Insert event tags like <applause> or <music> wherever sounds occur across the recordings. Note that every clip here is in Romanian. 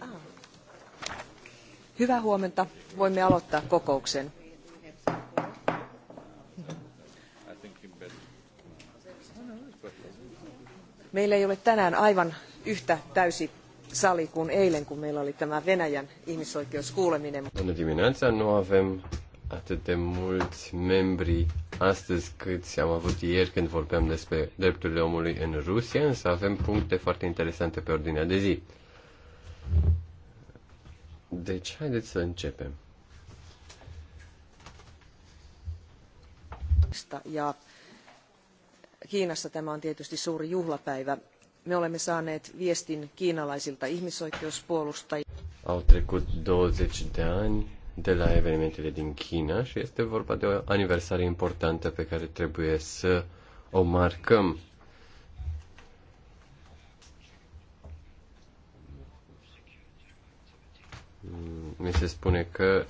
Ah. Hyvää huomenta. Voimme aloittaa kokouksen. Meillä ei ole tänään aivan yhtä täysi sali kuin eilen, kun meillä oli tämä Venäjän ihmisoikeuskuuleminen. Bună dimineața, nu atât de mulți membri astăzi cât am avut ieri când vorbeam despre drepturile omului în Rusia, însă avem puncte foarte interesante pe ordinea de zi. Deci, haideți să începem. Ja Kiinassa tämä on tietysti suuri juhlapäivä. Me olemme saaneet viestin kiinalaisilta ihmisoikeuspuolustajilta. Au trecut 20 de ani de la evenimentele din China și este vorba de o aniversare importantă pe care trebuie să o marcăm. Mi se spune că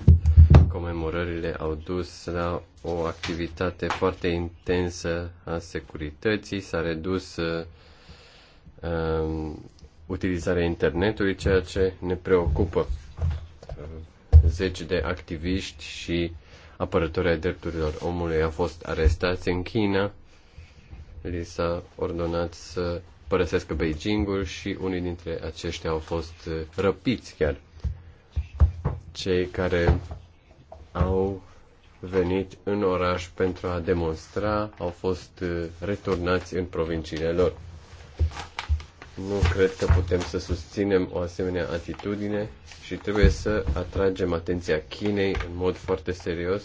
comemorările au dus la o activitate foarte intensă a securității, s-a redus uh, utilizarea internetului, ceea ce ne preocupă zeci de activiști și apărători ai drepturilor omului au fost arestați în China. Li s-a ordonat să părăsească Beijingul și unii dintre aceștia au fost uh, răpiți chiar. Cei care au venit în oraș pentru a demonstra au fost uh, returnați în provinciile lor nu cred că putem să susținem o asemenea atitudine și trebuie să atragem atenția Chinei în mod foarte serios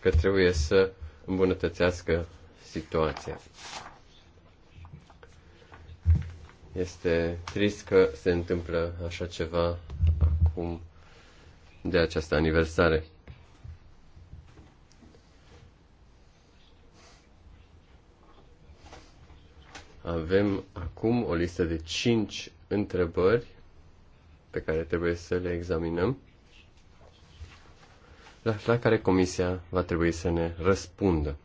că trebuie să îmbunătățească situația. Este trist că se întâmplă așa ceva acum de această aniversare. Avem acum o listă de 5 întrebări pe care trebuie să le examinăm, la, la care comisia va trebui să ne răspundă.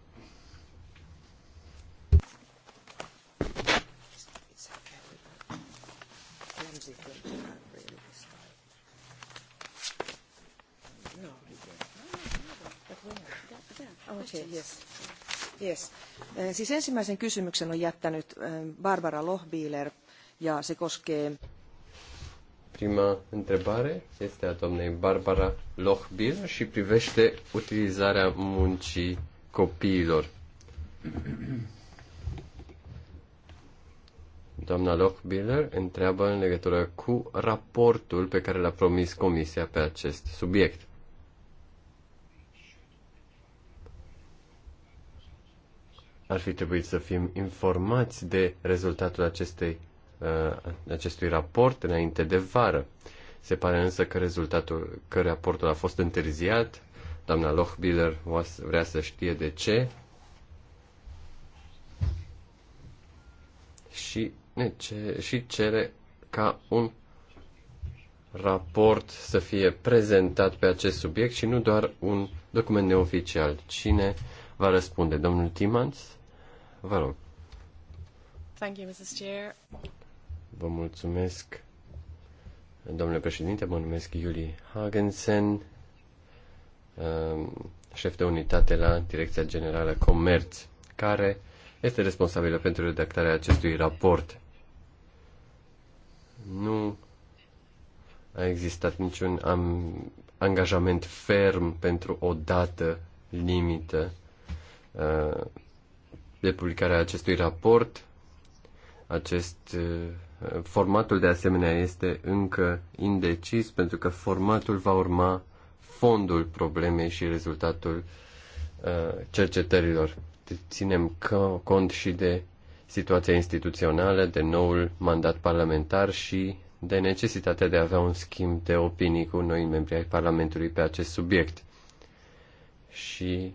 yes. Yes. Eh, siis ensimmäisen kysymyksen on jättänyt eh, Barbara Lohbiiler ja se koskee... Prima întrebare este a doamnei Barbara Lohbiiler și privește utilizarea muncii copiilor. Doamna Lochbiller întreabă în legătură cu raportul pe care l-a promis Comisia pe acest subiect. ar fi trebuit să fim informați de rezultatul acestei, uh, acestui raport înainte de vară. Se pare însă că, rezultatul, că raportul a fost întârziat. Doamna Lochbiller vrea să știe de ce. Și, ne ce, și cere ca un raport să fie prezentat pe acest subiect și nu doar un document neoficial. Cine va răspunde? Domnul Timans? Vă rog. Thank you, Mrs. Chair. Vă mulțumesc, domnule președinte. Mă numesc Julie Hagensen, uh, șef de unitate la Direcția Generală Comerț, care este responsabilă pentru redactarea acestui raport. Nu a existat niciun am, angajament ferm pentru o dată limită uh, de publicare a acestui raport. Acest formatul de asemenea este încă indecis pentru că formatul va urma fondul problemei și rezultatul cercetărilor. Ținem cont și de situația instituțională, de noul mandat parlamentar și de necesitatea de a avea un schimb de opinii cu noi membri ai Parlamentului pe acest subiect. Și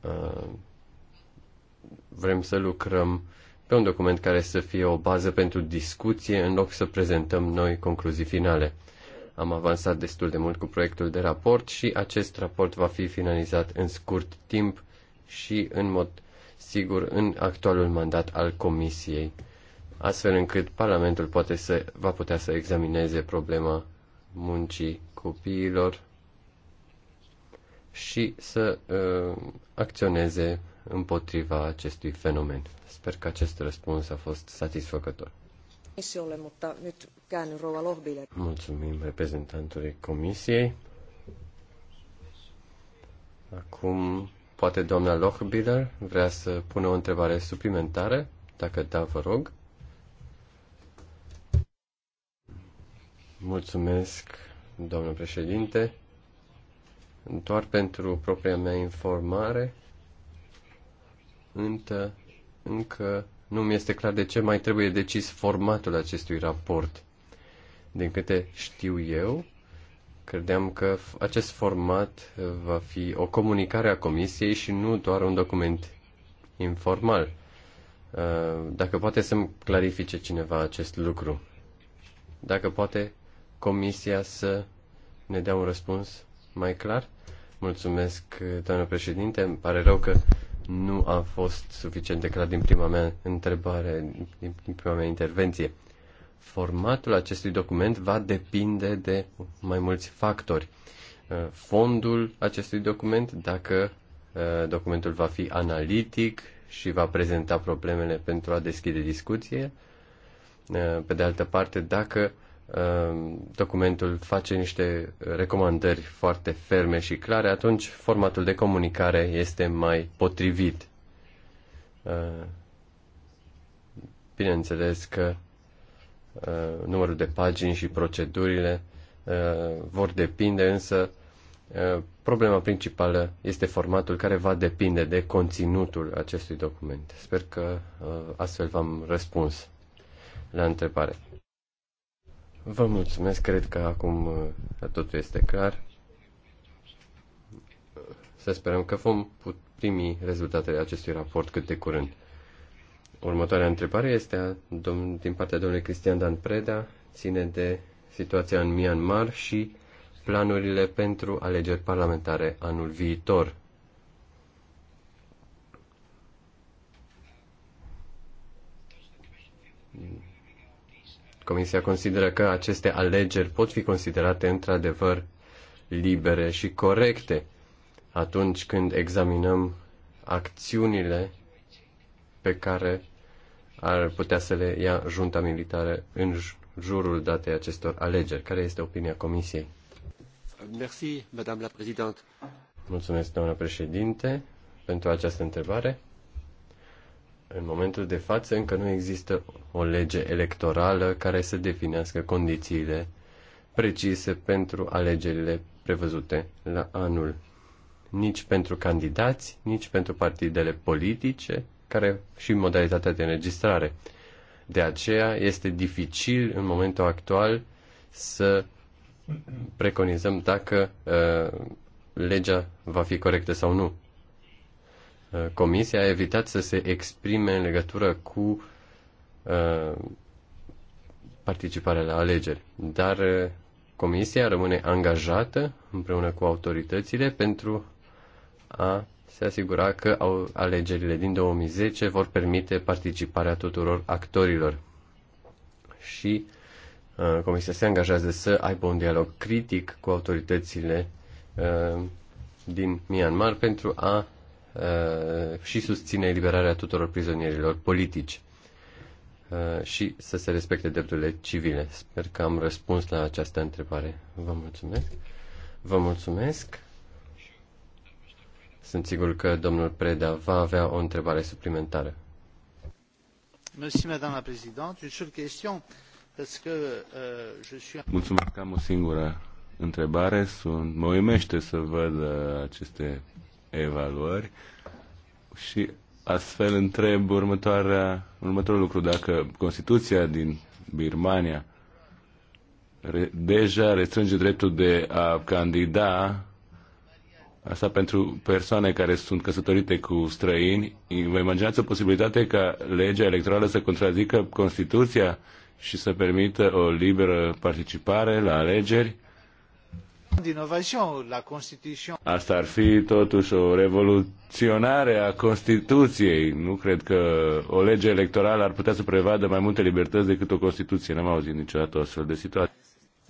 uh, vrem să lucrăm pe un document care să fie o bază pentru discuție în loc să prezentăm noi concluzii finale. Am avansat destul de mult cu proiectul de raport și acest raport va fi finalizat în scurt timp și în mod sigur în actualul mandat al Comisiei, astfel încât Parlamentul poate să, va putea să examineze problema muncii copiilor și să uh, acționeze împotriva acestui fenomen. Sper că acest răspuns a fost satisfăcător. Mulțumim reprezentantului Comisiei. Acum, poate doamna Lochbiller vrea să pună o întrebare suplimentară? Dacă da, vă rog. Mulțumesc, doamnă președinte. Doar pentru propria mea informare, întă, încă nu mi este clar de ce mai trebuie decis formatul acestui raport. Din câte știu eu, credeam că acest format uh, va fi o comunicare a Comisiei și nu doar un document informal. Uh, dacă poate să-mi clarifice cineva acest lucru. Dacă poate Comisia să ne dea un răspuns mai clar. Mulțumesc, uh, doamnă președinte. Îmi pare rău că nu a fost suficient de clar din prima mea întrebare, din prima mea intervenție. Formatul acestui document va depinde de mai mulți factori. Uh, fondul acestui document, dacă uh, documentul va fi analitic și va prezenta problemele pentru a deschide discuție, uh, pe de altă parte, dacă uh, Ehm, documentul face niște recomandări foarte ferme și clare, atunci formatul de comunicare este mai potrivit. Ehm, bineînțeles că ehm, numărul de pagini și procedurile vor depinde, însă problema principală este formatul care va depinde de conținutul acestui document. Sper că astfel v-am răspuns la întrebare. Vă mulțumesc, cred că acum uh, da, totul este clar. Să sperăm că vom primi rezultatele acestui raport cât de curând. Următoarea întrebare este a, domn, din partea domnului Cristian Dan Preda, ține de situația în Myanmar și planurile pentru alegeri parlamentare anul viitor. Mm Comisia consideră că aceste alegeri pot fi considerate într-adevăr libere și corecte atunci când examinăm acțiunile pe care ar putea să le ia junta militară în jurul datei acestor alegeri. Care este opinia Comisiei? Merci, Madame la Mulțumesc, doamna președinte, pentru această întrebare. În momentul de față încă nu există o lege electorală care să definească condițiile precise pentru alegerile prevăzute la anul. Nici pentru candidați, nici pentru partidele politice care și modalitatea de înregistrare. De aceea este dificil în momentul actual să preconizăm dacă uh, legea va fi corectă sau nu. Uh, comisia a evitat să se exprime în legătură cu uh, participarea la alegeri, dar uh, Comisia rămâne angajată împreună cu autoritățile pentru a se asigura că alegerile din 2010 vor permite participarea tuturor actorilor. Și Comisia se angajează să aibă un dialog critic cu autoritățile din Myanmar pentru a Uh, și susține eliberarea tuturor prizonierilor politici uh, și să se respecte drepturile civile. Sper că am răspuns la această întrebare. Vă mulțumesc. Vă mulțumesc. Sunt sigur că domnul Preda va avea o întrebare suplimentară. Euh, mulțumesc, am o singură întrebare. Sunt, mă uimește să văd uh, aceste evaluări și astfel întreb următoarea, următorul lucru, dacă Constituția din Birmania re, deja restrânge dreptul de a candida Asta pentru persoane care sunt căsătorite cu străini. Vă imaginați o posibilitate ca legea electorală să contrazică Constituția și să permită o liberă participare la alegeri? Asta ar fi totuși o revoluționare a Constituției. Nu cred că o lege electorală ar putea să prevadă mai multe libertăți decât o Constituție. N-am auzit niciodată o astfel de situație.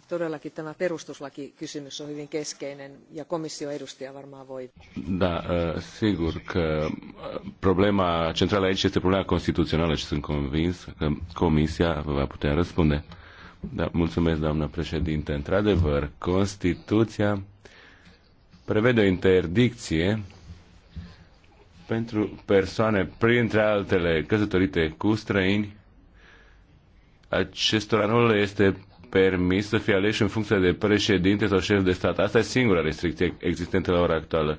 Todellakin tämä perustuslakikysymys on hyvin keskeinen ja komission edustaja varmaan voi. Da, ă, sigur că ă, problema centrală aici este problema constituțională și sunt convins că Comisia va putea răspunde. Da, mulțumesc, doamnă președinte. Într-adevăr, Constituția prevede o interdicție pentru persoane, printre altele, căsătorite cu străini. Acestora nu le este permis să fie aleși în funcție de președinte sau șef de stat. Asta e singura restricție existentă la ora actuală.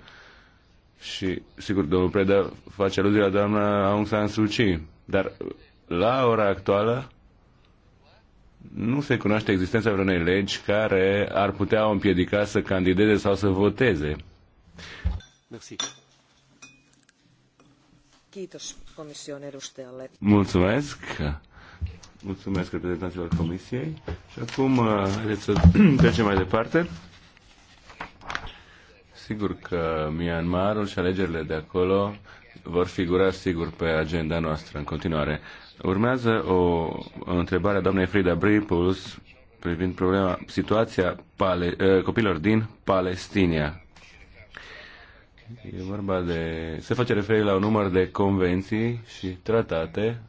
Și, sigur, domnul Preda face aluzie la doamna Aung San Suu Kyi, dar la ora actuală nu se cunoaște existența vreunei legi care ar putea o împiedica să candideze sau să voteze. Merci. Mulțumesc. Mulțumesc reprezentanților Comisiei. Și acum uh, haideți să <clears throat> trecem mai departe. Sigur că Myanmarul și alegerile de acolo vor figura sigur pe agenda noastră în continuare. Urmează o întrebare a doamnei Frida Bripuls privind problema, situația pale, eh, copilor din Palestina. E vorba de... Se face referire la un număr de convenții și tratate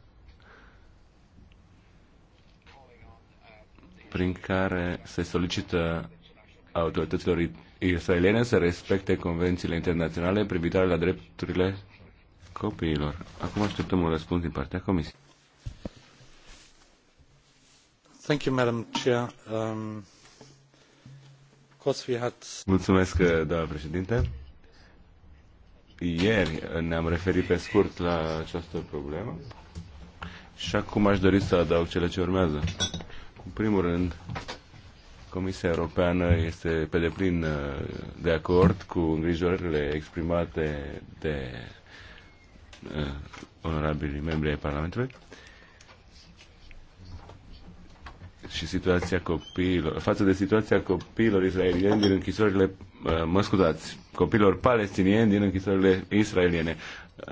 prin care se solicită autorităților israeliene să respecte convențiile internaționale privitoare la drepturile copiilor. Acum așteptăm un răspuns din partea Comisiei. Um, Mulțumesc, uh, președinte. Ieri ne-am referit pe scurt la această problemă și acum aș dori să adaug cele ce urmează. În primul rând, Comisia Europeană este pe deplin uh, de acord cu îngrijorările exprimate de uh, onorabilii membri ai Parlamentului și situația copiilor, față de situația copiilor israelieni din închisorile, uh, mă scuzați, copiilor palestinieni din închisorile israeliene.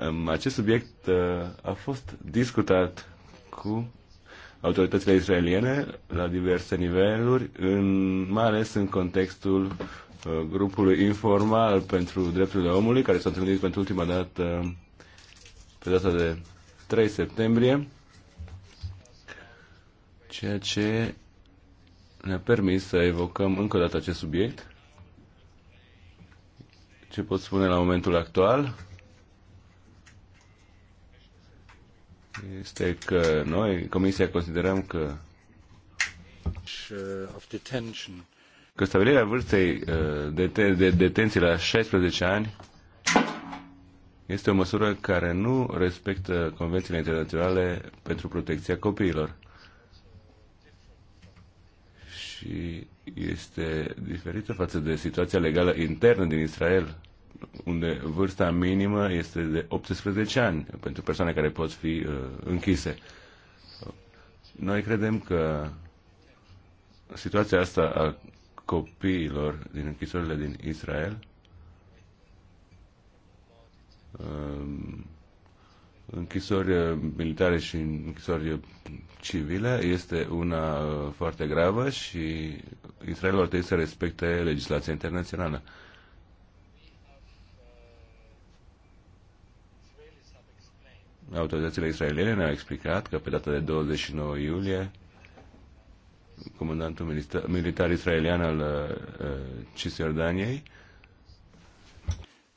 Um, acest subiect uh, a fost discutat cu autoritățile israeliene la diverse niveluri, în, mai ales în contextul uh, grupului informal pentru drepturile omului, care s-a întâlnit pentru ultima dată pe data de 3 septembrie ceea ce ne-a permis să evocăm încă o dată acest subiect. Ce pot spune la momentul actual? Este că noi, Comisia, considerăm că că stabilirea vârstei uh, de, te- de detenție la 16 ani este o măsură care nu respectă convențiile internaționale pentru protecția copiilor și este diferită față de situația legală internă din Israel, unde vârsta minimă este de 18 ani pentru persoane care pot fi uh, închise. Noi credem că situația asta a copiilor din închisorile din Israel um, închisori eh, militare și închisori civile este una eh, foarte gravă și Israelul ar trebui să respecte legislația internațională. Autoritățile israeliene ne-au explicat că pe data de 29 iulie comandantul militar, militar israelian al uh, Cisjordaniei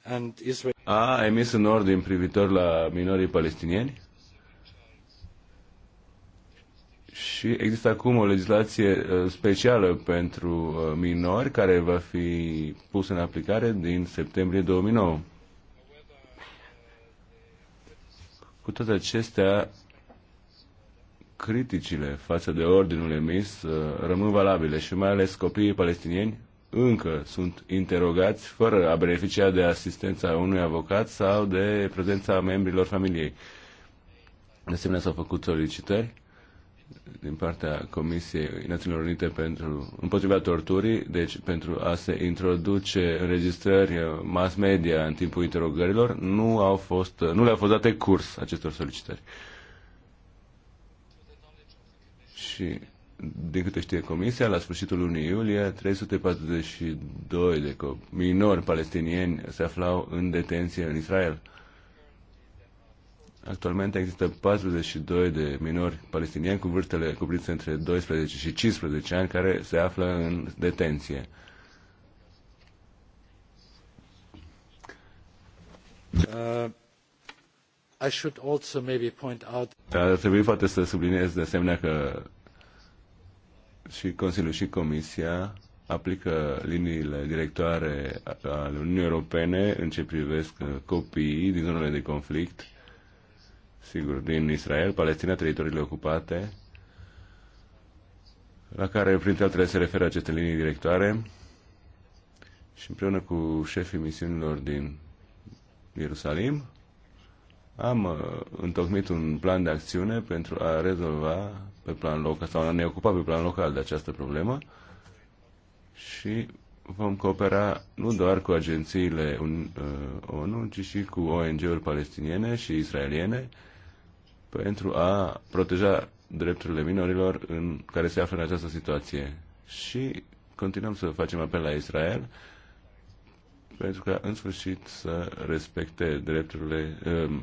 and Israel a emis un ordin privitor la minorii palestinieni și există acum o legislație uh, specială pentru uh, minori care va fi pusă în aplicare din septembrie 2009. Cu toate acestea, criticile față de ordinul emis uh, rămân valabile și mai ales copiii palestinieni încă sunt interogați fără a beneficia de asistența unui avocat sau de prezența membrilor familiei. De asemenea, s-au făcut solicitări din partea Comisiei Națiunilor Unite pentru, împotriva torturii, deci pentru a se introduce înregistrări mass media în timpul interogărilor, nu, au fost, nu le-au fost date curs acestor solicitări. Și din câte știe Comisia, la sfârșitul lunii iulie, 342 de minori palestinieni se aflau în detenție în Israel. Actualmente există 42 de minori palestinieni cu vârstele cuprinse între 12 și 15 ani care se află în detenție. Uh, I should also maybe point out... Ar trebui poate să subliniez de asemenea că și Consiliul și Comisia aplică liniile directoare ale Uniunii Europene în ce privesc uh, copiii din zonele de conflict, sigur, din Israel, Palestina, teritoriile ocupate, la care, printre altele, se referă aceste linii directoare și împreună cu șefii misiunilor din Ierusalim, am uh, întocmit un plan de acțiune pentru a rezolva pe plan local sau a ne ocupa pe plan local de această problemă și vom coopera nu doar cu agențiile uh, ONU, ci și cu ONG-uri palestiniene și israeliene pentru a proteja drepturile minorilor în care se află în această situație. Și continuăm să facem apel la Israel pentru că în sfârșit să respecte drepturile, um,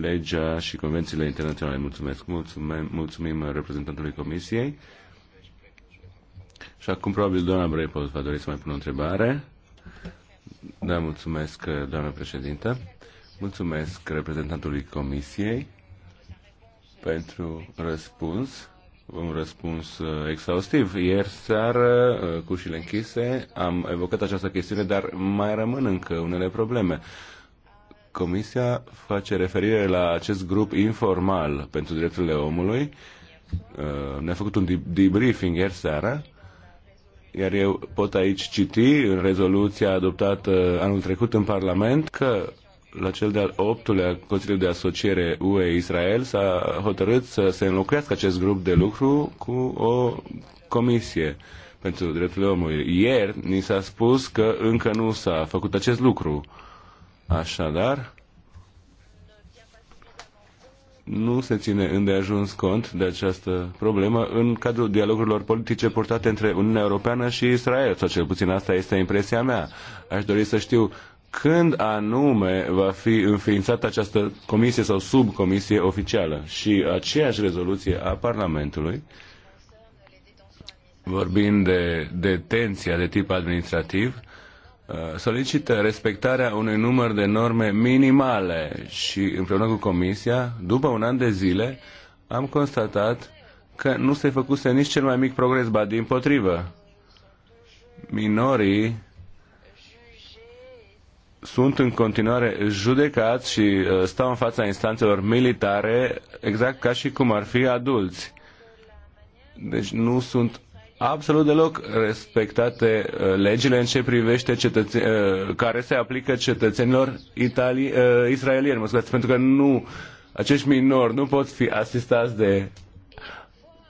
legea și convențiile internaționale. Mulțumesc. Mulțumim, mulțumim reprezentantului Comisiei. Și acum probabil doamna Brepos va dori să mai pună o întrebare. Da, mulțumesc, doamna președintă. Mulțumesc reprezentantului Comisiei pentru răspuns un răspuns uh, exhaustiv. Ieri seară, uh, cu ușile închise, am evocat această chestiune, dar mai rămân încă unele probleme. Comisia face referire la acest grup informal pentru drepturile omului. Uh, ne-a făcut un debriefing ieri seară, iar eu pot aici citi în rezoluția adoptată anul trecut în Parlament că la cel de-al optulea Consiliu de Asociere UE-Israel s-a hotărât să se înlocuiască acest grup de lucru cu o comisie pentru drepturile omului. Ieri ni s-a spus că încă nu s-a făcut acest lucru. Așadar, nu se ține îndeajuns cont de această problemă în cadrul dialogurilor politice portate între Uniunea Europeană și Israel, sau cel puțin asta este impresia mea. Aș dori să știu când anume va fi înființată această comisie sau subcomisie oficială și aceeași rezoluție a Parlamentului, vorbind de detenția de tip administrativ, uh, solicită respectarea unui număr de norme minimale și împreună cu Comisia, după un an de zile, am constatat că nu se făcuse nici cel mai mic progres, ba din potrivă. Minorii sunt în continuare judecați și uh, stau în fața instanțelor militare exact ca și cum ar fi adulți. Deci nu sunt absolut deloc respectate uh, legile în ce privește cetățe- uh, care se aplică cetățenilor itali- israelieni, mă scuzați, pentru că nu acești minori nu pot fi asistați de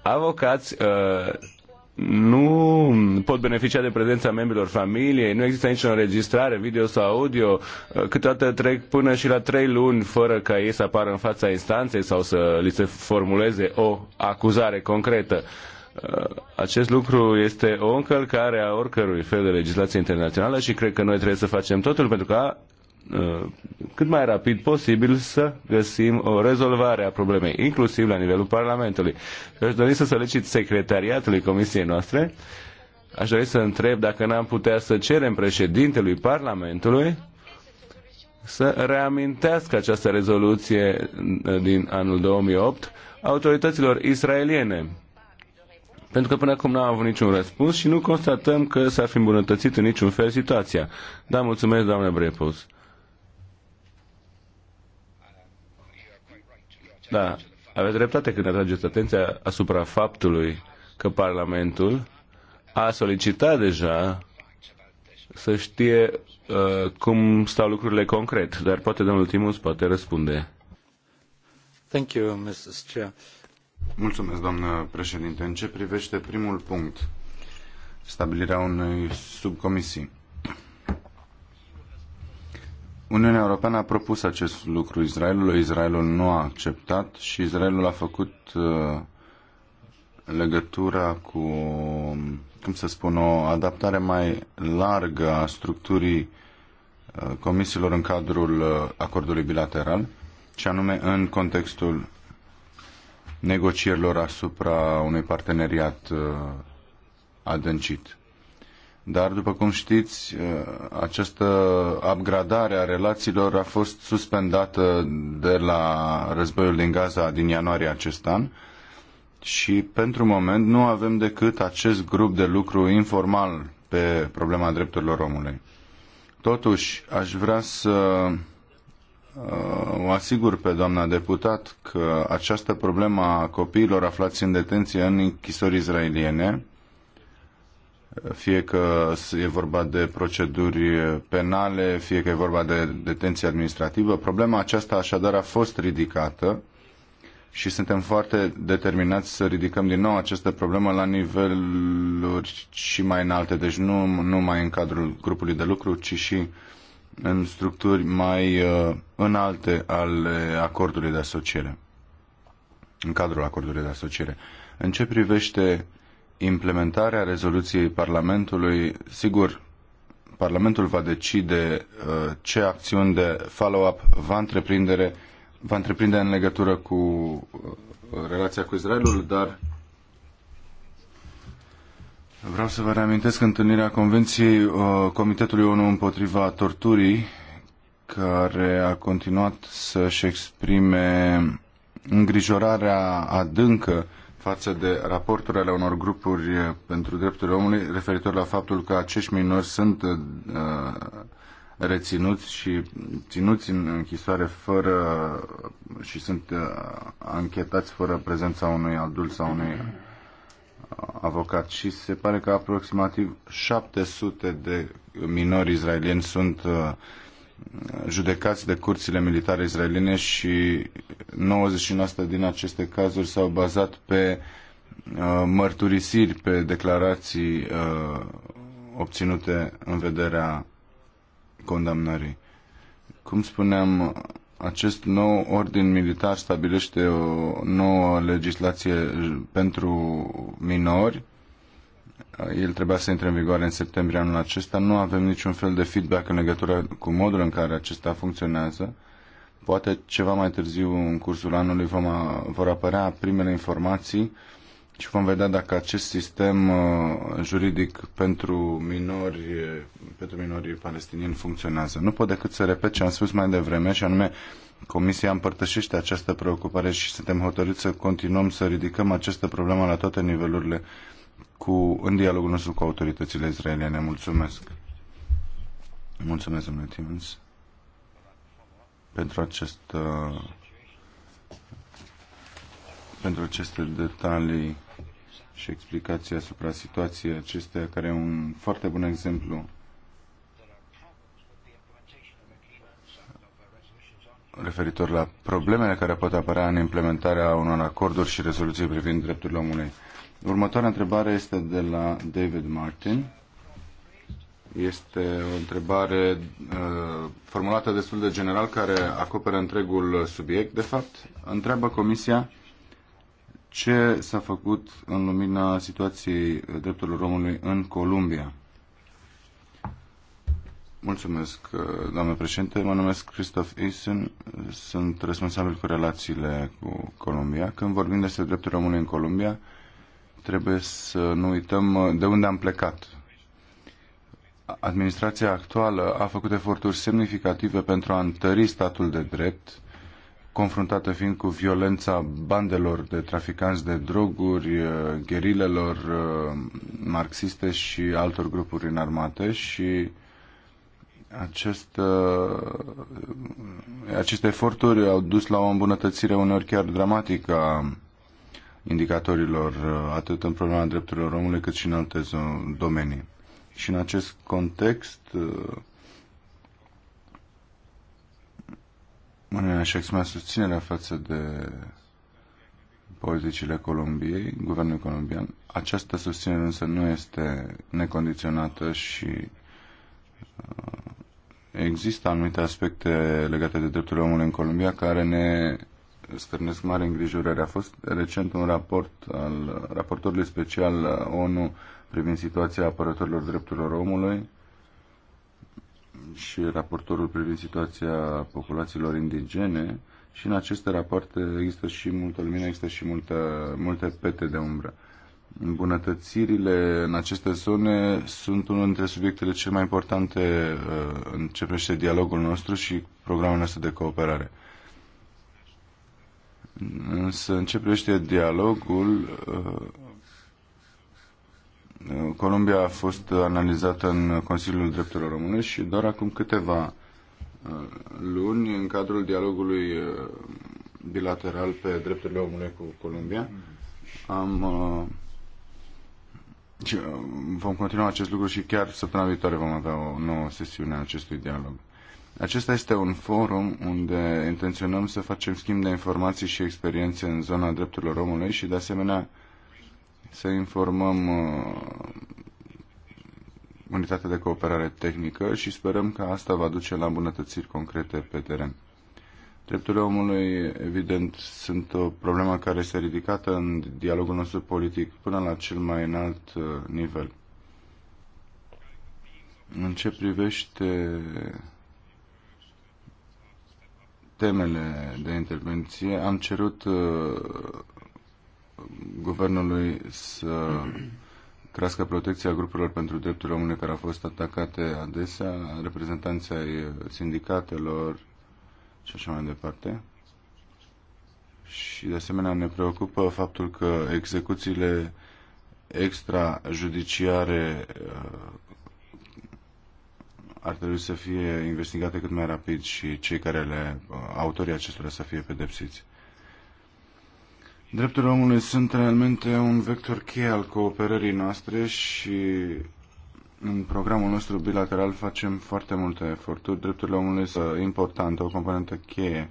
avocați nu pot beneficia de prezența membrilor familiei, nu există nicio înregistrare video sau audio, câteodată trec până și la trei luni fără ca ei să apară în fața instanței sau să li se formuleze o acuzare concretă. Uh, acest lucru este o încălcare a oricărui fel de legislație internațională și cred că noi trebuie să facem totul pentru ca Uh, cât mai rapid posibil să găsim o rezolvare a problemei, inclusiv la nivelul Parlamentului. aș dori să solicit secretariatului Comisiei noastre, aș dori să întreb dacă n-am putea să cerem președintelui Parlamentului să reamintească această rezoluție uh, din anul 2008 autorităților israeliene. Pentru că până acum n-am avut niciun răspuns și nu constatăm că s-ar fi îmbunătățit în niciun fel situația. Da, mulțumesc, doamne Brepus. Da, aveți dreptate când atrageți atenția asupra faptului că Parlamentul a solicitat deja să știe uh, cum stau lucrurile concret, dar poate domnul Timus poate răspunde. Thank you, Mrs. Chair. Mulțumesc, doamnă președinte. În ce privește primul punct, stabilirea unei subcomisii. Uniunea Europeană a propus acest lucru Israelului, Israelul nu a acceptat și Israelul a făcut uh, legătura cu, cum să spun, o adaptare mai largă a structurii uh, comisiilor în cadrul uh, acordului bilateral, și anume în contextul negocierilor asupra unui parteneriat adâncit. Dar, după cum știți, uh, această upgradare a relațiilor a fost suspendată de la războiul din Gaza din ianuarie acest an și, pentru moment, nu avem decât acest grup de lucru informal pe problema drepturilor omului. Totuși, aș vrea să uh, o asigur pe doamna deputat că această problemă a copiilor aflați în detenție în închisori israeliene fie că e vorba de proceduri penale, fie că e vorba de detenție administrativă. Problema aceasta așadar a fost ridicată și suntem foarte determinați să ridicăm din nou această problemă la niveluri și mai înalte, deci nu numai în cadrul grupului de lucru, ci și în structuri mai uh, înalte ale acordului de asociere, în cadrul acordului de asociere. În ce privește implementarea rezoluției Parlamentului, sigur, Parlamentul va decide uh, ce acțiuni de follow-up va întreprindere, va întreprinde în legătură cu uh, relația cu Israelul, dar vreau să vă reamintesc întâlnirea Convenției uh, Comitetului ONU împotriva torturii, care a continuat să-și exprime îngrijorarea adâncă față de raporturile ale unor grupuri eh, pentru drepturile omului referitor la faptul că acești minori sunt uh, reținuți și ținuți în închisoare fără și sunt uh, anchetați fără prezența unui adult sau unui avocat și se pare că aproximativ 700 de minori izraelieni sunt uh, judecați de curțile militare izraeliene și 99% din aceste cazuri s-au bazat pe uh, mărturisiri, pe declarații uh, obținute în vederea condamnării. Cum spuneam, acest nou ordin militar stabilește o nouă legislație pentru minori. El trebuia să intre în vigoare în septembrie anul acesta. Nu avem niciun fel de feedback în legătură cu modul în care acesta funcționează. Poate ceva mai târziu, în cursul anului, vom a, vor apărea primele informații și vom vedea dacă acest sistem uh, juridic pentru minori, pentru minorii palestinieni funcționează. Nu pot decât să repet ce am spus mai devreme și anume Comisia împărtășește această preocupare și suntem hotărâți să continuăm să ridicăm această problemă la toate nivelurile cu, în dialogul nostru cu autoritățile israeliene. Mulțumesc! Mulțumesc, domnule Timens! pentru acest uh, pentru aceste detalii și explicații asupra situației acesteia, care e un foarte bun exemplu referitor la problemele care pot apărea în implementarea unor acorduri și rezoluții privind drepturile omului. Următoarea întrebare este de la David Martin. Este o întrebare uh, formulată destul de general, care acoperă întregul subiect. De fapt, întreabă Comisia ce s-a făcut în lumina situației drepturilor omului în Columbia. Mulțumesc, uh, doamnă președinte. Mă numesc Christoph Eisen. Sunt responsabil cu relațiile cu Columbia. Când vorbim despre drepturile omului în Columbia, trebuie să nu uităm uh, de unde am plecat administrația actuală a făcut eforturi semnificative pentru a întări statul de drept, confruntată fiind cu violența bandelor de traficanți de droguri, uh, gherilelor uh, marxiste și altor grupuri înarmate și acest, uh, aceste eforturi au dus la o îmbunătățire uneori chiar dramatică a indicatorilor atât în problema drepturilor omului cât și în alte domenii. Și în acest context, uh, Uniunea și-a exprimat susținerea față de politicile Columbiei, guvernul colombian. Această susținere însă nu este necondiționată și uh, există anumite aspecte legate de drepturile omului în Columbia care ne stârnesc mare îngrijorări. A fost recent un raport al raportorului special uh, ONU privind situația apărătorilor drepturilor omului și raportorul privind situația populațiilor indigene și în aceste rapoarte există și multă lumină, există și multă, multe pete de umbră. Îmbunătățirile în aceste zone sunt unul dintre subiectele cele mai importante uh, în ce privește dialogul nostru și programul nostru de cooperare. Însă, în ce privește dialogul, uh, Columbia a fost analizată în Consiliul Drepturilor Române și doar acum câteva uh, luni, în cadrul dialogului uh, bilateral pe drepturile omului cu Columbia, am uh, vom continua acest lucru și chiar săptămâna viitoare vom avea o nouă sesiune a acestui dialog. Acesta este un forum unde intenționăm să facem schimb de informații și experiențe în zona drepturilor omului și, de asemenea, să informăm uh, unitatea de cooperare tehnică și sperăm că asta va duce la îmbunătățiri concrete pe teren. Drepturile omului, evident, sunt o problemă care este ridicată în dialogul nostru politic până la cel mai înalt uh, nivel. În ce privește temele de intervenție, am cerut uh, guvernului să crească protecția grupurilor pentru drepturile omului care au fost atacate adesea, reprezentanții ai sindicatelor și așa mai departe. Și de asemenea ne preocupă faptul că execuțiile extrajudiciare uh, ar trebui să fie investigate cât mai rapid și cei care le, uh, autorii acestora să fie pedepsiți. Drepturile omului sunt realmente un vector cheie al cooperării noastre și în programul nostru bilateral facem foarte multe eforturi. Drepturile omului sunt importante, o componentă cheie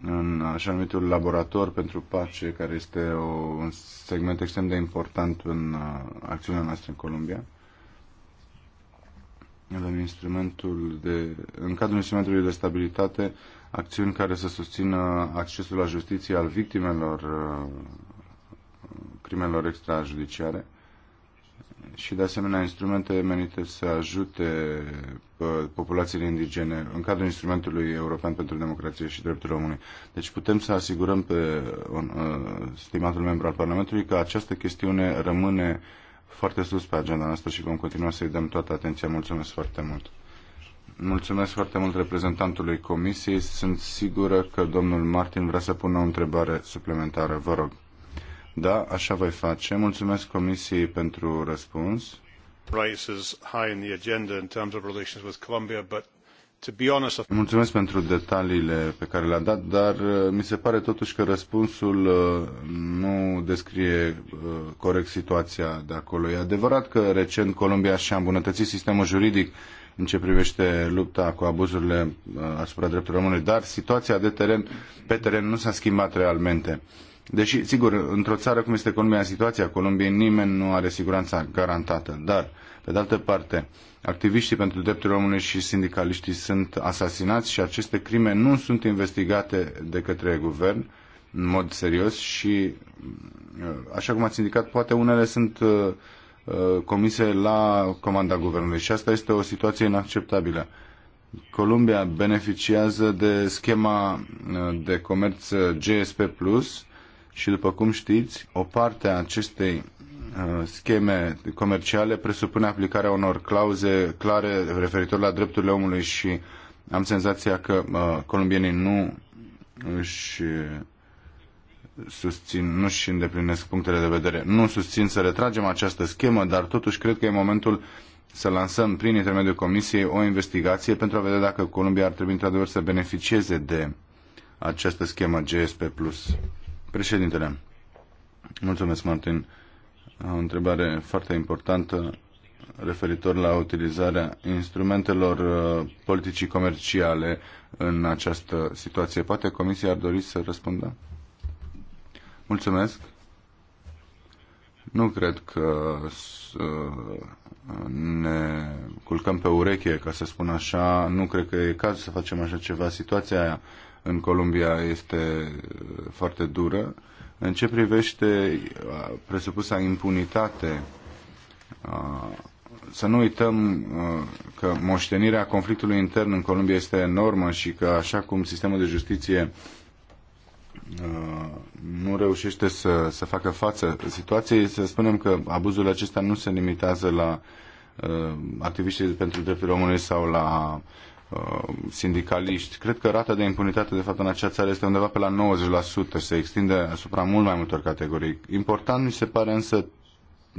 în așa numitul laborator pentru pace, care este o, un segment extrem de important în uh, acțiunea noastră în Columbia. Avem instrumentul de, în cadrul instrumentului de stabilitate acțiuni care să susțină accesul la justiție al victimelor uh, crimelor extrajudiciare și de asemenea instrumente menite să ajute uh, populațiile indigene în cadrul instrumentului european pentru democrație și drepturile omului. Deci putem să asigurăm pe uh, stimatul membru al Parlamentului că această chestiune rămâne foarte sus pe agenda noastră și vom continua să-i dăm toată atenția. Mulțumesc foarte mult! Mulțumesc foarte mult reprezentantului Comisiei. Sunt sigură că domnul Martin vrea să pună o întrebare suplimentară. Vă rog. Da, așa voi face. Mulțumesc Comisiei pentru răspuns. Mulțumesc pentru detaliile pe care le-a dat, dar uh, mi se pare totuși că răspunsul uh, nu descrie uh, corect situația de acolo. E adevărat că recent Columbia și-a îmbunătățit sistemul juridic în ce privește lupta cu abuzurile uh, asupra drepturilor omului, dar situația de teren, pe teren nu s-a schimbat realmente. Deși, sigur, într-o țară cum este Columbia, situația Columbiei, nimeni nu are siguranța garantată. Dar, pe de altă parte, activiștii pentru drepturile omului și sindicaliștii sunt asasinați și aceste crime nu sunt investigate de către guvern în mod serios și, uh, așa cum ați indicat, poate unele sunt uh, Uh, comise la comanda guvernului și asta este o situație inacceptabilă. Columbia beneficiază de schema uh, de comerț uh, GSP Plus și după cum știți, o parte a acestei scheme comerciale presupune aplicarea unor clauze clare referitor la drepturile omului și am senzația că columbienii nu își susțin, nu și îndeplinesc punctele de vedere. Nu susțin să retragem această schemă, dar totuși cred că e momentul să lansăm prin intermediul Comisiei o investigație pentru a vedea dacă Columbia ar trebui într-adevăr să beneficieze de această schemă GSP+. Președintele, mulțumesc, Martin. O întrebare foarte importantă referitor la utilizarea instrumentelor uh, politicii comerciale în această situație. Poate Comisia ar dori să răspundă? Mulțumesc. Nu cred că ne culcăm pe ureche, ca să spun așa. Nu cred că e cazul să facem așa ceva. Situația în Columbia este foarte dură. În ce privește presupusa impunitate, să nu uităm că moștenirea conflictului intern în Columbia este enormă și că, așa cum sistemul de justiție Uh, nu reușește să, să facă față situației, să spunem că abuzul acesta nu se limitează la uh, activiștii pentru drepturile omului sau la uh, sindicaliști. Cred că rata de impunitate, de fapt, în acea țară este undeva pe la 90%, se extinde asupra mult mai multor categorii. Important mi se pare însă,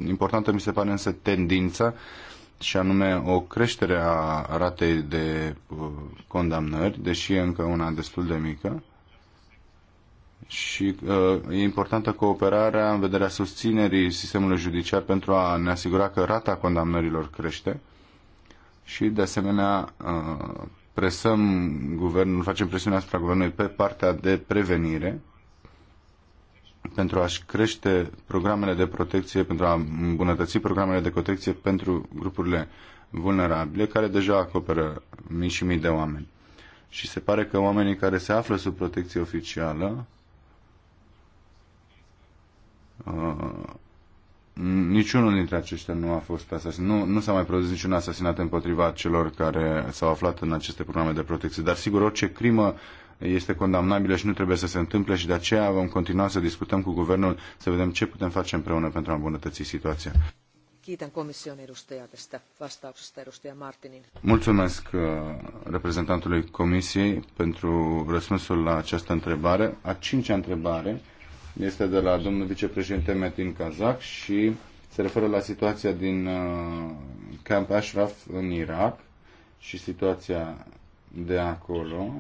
importantă mi se pare însă tendința și anume o creștere a ratei de uh, condamnări, deși e încă una destul de mică, și uh, e importantă cooperarea în vederea susținerii sistemului judiciar pentru a ne asigura că rata condamnărilor crește și, de asemenea, uh, presăm guvernul, facem presiune asupra guvernului pe partea de prevenire pentru a-și crește programele de protecție, pentru a îmbunătăți programele de protecție pentru grupurile vulnerabile, care deja acoperă mii și mii de oameni. Și se pare că oamenii care se află sub protecție oficială Uh, niciunul dintre aceștia nu a fost asasinat. Nu, nu s-a mai produs niciun asasinat împotriva celor care s-au aflat în aceste programe de protecție. Dar sigur, orice crimă este condamnabilă și nu trebuie să se întâmple și de aceea vom continua să discutăm cu guvernul să vedem ce putem face împreună pentru a îmbunătăți situația. Kiitän komission edustajaa tästä vastauksesta, edustaja Martinin. Mulțumesc uh, reprezentantului Comisiei pentru răspunsul la această întrebare. A cincea întrebare este de la domnul vicepreședinte Metin Kazak și se referă la situația din uh, Camp Ashraf în Irak și situația de acolo.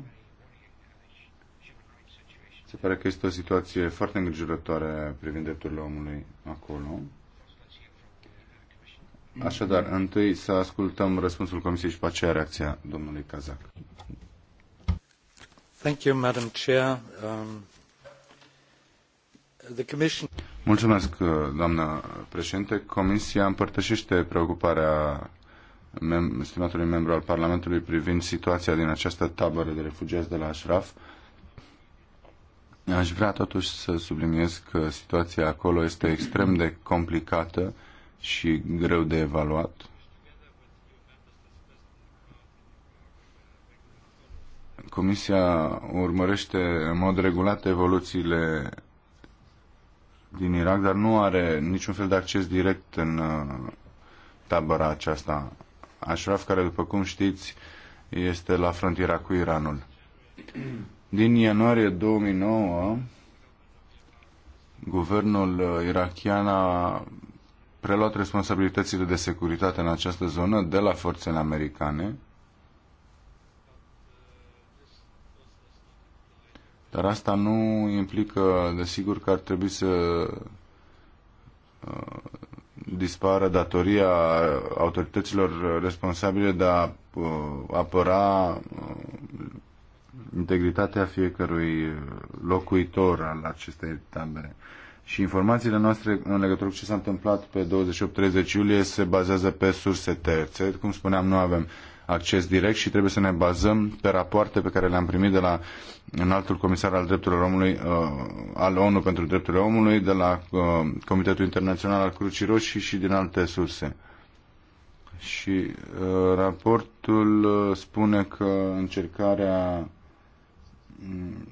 Se pare că este o situație foarte îngrijorătoare privind drepturile omului acolo. Așadar, întâi să ascultăm răspunsul Comisiei și pe aceea reacția domnului Kazak. Thank you, Madam Chair. Um... Mulțumesc, uh, doamnă președinte. Comisia împărtășește preocuparea mem- stimatului membru al Parlamentului privind situația din această tabără de refugiați de la Ashraf. Aș vrea totuși să subliniez că situația acolo este extrem de complicată și greu de evaluat. Comisia urmărește în mod regulat evoluțiile din Irak, dar nu are niciun fel de acces direct în uh, tabăra aceasta. Ashraf, care, după cum știți, este la frontiera cu Iranul. Din ianuarie 2009, guvernul uh, irachian a preluat responsabilitățile de securitate în această zonă de la forțele americane Dar asta nu implică, desigur, că ar trebui să uh, dispară datoria autorităților responsabile de a uh, apăra uh, integritatea fiecărui locuitor al acestei tabere. Și informațiile noastre în legătură cu ce s-a întâmplat pe 28-30 iulie se bazează pe surse terțe. Cum spuneam, nu avem acces direct și trebuie să ne bazăm pe rapoarte pe care le-am primit de la înaltul comisar al drepturilor omului, uh, al ONU pentru drepturile omului, de la uh, Comitetul Internațional al Crucii Roșii și din alte surse. Și uh, raportul spune că încercarea mm,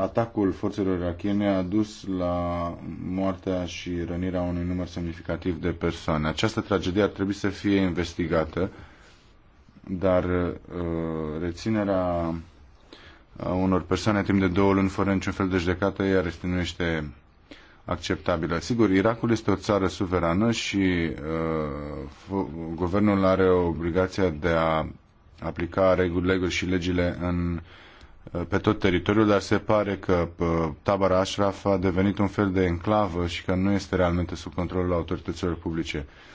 atacul forțelor irachiene a dus la moartea și rănirea unui număr semnificativ de persoane. Această tragedie ar trebui să fie investigată dar uh, reținerea uh, unor persoane timp de două luni fără niciun fel de judecată, iarăși nu este acceptabilă. Sigur, Irakul este o țară suverană și uh, guvernul are obligația de a aplica regulile și legile în, uh, pe tot teritoriul, dar se pare că tabara Ashraf a devenit un fel de enclavă și că nu este realmente sub controlul autorităților publice. Uh,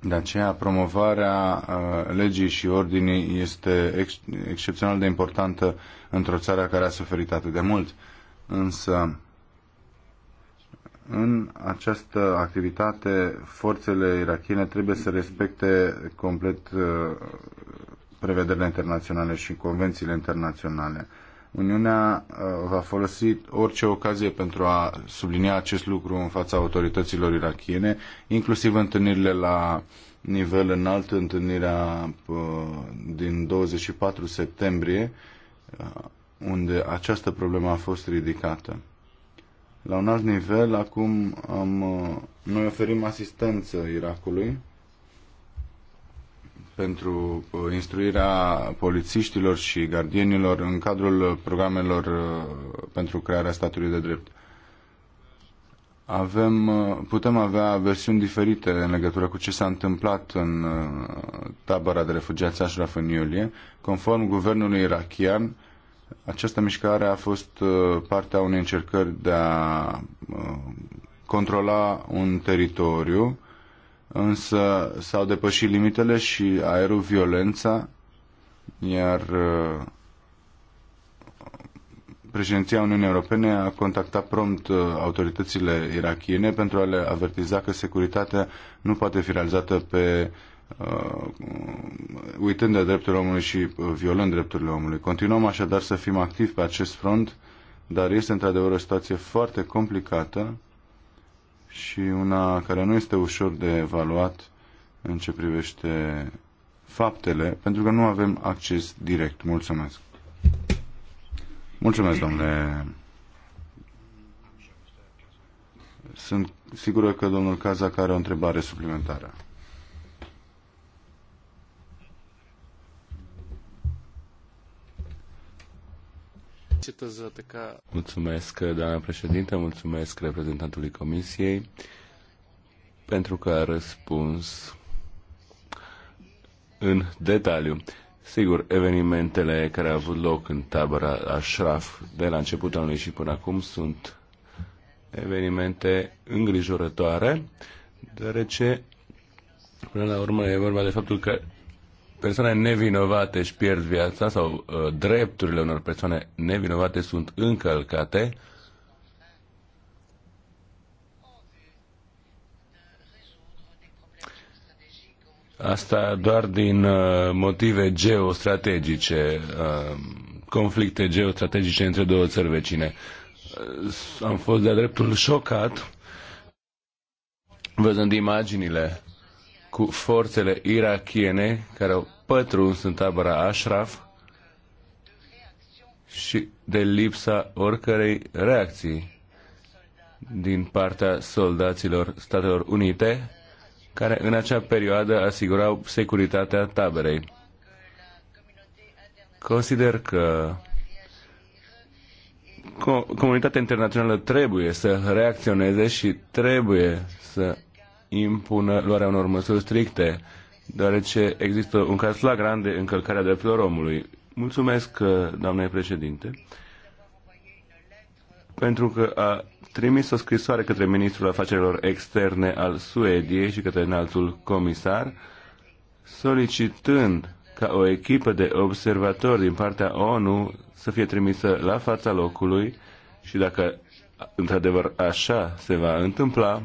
de aceea, promovarea uh, legii și ordinii este ex- excepțional de importantă într-o țară care a suferit atât de mult. Însă, în această activitate, forțele irachiene trebuie să respecte complet uh, prevederile internaționale și convențiile internaționale. Uniunea uh, va folosi orice ocazie pentru a sublinia acest lucru în fața autorităților irakiene, inclusiv întâlnirile la nivel înalt, întâlnirea uh, din 24 septembrie, uh, unde această problemă a fost ridicată. La un alt nivel, acum am, noi oferim asistență Irakului pentru uh, instruirea polițiștilor și gardienilor în cadrul programelor uh, pentru crearea statului de drept. Avem, uh, putem avea versiuni diferite în legătură cu ce s-a întâmplat în tabăra de refugiați Ashraf în iulie. Conform guvernului irachian, această mișcare a fost partea unei încercări de a controla un teritoriu însă s-au depășit limitele și aerul violența, iar uh, președinția Uniunii Europene a contactat prompt uh, autoritățile irakiene pentru a le avertiza că securitatea nu poate fi realizată pe uh, uitând de drepturile omului și uh, violând drepturile omului. Continuăm așadar să fim activi pe acest front, dar este într-adevăr o situație foarte complicată și una care nu este ușor de evaluat în ce privește faptele, pentru că nu avem acces direct. Mulțumesc. Mulțumesc, domnule. Sunt sigură că domnul Cazac are o întrebare suplimentară. Mulțumesc, doamna președinte, mulțumesc reprezentantului Comisiei pentru că a răspuns în detaliu. Sigur, evenimentele care au avut loc în tabăra Ashraf de la începutul anului și până acum sunt evenimente îngrijorătoare, deoarece până la urmă e vorba de faptul că persoane nevinovate își pierd viața sau uh, drepturile unor persoane nevinovate sunt încălcate, Asta doar din uh, motive geostrategice, uh, conflicte geostrategice între două țări vecine. Uh, am fost de-a dreptul șocat văzând imaginile cu forțele irachiene care au pătruns în tabăra Ashraf și de lipsa oricărei reacții din partea soldaților Statelor Unite, care în acea perioadă asigurau securitatea taberei. Consider că comunitatea internațională trebuie să reacționeze și trebuie să impună luarea unor măsuri stricte, deoarece există un caz flagrant de încălcarea drepturilor omului. Mulțumesc, uh, doamne președinte, pentru că a trimis o scrisoare către ministrul afacerilor externe al Suediei și către înaltul comisar, solicitând ca o echipă de observatori din partea ONU să fie trimisă la fața locului și dacă într-adevăr așa se va întâmpla,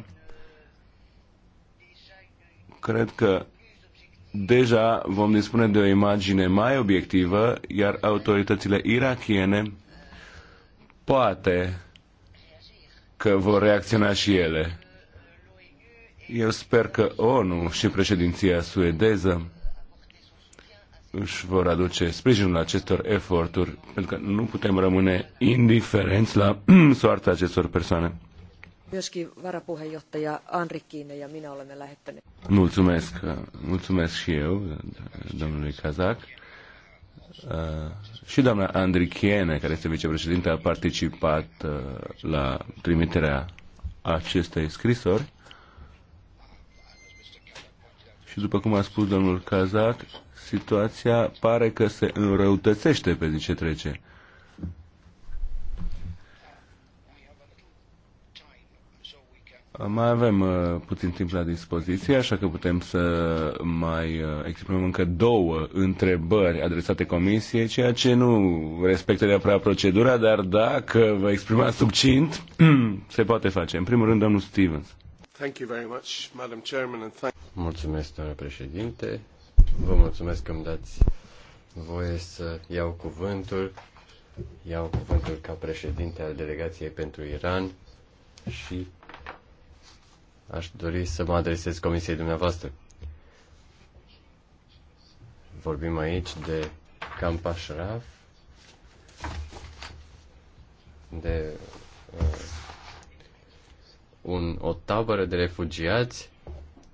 cred că deja vom dispune de o imagine mai obiectivă, iar autoritățile irakiene poate că vor reacționa și ele. Eu sper că ONU și președinția suedeză își vor aduce sprijinul acestor eforturi, pentru că nu putem rămâne indiferenți la <clears throat> soarta acestor persoane. Mulțumesc, mulțumesc și eu, domnului Kazak. Uh, și doamna Andrichiene, care este vicepreședinte, a participat uh, la trimiterea acestei scrisori. Și după cum a spus domnul Kazak, situația pare că se înrăutățește pe zi ce trece. Mai avem uh, puțin timp la dispoziție, așa că putem să mai uh, exprimăm încă două întrebări adresate comisiei, ceea ce nu respectă neapărat procedura, dar dacă vă exprimați succint, <clears throat> se poate face. În primul rând, domnul Stevens. Thank you very much, Madam Chairman, and thank... Mulțumesc, domnule președinte. Vă mulțumesc că îmi dați voie să iau cuvântul. Iau cuvântul ca președinte al delegației pentru Iran și Aș dori să mă adresez comisiei dumneavoastră. Vorbim aici de Camp Ashraf, de uh, un, o tabără de refugiați,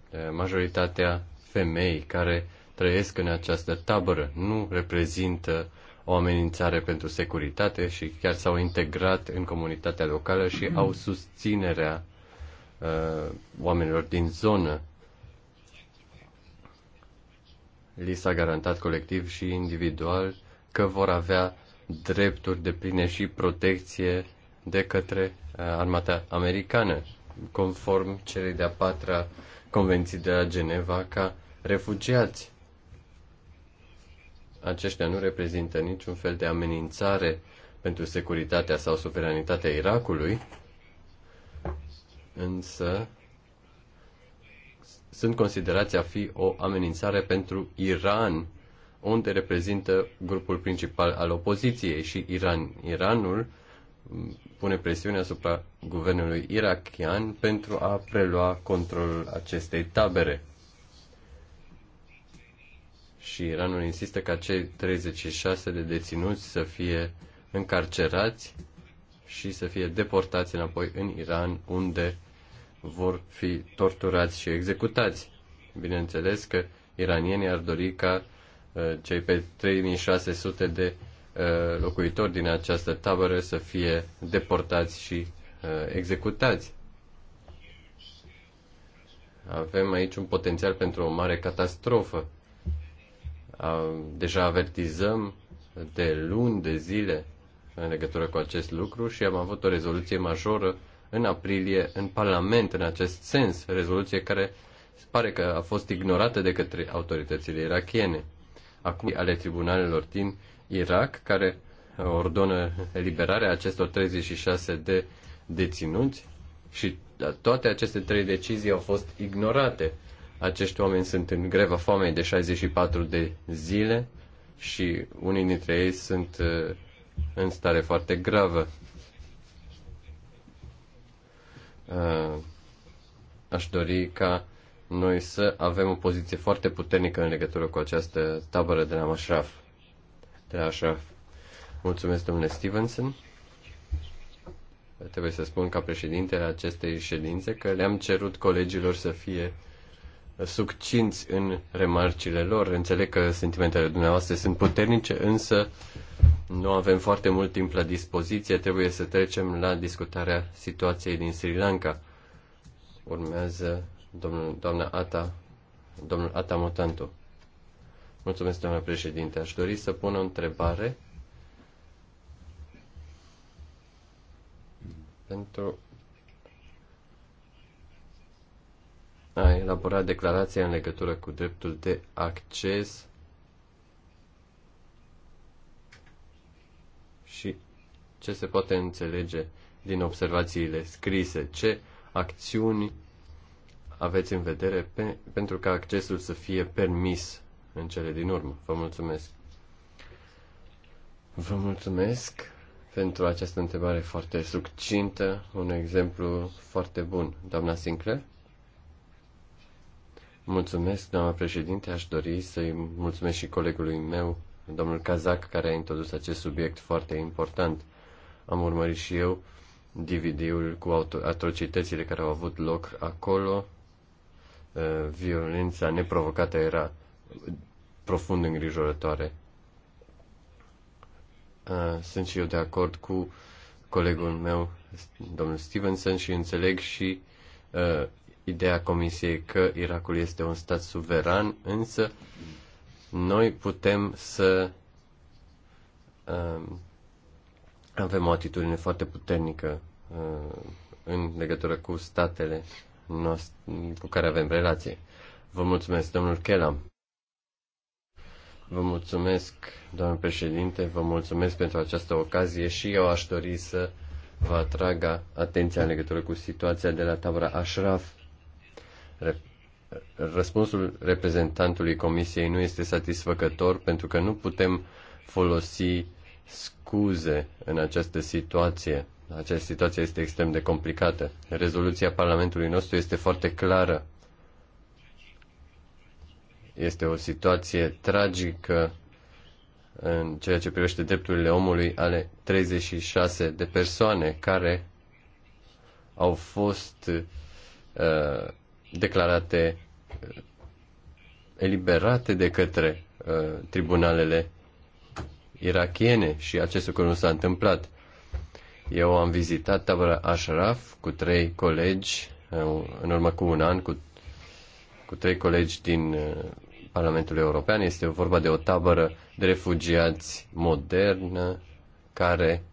uh, majoritatea femei care trăiesc în această tabără nu reprezintă o amenințare pentru securitate și chiar s-au integrat în comunitatea locală și au susținerea uh, oamenilor din zonă. Li s-a garantat colectiv și individual că vor avea drepturi de pline și protecție de către uh, armata americană, conform celei de-a patra convenții de la Geneva ca refugiați. Aceștia nu reprezintă niciun fel de amenințare pentru securitatea sau suveranitatea Irakului, însă sunt considerați a fi o amenințare pentru Iran, unde reprezintă grupul principal al opoziției și Iran. Iranul pune presiune asupra guvernului irachian pentru a prelua controlul acestei tabere. Și Iranul insistă ca cei 36 de deținuți să fie încarcerați și să fie deportați înapoi în Iran, unde vor fi torturați și executați. Bineînțeles că iranienii ar dori ca uh, cei pe 3600 de uh, locuitori din această tabără să fie deportați și uh, executați. Avem aici un potențial pentru o mare catastrofă. Deja avertizăm de luni, de zile în legătură cu acest lucru și am avut o rezoluție majoră în aprilie în Parlament în acest sens, rezoluție care pare că a fost ignorată de către autoritățile irakiene, acum ale tribunalelor din Irak, care ordonă eliberarea acestor 36 de deținuți și toate aceste trei decizii au fost ignorate. Acești oameni sunt în greva foamei de 64 de zile și unii dintre ei sunt uh, în stare foarte gravă. Uh, aș dori ca noi să avem o poziție foarte puternică în legătură cu această tabără de la Mashraf. De la Ashraf. Mulțumesc, domnule Stevenson. Trebuie să spun ca președintele acestei ședințe că le-am cerut colegilor să fie succinți în remarcile lor. Înțeleg că sentimentele dumneavoastră sunt puternice, însă nu avem foarte mult timp la dispoziție. Trebuie să trecem la discutarea situației din Sri Lanka. Urmează domnul, doamna Ata, domnul Ata Motanto. Mulțumesc, doamna președinte. Aș dori să pun o întrebare pentru a elaborat declarația în legătură cu dreptul de acces și ce se poate înțelege din observațiile scrise, ce acțiuni aveți în vedere pe, pentru ca accesul să fie permis în cele din urmă. Vă mulțumesc. Vă mulțumesc pentru această întrebare foarte succintă, un exemplu foarte bun. Doamna Sinclair? Mulțumesc, doamna președinte. Aș dori să-i mulțumesc și colegului meu, domnul Cazac, care a introdus acest subiect foarte important. Am urmărit și eu DVD-ul cu atrocitățile care au avut loc acolo. Uh, violența neprovocată era profund îngrijorătoare. Uh, sunt și eu de acord cu colegul meu, domnul Stevenson, și înțeleg și uh, ideea Comisiei că Irakul este un stat suveran, însă noi putem să uh, avem o atitudine foarte puternică uh, în legătură cu statele cu care avem relație. Vă mulțumesc, domnul Kelam. Vă mulțumesc, domnul președinte, vă mulțumesc pentru această ocazie și eu aș dori să vă atrag atenția în legătură cu situația de la tabra Ashraf Răspunsul reprezentantului Comisiei nu este satisfăcător pentru că nu putem folosi scuze în această situație. Această situație este extrem de complicată. Rezoluția Parlamentului nostru este foarte clară. Este o situație tragică în ceea ce privește drepturile omului ale 36 de persoane care au fost uh, declarate eliberate de către uh, tribunalele irachiene și acest lucru nu s-a întâmplat. Eu am vizitat tabăra Ashraf cu trei colegi uh, în urmă cu un an, cu, cu trei colegi din uh, Parlamentul European. Este vorba de o tabără de refugiați modernă care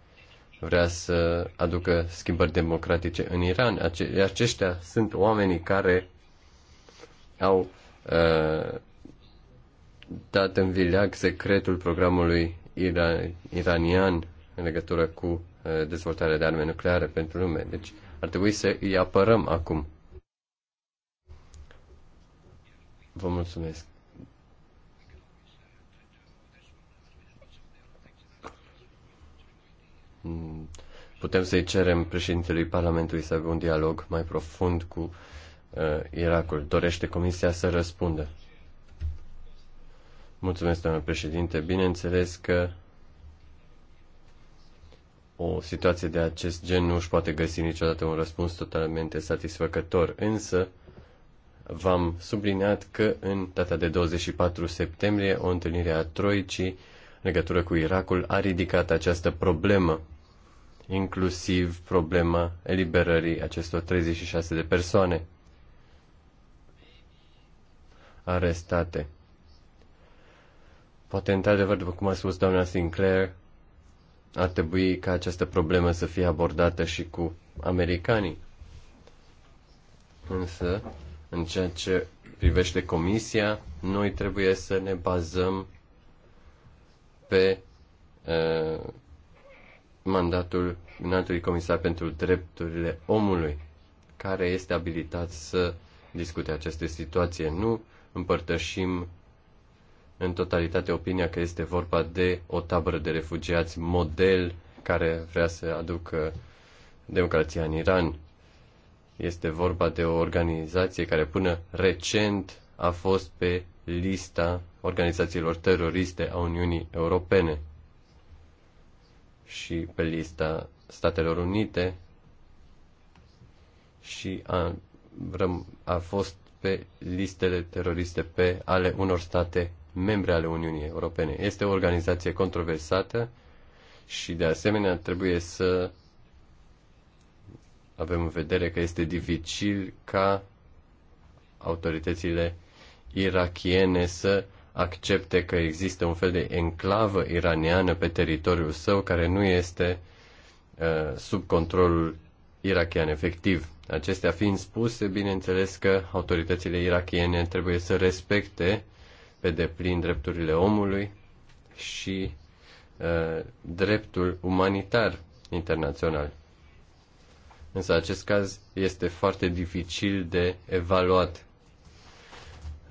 vrea să aducă schimbări democratice în Iran. Ace- aceștia sunt oamenii care au uh, dat în vileag secretul programului iran- iranian în legătură cu uh, dezvoltarea de arme nucleare pentru lume. Deci ar trebui să îi apărăm acum. Vă mulțumesc. Mm, putem să-i cerem președintelui Parlamentului să aibă un dialog mai profund cu uh, Irakul. Dorește Comisia să răspundă. Mulțumesc, domnule președinte. Bineînțeles că o situație de acest gen nu își poate găsi niciodată un răspuns totalmente satisfăcător, însă v-am subliniat că în data de 24 septembrie o întâlnire a Troicii în legătură cu Irakul a ridicat această problemă inclusiv problema eliberării acestor 36 de persoane arestate. Poate, într-adevăr, după cum a spus doamna Sinclair, ar trebui ca această problemă să fie abordată și cu americanii. Însă, în ceea ce privește comisia, noi trebuie să ne bazăm pe uh, mandatul înaltului comisar pentru drepturile omului, care este abilitat să discute aceste situații. Nu împărtășim în totalitate opinia că este vorba de o tabără de refugiați model care vrea să aducă democrația în Iran. Este vorba de o organizație care până recent a fost pe lista organizațiilor teroriste a Uniunii Europene și pe lista Statelor Unite și a, a fost pe listele teroriste pe ale unor state membre ale Uniunii Europene. Este o organizație controversată și de asemenea trebuie să avem în vedere că este dificil ca autoritățile irachiene să accepte că există un fel de enclavă iraniană pe teritoriul său care nu este uh, sub controlul irachian efectiv. Acestea fiind spuse, bineînțeles că autoritățile irachiene trebuie să respecte pe deplin drepturile omului și uh, dreptul umanitar internațional. Însă acest caz este foarte dificil de evaluat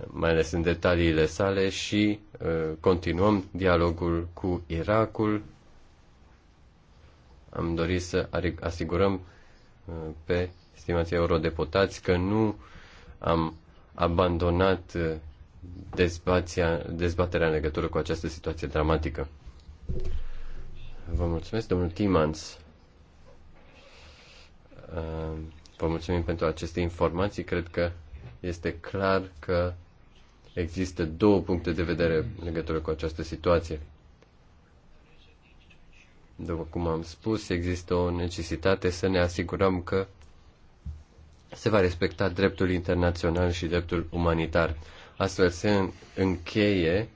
mai ales în detaliile sale, și uh, continuăm dialogul cu Irakul. Am dorit să asigurăm uh, pe stimații eurodeputați că nu am abandonat uh, dezbația, dezbaterea în legătură cu această situație dramatică. Vă mulțumesc, domnul Timans. Vă mulțumim pentru aceste informații. Cred că este clar că Există două puncte de vedere în legătură cu această situație. După cum am spus, există o necesitate să ne asigurăm că se va respecta dreptul internațional și dreptul umanitar. Astfel se încheie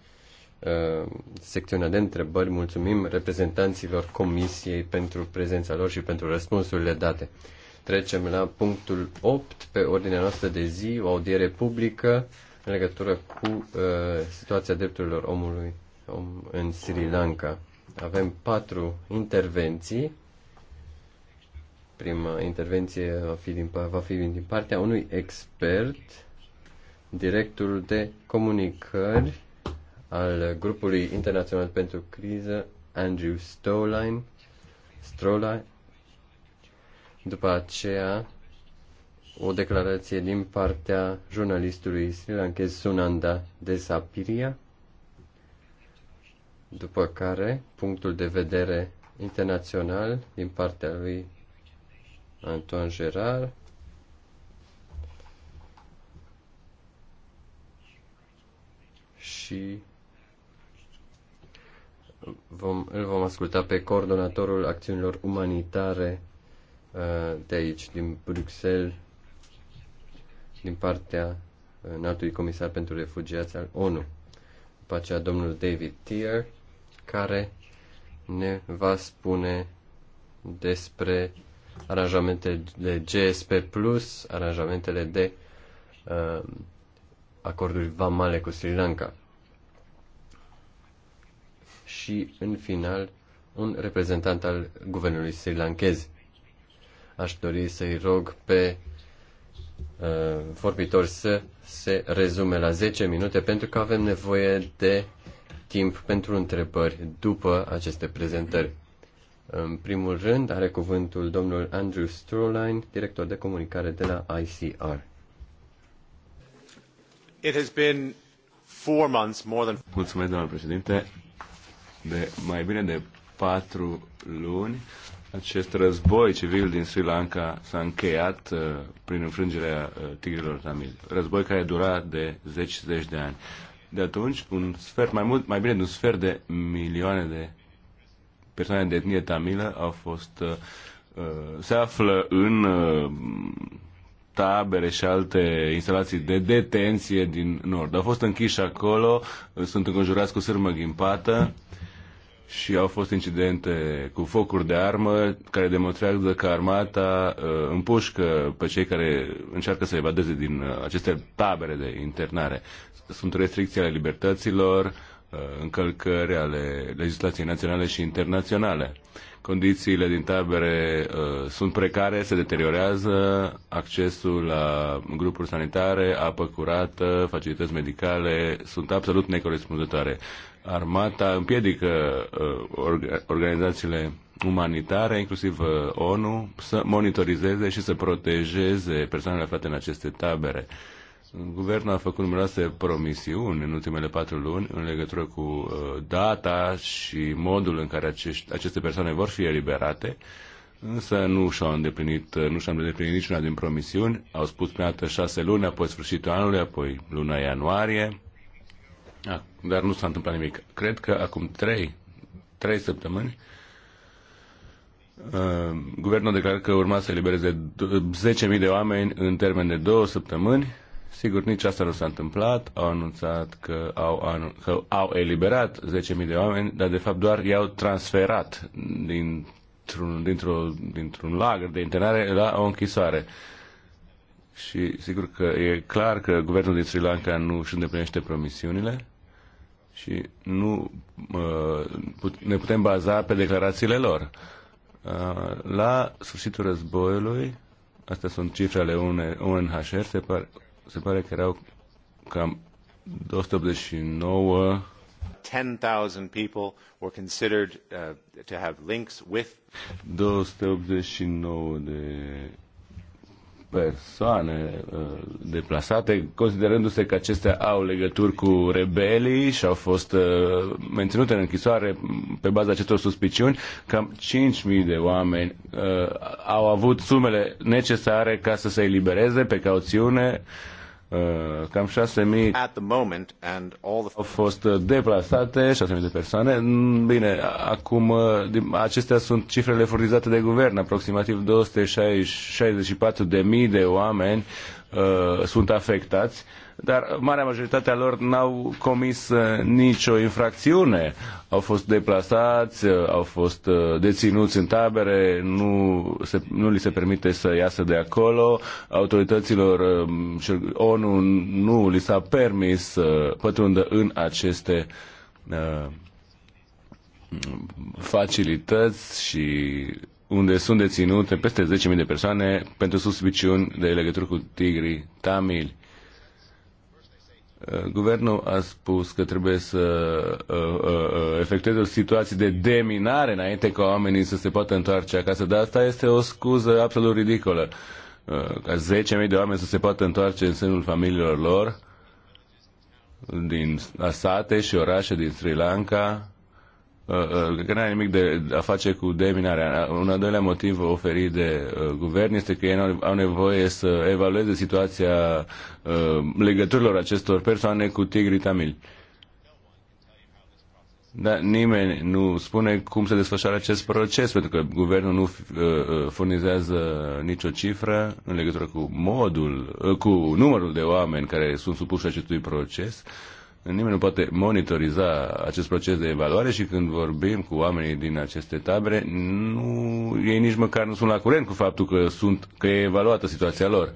uh, secțiunea de întrebări. Mulțumim reprezentanților Comisiei pentru prezența lor și pentru răspunsurile date. Trecem la punctul 8 pe ordinea noastră de zi, o audiere publică în legătură cu uh, situația drepturilor omului om, în Sri Lanka. Avem patru intervenții. Prima intervenție va fi din, va fi din partea unui expert, directorul de comunicări al grupului internațional pentru criză, Andrew Stoline, Strola. După aceea o declarație din partea jurnalistului sri Lankes Sunanda Desapiria, după care punctul de vedere internațional din partea lui Antoine Gerard, și vom, îl vom asculta pe coordonatorul acțiunilor umanitare uh, de aici, din Bruxelles, din partea înaltului comisar pentru refugiați al ONU. După aceea domnul David Tier, care ne va spune despre aranjamentele GSP+, plus, aranjamentele de uh, acorduri vamale cu Sri Lanka. Și, în final, un reprezentant al guvernului sri lankez. Aș dori să-i rog pe uh, vorbitori să se rezume la 10 minute pentru că avem nevoie de timp pentru întrebări după aceste prezentări. În primul rând are cuvântul domnul Andrew Stroline, director de comunicare de la ICR. It has been four months more than... Mulțumesc, domnule președinte. De mai bine de patru luni acest război civil din Sri Lanka s-a încheiat uh, prin înfrângerea uh, tigrilor tamil. Război care a durat de zeci și zeci de ani. De atunci, un sfert, mai, mult, mai bine de un sfert de milioane de persoane de etnie tamilă au fost, uh, uh se află în uh, tabere și alte instalații de detenție din nord. Au fost închiși acolo, sunt înconjurați cu sârmă ghimpată. Uh, și au fost incidente cu focuri de armă care demonstrează că armata uh, împușcă pe cei care încearcă să evadeze din uh, aceste tabere de internare. Sunt restricții ale libertăților, uh, încălcări ale legislației naționale și internaționale. Condițiile din tabere uh, sunt precare, se deteriorează, accesul la grupuri sanitare, apă curată, facilități medicale sunt absolut necorespunzătoare. Uh, armata împiedică uh, organizațiile umanitare, inclusiv uh, ONU, să monitorizeze și să protejeze persoanele aflate în aceste tabere. Guvernul a făcut numeroase promisiuni în ultimele patru luni în legătură cu uh, data și modul în care acești, aceste persoane vor fi eliberate, însă nu și-au îndeplinit, nu și-au îndeplinit niciuna din promisiuni. Au spus prima dată șase luni, apoi sfârșitul anului, apoi luna ianuarie Ah, dar nu s-a întâmplat nimic. Cred că acum trei, trei săptămâni uh, guvernul a declarat că urma să elibereze 10.000 de oameni în termen de două săptămâni. Sigur, nici asta nu s-a întâmplat. Au anunțat că au, anu- că au eliberat 10.000 de oameni, dar de fapt doar i-au transferat dintr-un, dintr-un, dintr-un lagăr de internare la o închisoare. Uh, și sigur că e clar că guvernul din Sri Lanka nu își îndeplinește promisiunile și nu uh, ne putem baza pe declarațiile lor. Uh, la sfârșitul războiului, astea sunt cifrele UNHR, se pare, se pare că erau cam 289 10,000 people were considered uh, to have links with 289 de persoane uh, deplasate, considerându-se că acestea au legături cu rebelii și au fost uh, menținute în închisoare pe baza acestor suspiciuni, cam 5.000 de oameni uh, au avut sumele necesare ca să se elibereze pe cauțiune Uh, cam 6.000 au fost uh, deplasate, 6.000 de persoane. Mm, bine, acum uh, acestea sunt cifrele furnizate de guvern, aproximativ 264.000 de oameni uh, sunt afectați. Uh, dar marea majoritate a lor n-au comis uh, nicio infracțiune. Au fost deplasați, uh, au fost uh, deținuți în tabere, nu, se, nu li se permite să iasă de acolo, autorităților um, ONU nu li s-a permis să pătrundă în aceste facilități și unde sunt deținute peste 10.000 de persoane pentru suspiciuni de legătură cu tigrii tamili. Uh, guvernul a spus că trebuie să uh, uh, efectueze o situație de deminare înainte ca oamenii să se poată întoarce acasă, dar asta este o scuză absolut ridicolă. Ca 10.000 de oameni să se poată întoarce în sânul familiilor lor din sate și orașe din Sri Lanka, Uh, uh, că nu are nimic de a face cu deminarea. Un al doilea motiv oferit de uh, guvern este că ei au nevoie să evalueze situația legăturilor acestor persoane cu tigrii tamili. Dar nimeni nu spune cum se desfășoară acest proces, pentru că guvernul nu furnizează nicio cifră în legătură cu modul, cu numărul de oameni care sunt supuși acestui proces. Uh, nimeni nu poate monitoriza acest proces de evaluare și când vorbim cu oamenii din aceste tabere, nu, ei nici măcar nu sunt la curent cu faptul că, sunt, că e evaluată situația lor.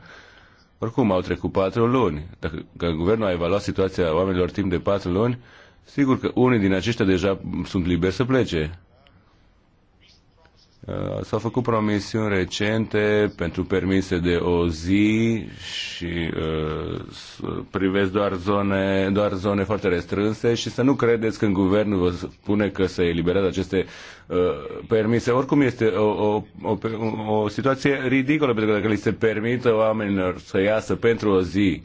Oricum, au trecut patru luni. Dacă că guvernul a evaluat situația oamenilor timp de patru luni, sigur că unii din aceștia deja sunt liberi să plece. Uh, s-au făcut promisiuni recente pentru permise de o zi și uh, privesc doar zone, doar zone foarte restrânse și să nu credeți când guvernul vă spune că se eliberează aceste uh, permise. Oricum este o, o, o, o situație ridicolă pentru că dacă li se permită oamenilor să iasă pentru o zi,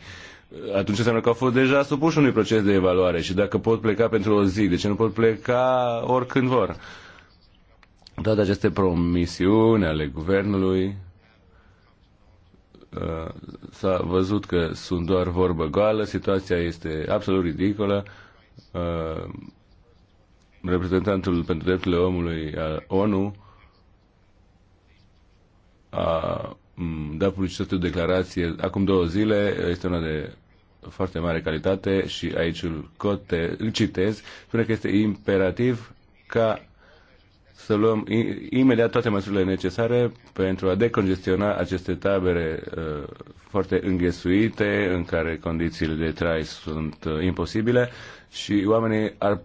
uh, atunci înseamnă că au fost deja supuși unui proces de evaluare și dacă pot pleca pentru o zi, de ce nu pot pleca oricând vor? Uh, toate aceste promisiuni ale guvernului uh, s-a văzut că sunt doar vorbă goală, situația este absolut ridicolă. Uh, reprezentantul pentru drepturile omului al ONU a mm, dat publicitate o declarație acum două zile, este una de foarte mare calitate și aici îl, cote, îl citez, spune că este imperativ ca să luăm imediat toate măsurile necesare pentru a decongestiona aceste tabere uh, foarte înghesuite, în care condițiile de trai sunt uh, imposibile și oamenii ar,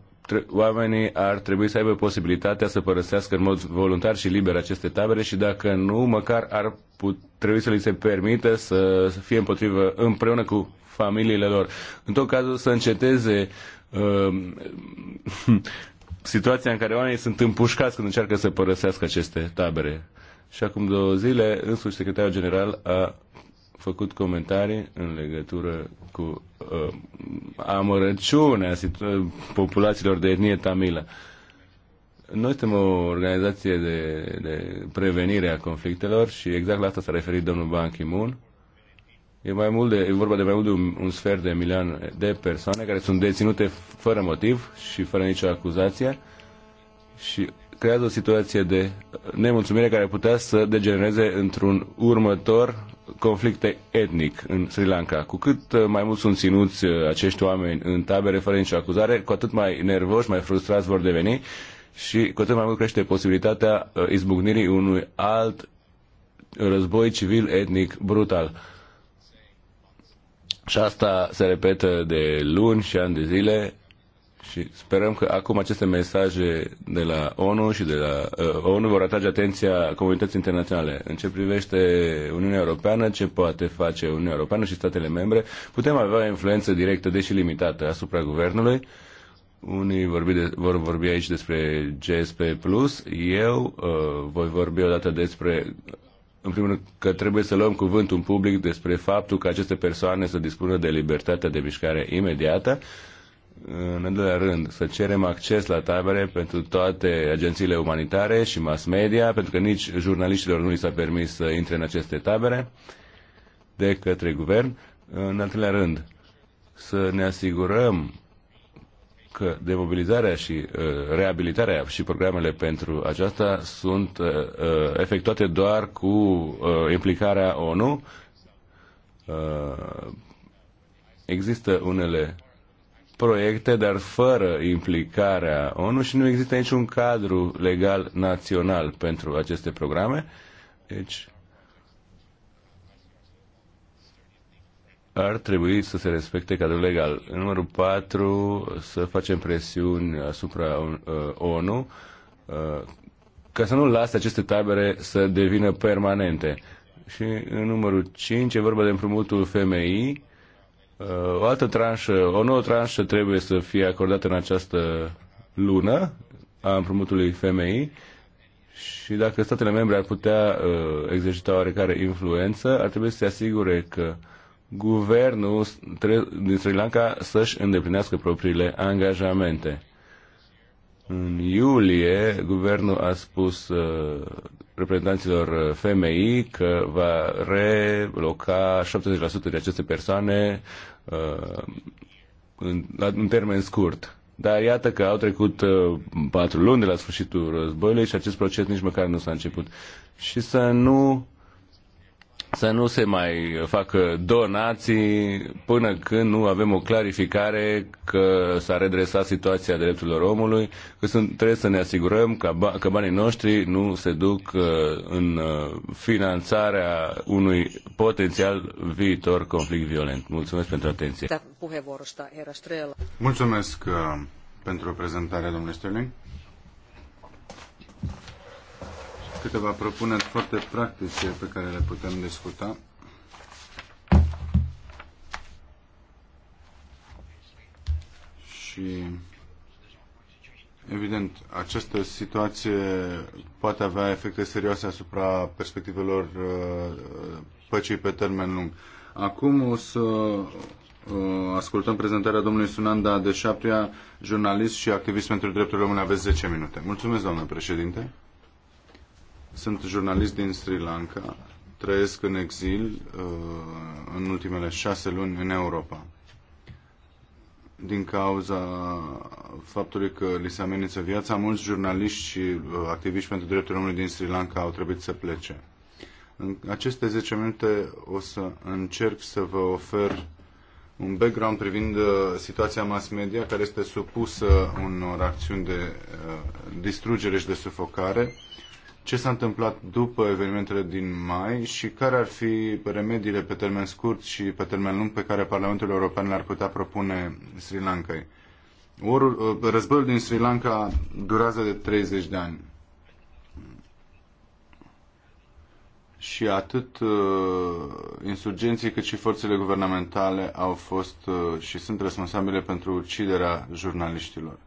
oamenii ar trebui să aibă posibilitatea să părăsească în mod voluntar și liber aceste tabere și dacă nu, măcar ar put, trebui să li se permită să, să fie împotrivă împreună cu familiile lor. În tot cazul să înceteze uh, <laughs> situația în care oamenii sunt împușcați când încearcă să părăsească aceste tabere. Și acum două zile, însuși secretarul general a făcut comentarii în legătură cu uh, amărăciunea populațiilor de etnie tamilă. Noi suntem o organizație de, de prevenire a conflictelor și exact la asta s-a referit domnul Ban Ki-moon E, mai mult de, e vorba de mai mult de un, un sfert de milion de persoane care sunt deținute fără motiv și fără nicio acuzație și creează o situație de nemulțumire care putea să degenereze într-un următor conflict etnic în Sri Lanka. Cu cât uh, mai mult sunt ținuți uh, acești oameni în tabere fără nicio acuzare, cu atât mai nervoși, mai frustrați vor deveni și cu atât mai mult crește posibilitatea uh, izbucnirii unui alt război civil etnic brutal. Și asta se repetă de luni și ani de zile și sperăm că acum aceste mesaje de la ONU și de la uh, ONU vor atrage atenția comunității internaționale. În ce privește Uniunea Europeană, ce poate face Uniunea Europeană și statele membre, putem avea o influență directă, deși limitată, asupra guvernului. Unii vorbi de, vor vorbi aici despre GSP+, eu uh, voi vorbi odată despre în primul rând, că trebuie să luăm cuvântul în public despre faptul că aceste persoane să dispună de libertatea de mișcare imediată. În al doilea rând, să cerem acces la tabere pentru toate agențiile umanitare și mass media, pentru că nici jurnaliștilor nu li s-a permis să intre în aceste tabere de către guvern. În al treilea rând, să ne asigurăm că demobilizarea și uh, reabilitarea și programele pentru aceasta sunt uh, uh, efectuate doar cu implicarea ONU. Există unele proiecte, dar fără implicarea ONU și nu există niciun cadru legal național pentru aceste programe. Deci, ar trebui să se respecte cadrul legal. numărul 4, să facem presiuni asupra uh, ONU uh, ca să nu lase aceste tabere să devină permanente. Și în numărul 5 e vorba de împrumutul FMI. Uh, o altă tranșă, o nouă tranșă trebuie să fie acordată în această lună a împrumutului FMI și dacă statele membre ar putea uh, exercita oarecare influență, ar trebui să se asigure că uh, guvernul din Sri Lanka să-și îndeplinească propriile angajamente. În iulie, guvernul a spus uh, reprezentanților uh, FMI că va reloca 70% de aceste persoane uh, în, termen scurt. Dar iată că au trecut patru luni de la sfârșitul războiului și acest proces nici măcar nu s-a început. Și să nu să nu se mai facă donații până când nu avem o clarificare că s-a redresat situația drepturilor omului, că sunt, trebuie să ne asigurăm că, ba, că banii noștri nu se duc uh, în uh, finanțarea unui potențial viitor conflict violent. Mulțumesc pentru atenție. Mulțumesc uh, pentru prezentarea, domnule Sterling. câteva propuneri foarte practice pe care le putem discuta. Și evident, această situație poate avea efecte serioase asupra perspectivelor uh, păcii pe termen lung. Acum o să uh, ascultăm prezentarea domnului Sunanda de șaptea, jurnalist și activist pentru drepturile omului. Aveți 10 minute. Mulțumesc, doamnă președinte. Sunt jurnalist din Sri Lanka, trăiesc în exil uh, în ultimele șase luni în Europa. Din cauza faptului că li se amenință viața, mulți jurnaliști și uh, activiști pentru drepturile omului din Sri Lanka au trebuit să plece. În aceste 10 minute o să încerc să vă ofer un background privind uh, situația mass media care este supusă unor acțiuni de distrugere și de sufocare ce s-a întâmplat după evenimentele din mai și care ar fi remediile pe termen scurt și pe termen lung pe care Parlamentul European le-ar putea propune Sri Lankai. Orul, uh, războiul din Sri Lanka durează de 30 de ani. Și atât uh, insurgenții cât și forțele guvernamentale au fost uh, și sunt responsabile pentru uciderea jurnaliștilor.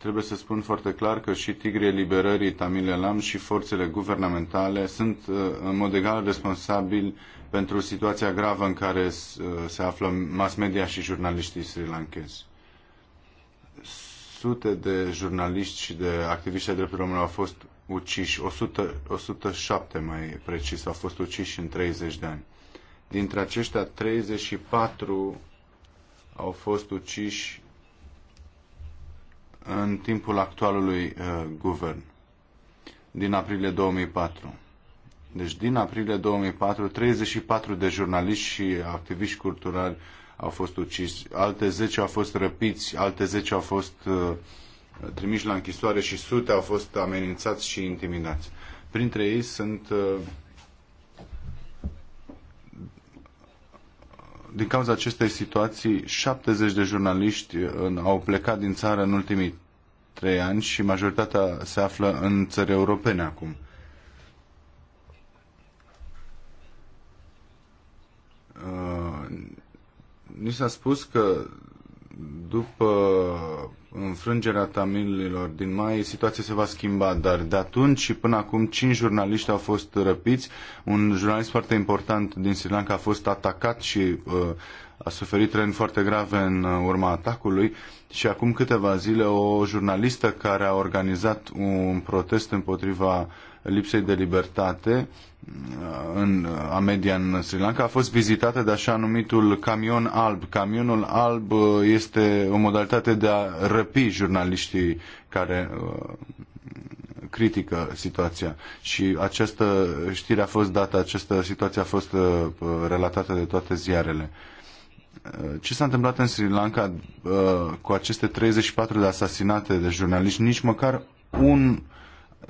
Trebuie să spun foarte clar că și tigrii eliberării Tamil Elam și forțele guvernamentale sunt uh, în mod egal responsabili pentru situația gravă în care uh, se află mass media și jurnaliștii sri lankezi. Sute de jurnaliști și de activiști ai drepturilor omului au fost uciși, 100, 107 mai precis, au fost uciși în 30 de ani. Dintre aceștia, 34 au fost uciși în timpul actualului uh, guvern din aprilie 2004. Deci din aprilie 2004, 34 de jurnaliști și activiști culturali au fost ucisi, alte 10 au fost răpiți, alte 10 au fost uh, trimiși la închisoare și sute au fost amenințați și intimidați. Printre ei sunt uh, din cauza acestei situații, 70 de jurnaliști au plecat din țară în ultimii trei ani și majoritatea se află în țări europene acum. Uh, ni s-a spus că după înfrângerea tamililor din mai, situația se va schimba, dar de atunci și până acum cinci jurnaliști au fost răpiți, un jurnalist foarte important din Sri Lanka a fost atacat și uh, a suferit răni foarte grave în uh, urma atacului și acum câteva zile o jurnalistă care a organizat un protest împotriva lipsei de libertate uh, în, uh, a media în Sri Lanka a fost vizitată de așa numitul camion alb. Camionul alb uh, este o modalitate de a răpi jurnaliștii care critică situația și această știre a fost dată, această situație a fost relatată de toate ziarele. Ce s-a întâmplat în Sri Lanka cu aceste 34 de asasinate de jurnaliști? Nici măcar un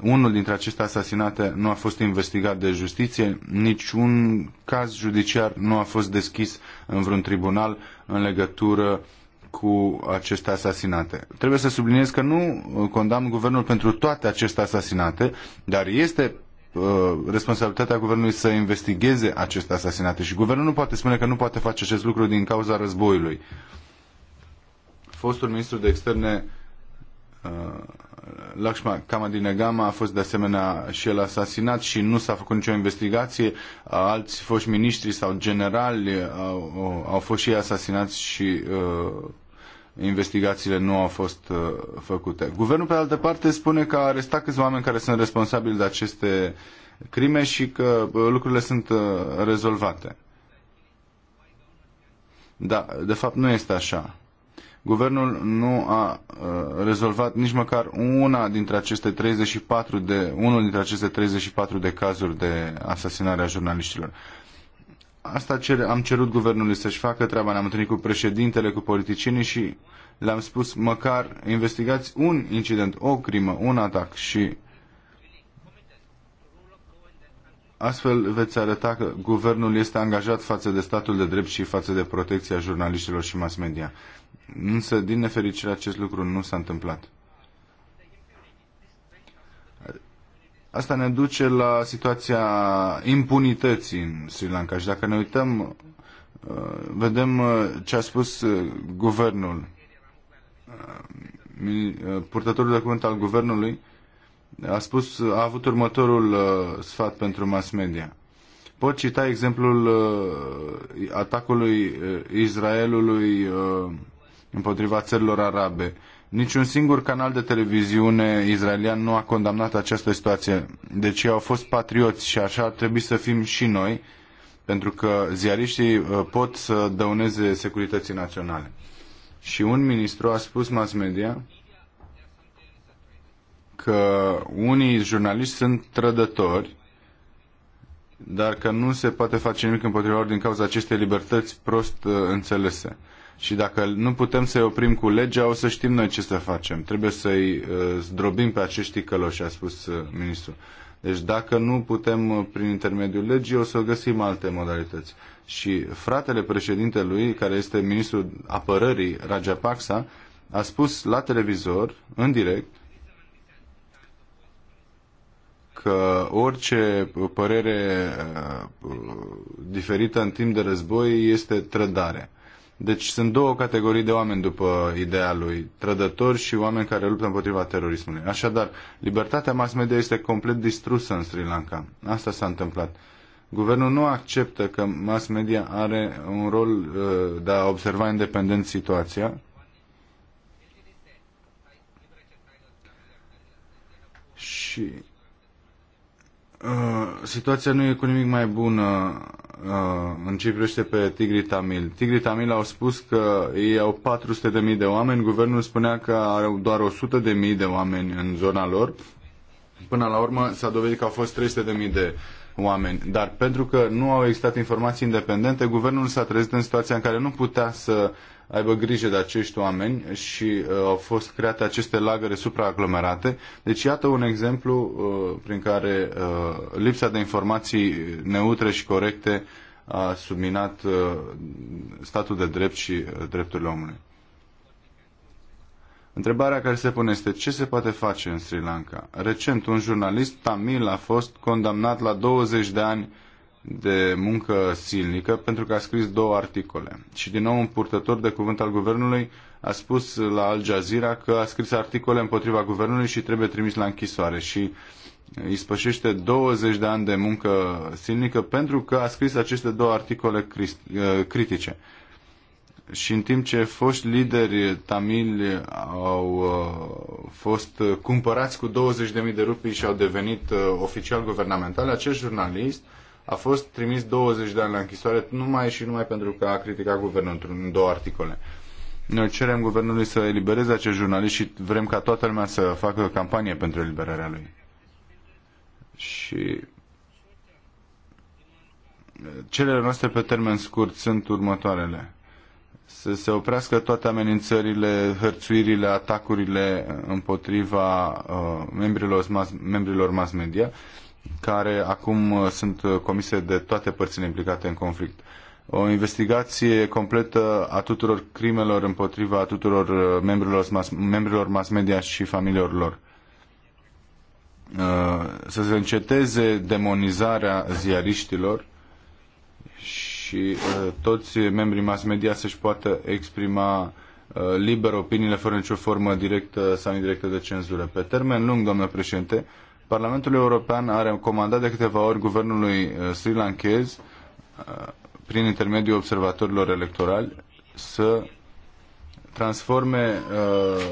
unul dintre aceste asasinate nu a fost investigat de justiție, niciun caz judiciar nu a fost deschis în vreun tribunal în legătură cu aceste asasinate. Trebuie să subliniez că nu uh, condamn guvernul pentru toate aceste asasinate, dar este uh, responsabilitatea guvernului să investigheze aceste asasinate și guvernul nu poate spune că nu poate face acest lucru din cauza războiului. Fostul ministru de externe uh, Lakshma Kamadinegama a fost de asemenea și el asasinat și nu s-a făcut nicio investigație. Alți foști miniștri sau generali au, au fost și ei asasinați și uh, investigațiile nu au fost uh, făcute. Guvernul, pe altă parte, spune că a arestat câțiva oameni care sunt responsabili de aceste crime și că uh, lucrurile sunt uh, rezolvate. Da, de fapt nu este așa. Guvernul nu a uh, rezolvat nici măcar una dintre aceste 34 de, unul dintre aceste 34 de cazuri de asasinare a jurnaliștilor. Asta cer, am cerut guvernului să-și facă treaba, ne-am întâlnit cu președintele, cu politicienii și le-am spus măcar investigați un incident, o crimă, un atac și Astfel veți arăta că guvernul este angajat față de statul de drept și față de protecția jurnaliștilor și mass media. Însă, din nefericire, acest lucru nu s-a întâmplat. Asta ne duce la situația impunității în Sri Lanka și dacă ne uităm, uh, vedem uh, ce a spus uh, guvernul, purtătorul de cuvânt al guvernului, a spus, a avut următorul sfat pentru mass media. Pot cita exemplul atacului Israelului împotriva țărilor arabe. Niciun singur canal de televiziune israelian nu a condamnat această situație. Deci ei au fost patrioți și așa ar trebui să fim și noi, pentru că ziariștii uh, pot să dăuneze securității naționale. Și un ministru a spus mass media că unii jurnaliști sunt trădători, dar că nu se poate face nimic împotriva lor din cauza acestei libertăți prost uh, înțelese. Și dacă nu putem să-i oprim cu legea, o să știm noi ce să facem. Trebuie să-i uh, zdrobim pe acești căloși, a spus uh, ministrul. Deci dacă nu putem uh, prin intermediul legii, o să găsim alte modalități. Și fratele președintelui, care este ministrul apărării, Paxa, a spus la televizor, în direct, că orice părere diferită în timp de război este trădare. Deci sunt două categorii de oameni după ideea lui, trădători și oameni care luptă împotriva terorismului. Așadar, libertatea mass media este complet distrusă în Sri Lanka. Asta s-a întâmplat. Guvernul nu acceptă că mass media are un rol uh, de a observa independent situația. Și Uh, situația nu e cu nimic mai bună uh, în ce privește pe Tigri Tamil. Tigri Tamil au spus că ei au 400.000 de, de oameni, guvernul spunea că are doar 100.000 de, de oameni în zona lor. Până la urmă s-a dovedit că au fost 300.000 de, de oameni. Dar pentru că nu au existat informații independente, guvernul s-a trezit în situația în care nu putea să aibă grijă de acești oameni și uh, au fost create aceste lagăre supraaglomerate. Deci iată un exemplu uh, prin care uh, lipsa de informații neutre și corecte a subminat uh, statul de drept și uh, drepturile omului. Întrebarea care se pune este ce se poate face în Sri Lanka? Recent, un jurnalist tamil a fost condamnat la 20 de ani uh, de muncă silnică pentru că a scris două articole. Și din nou un purtător de cuvânt al guvernului a spus la Al Jazeera că a scris articole împotriva guvernului și trebuie trimis la închisoare și îi spășește 20 de ani de muncă silnică pentru că a scris aceste două articole uh, critice. Și în timp ce foști lideri tamili au uh, fost cumpărați cu 20.000 de rupii și au devenit uh, oficial guvernamental, acest jurnalist uh, a fost trimis 20 de ani la închisoare numai și numai pentru că a criticat guvernul într-un două articole. Noi cerem guvernului să elibereze acest jurnalist și vrem ca toată lumea să facă campanie pentru eliberarea lui. Și eh, celele noastre pe termen scurt sunt următoarele. Să se oprească toate amenințările, hărțuirile, atacurile împotriva uh, membrilor, mas membrilor mass media, care acum uh, sunt uh, comise de toate părțile implicate în conflict. O investigație completă a tuturor crimelor împotriva tuturor uh, membrilor mass, membrilor mass media și familiilor lor. Să se înceteze demonizarea ziariștilor și toți membrii mass media să-și poată exprima liber opiniile fără nicio formă directă sau indirectă de cenzură. Pe termen lung, domnule președinte, Parlamentul European a recomandat de câteva ori guvernului uh, sri lankez, uh, prin intermediul observatorilor electorali, să transforme uh,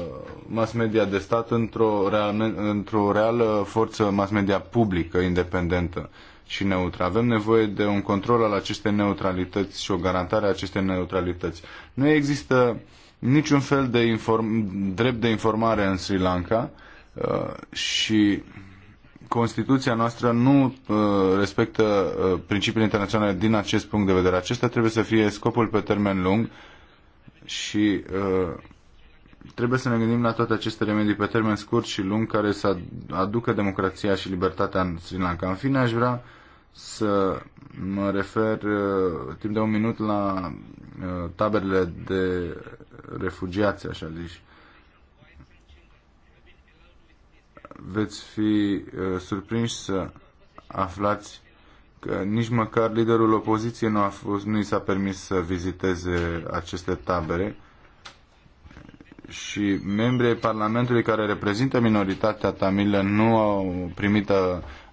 mass media de stat într-o, real, într reală forță mass media publică, independentă și neutră. Avem nevoie de un control al acestei neutralități și o garantare a acestei neutralități. Nu există niciun fel de inform, drept de informare în Sri Lanka uh, și Constituția noastră nu uh, respectă uh, principiile internaționale din acest punct de vedere. Acesta trebuie să fie scopul pe termen lung și uh, trebuie să ne gândim la toate aceste remedii pe termen scurt și lung care să aducă democrația și libertatea în Sri Lanka. În fine, aș vrea să mă refer timp de un minut la taberele de refugiați, așa zici. veți fi uh, surprinși să aflați că nici măcar liderul opoziției nu, a fost, nu i s-a permis să viziteze aceste tabere și membrii Parlamentului care reprezintă minoritatea tamilă nu au primit uh,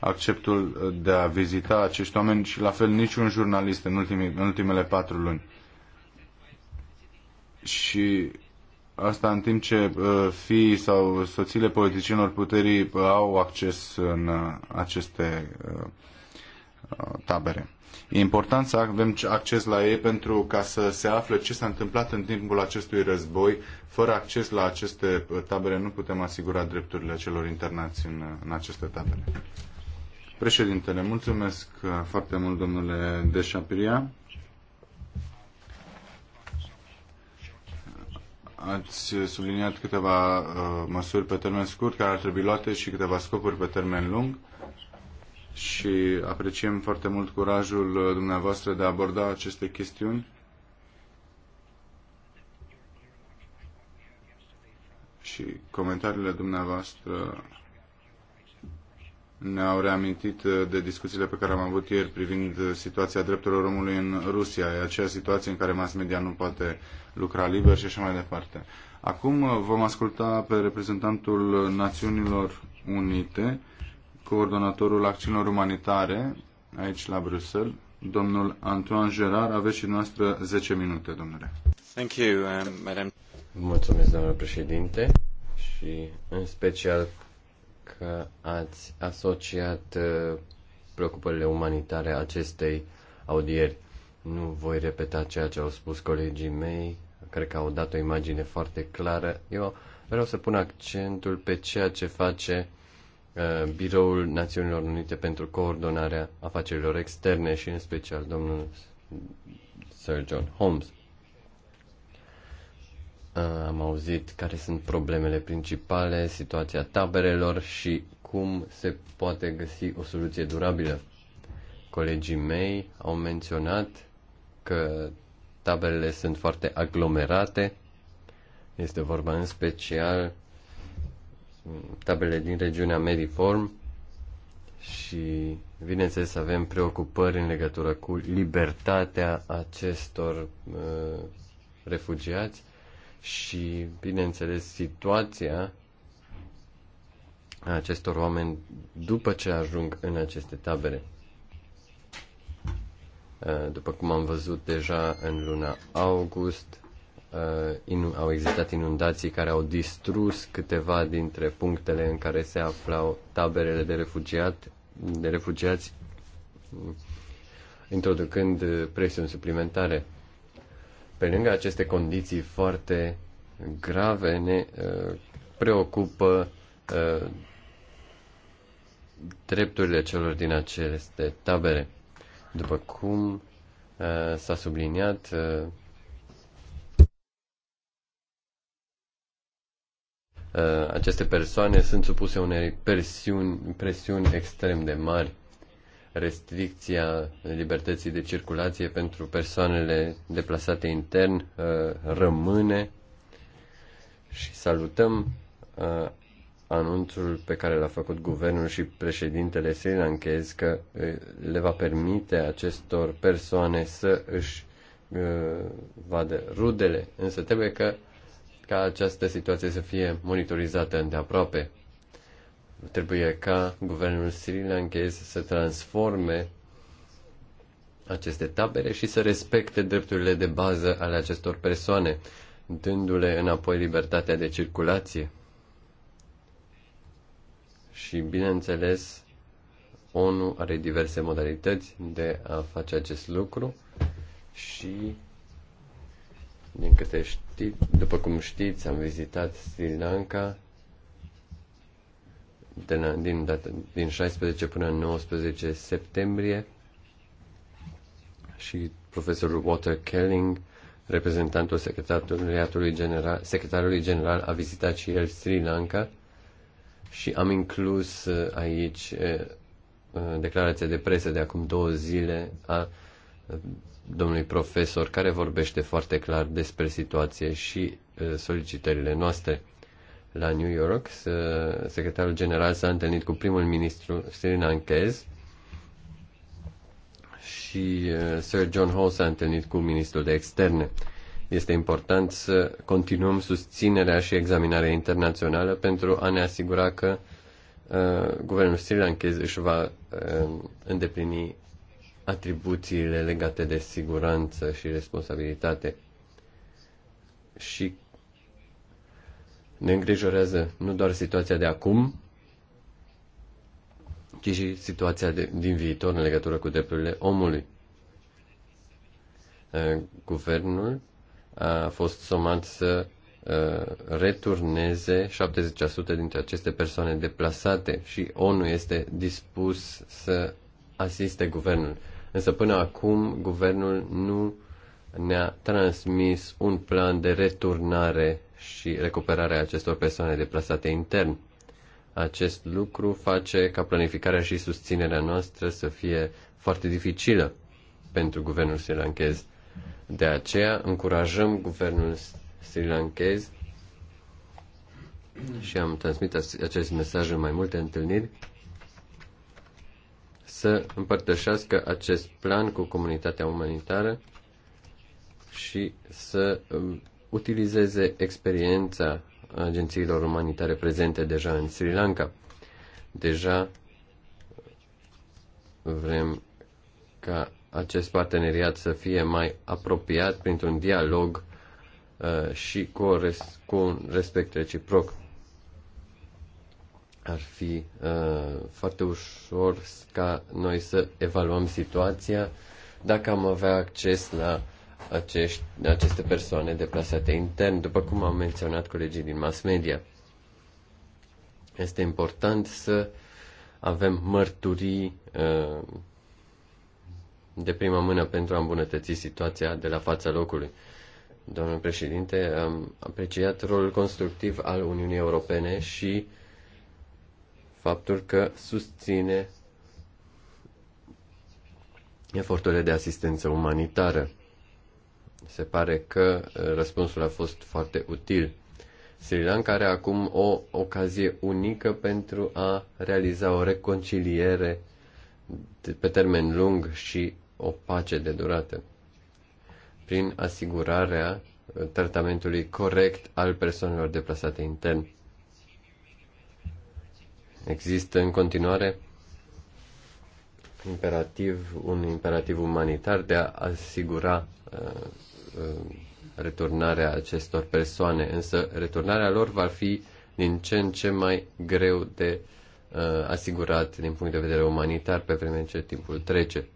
acceptul de a vizita acești oameni și la fel niciun jurnalist în, ultimii, în ultimele patru luni. Și Asta în timp ce uh, fiii sau soțiile politicienilor puterii uh, au acces în uh, aceste tabere. E important să avem acces la ei pentru ca să se afle ce s-a întâmplat în timpul acestui război. Fără acces la aceste tabere nu putem asigura drepturile celor internați în, în aceste tabere. Președintele, mulțumesc foarte mult, domnule Deșapiria. ați subliniat câteva uh, măsuri pe termen scurt care ar trebui luate și câteva scopuri pe termen lung și apreciem foarte mult curajul uh, dumneavoastră de a aborda aceste chestiuni. Și comentariile dumneavoastră ne-au reamintit uh, de discuțiile pe care am avut ieri privind uh, situația drepturilor omului în Rusia. E aceea situație în care mass media nu poate lucra liber și așa mai departe. Acum uh, vom asculta pe reprezentantul Națiunilor Unite, coordonatorul acțiunilor umanitare, aici la Bruxelles, domnul Antoine Gerard. Aveți și noastră 10 minute, domnule. Thank you, um, madam. Mulțumesc, domnule președinte, și în special că ați asociat uh, preocupările umanitare acestei audieri. Nu voi repeta ceea ce au spus colegii mei, cred că au dat o imagine foarte clară. Eu vreau să pun accentul pe ceea ce face uh, Biroul Națiunilor Unite pentru coordonarea afacerilor externe și în special domnul Sir John Holmes. Am auzit care sunt problemele principale, situația taberelor și cum se poate găsi o soluție durabilă. Colegii mei au menționat că taberele sunt foarte aglomerate. Este vorba în special taberele din regiunea Mediform și, bineînțeles, avem preocupări în legătură cu libertatea acestor uh, refugiați și, bineînțeles, situația acestor oameni după ce ajung în aceste tabere. Uh, după cum am văzut deja în luna august, uh, au existat inundații care au distrus câteva dintre punctele în care se aflau taberele de, refugiat, de refugiați, introducând uh, presiuni suplimentare pe lângă aceste condiții foarte grave, ne uh, preocupă uh, drepturile celor din aceste tabere. După cum uh, s-a subliniat, aceste persoane sunt supuse unei presiuni, presiuni extrem de mari restricția libertății de circulație pentru persoanele deplasate intern uh, rămâne și salutăm uh, anunțul pe care l-a făcut guvernul și președintele sri că uh, le va permite acestor persoane să își vadă rudele, însă trebuie că ca această situație să fie monitorizată îndeaproape. Trebuie ca guvernul Sri Lankese să transforme aceste tabere și să respecte drepturile de bază ale acestor persoane, dându-le înapoi libertatea de circulație. Și, bineînțeles, ONU are diverse modalități de a face acest lucru și, din câte știți, după cum știți, am vizitat Sri Lanka de, din, data, din 16 până 19 septembrie și profesorul Walter Kelling, reprezentantul secretariatului general, secretarului general, a vizitat și el Sri Lanka și am inclus uh, aici uh, uh, declarația de presă de acum două zile a domnului profesor care vorbește foarte clar despre situație și solicitările noastre la New York, secretarul general s-a întâlnit cu primul ministru Sirin Anchez și uh, Sir John Hall s-a întâlnit cu ministrul de externe. Este important să continuăm susținerea și examinarea internațională pentru a ne asigura că uh, guvernul Sri Lankese își va uh, îndeplini atribuțiile legate de siguranță și responsabilitate și ne îngrijorează nu doar situația de acum, ci și situația de, din viitor în legătură cu drepturile omului. Uh, guvernul a fost somat să uh, returneze 70% dintre aceste persoane deplasate și ONU este dispus să asiste guvernul. Însă până acum guvernul nu ne-a transmis un plan de returnare și recuperarea acestor persoane deplasate intern. Acest lucru face ca planificarea și susținerea noastră să fie foarte dificilă pentru guvernul sri lankez. De aceea încurajăm guvernul sri lankez și am transmit acest mesaj în mai multe întâlniri să împărtășească acest plan cu comunitatea umanitară și să utilizeze experiența agențiilor umanitare prezente deja în Sri Lanka. Deja vrem ca acest parteneriat să fie mai apropiat printr-un dialog uh, și cu, o res- cu un respect reciproc. Ar fi uh, foarte ușor ca noi să evaluăm situația dacă am avea acces la acești, aceste persoane deplasate intern, după cum am menționat colegii din mass media. Este important să avem mărturii uh, de prima mână pentru a îmbunătăți situația de la fața locului. Domnul președinte, am apreciat rolul constructiv al Uniunii Europene și faptul că susține eforturile de asistență umanitară. Se pare că uh, răspunsul a fost foarte util. Sri Lanka are acum o ocazie unică pentru a realiza o reconciliere pe termen lung și o pace de durată prin asigurarea uh, tratamentului corect al persoanelor deplasate intern. Există în continuare imperativ, un imperativ umanitar de a asigura uh, Uh, returnarea acestor persoane, însă returnarea lor va fi din ce în ce mai greu de uh, asigurat din punct de vedere umanitar pe vreme ce timpul trece.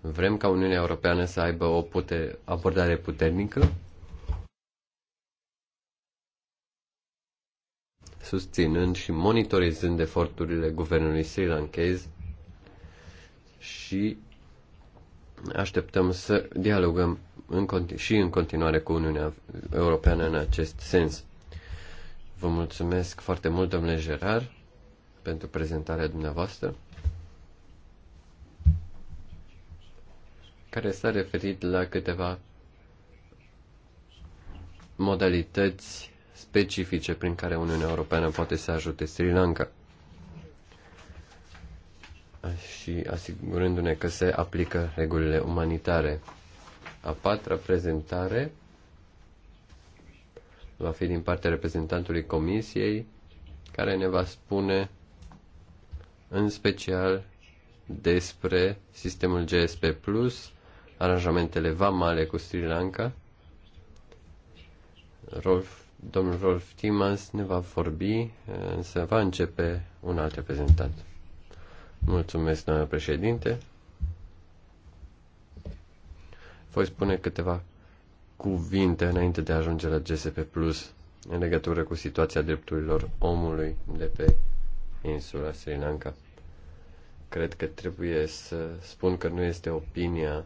Vrem ca Uniunea Europeană să aibă o pute- abordare puternică? susținând și monitorizând eforturile guvernului sri lankez și așteptăm să dialogăm în și în continuare cu Uniunea Europeană în acest sens. Vă mulțumesc foarte mult, domnule Gerard, pentru prezentarea dumneavoastră, care s-a referit la câteva modalități specifice prin care Uniunea Europeană poate să ajute Sri Lanka și asigurându-ne că se aplică regulile umanitare. A patra prezentare va fi din partea reprezentantului Comisiei, care ne va spune în special despre sistemul GSP+, Plus, aranjamentele vamale cu Sri Lanka. Rolf, domnul Rolf Timans ne va vorbi, însă va începe un alt reprezentant. Mulțumesc, doamnă președinte. Voi spune câteva cuvinte înainte de a ajunge la GSP Plus în legătură cu situația drepturilor omului de pe insula Sri Lanka. Cred că trebuie să spun că nu este opinia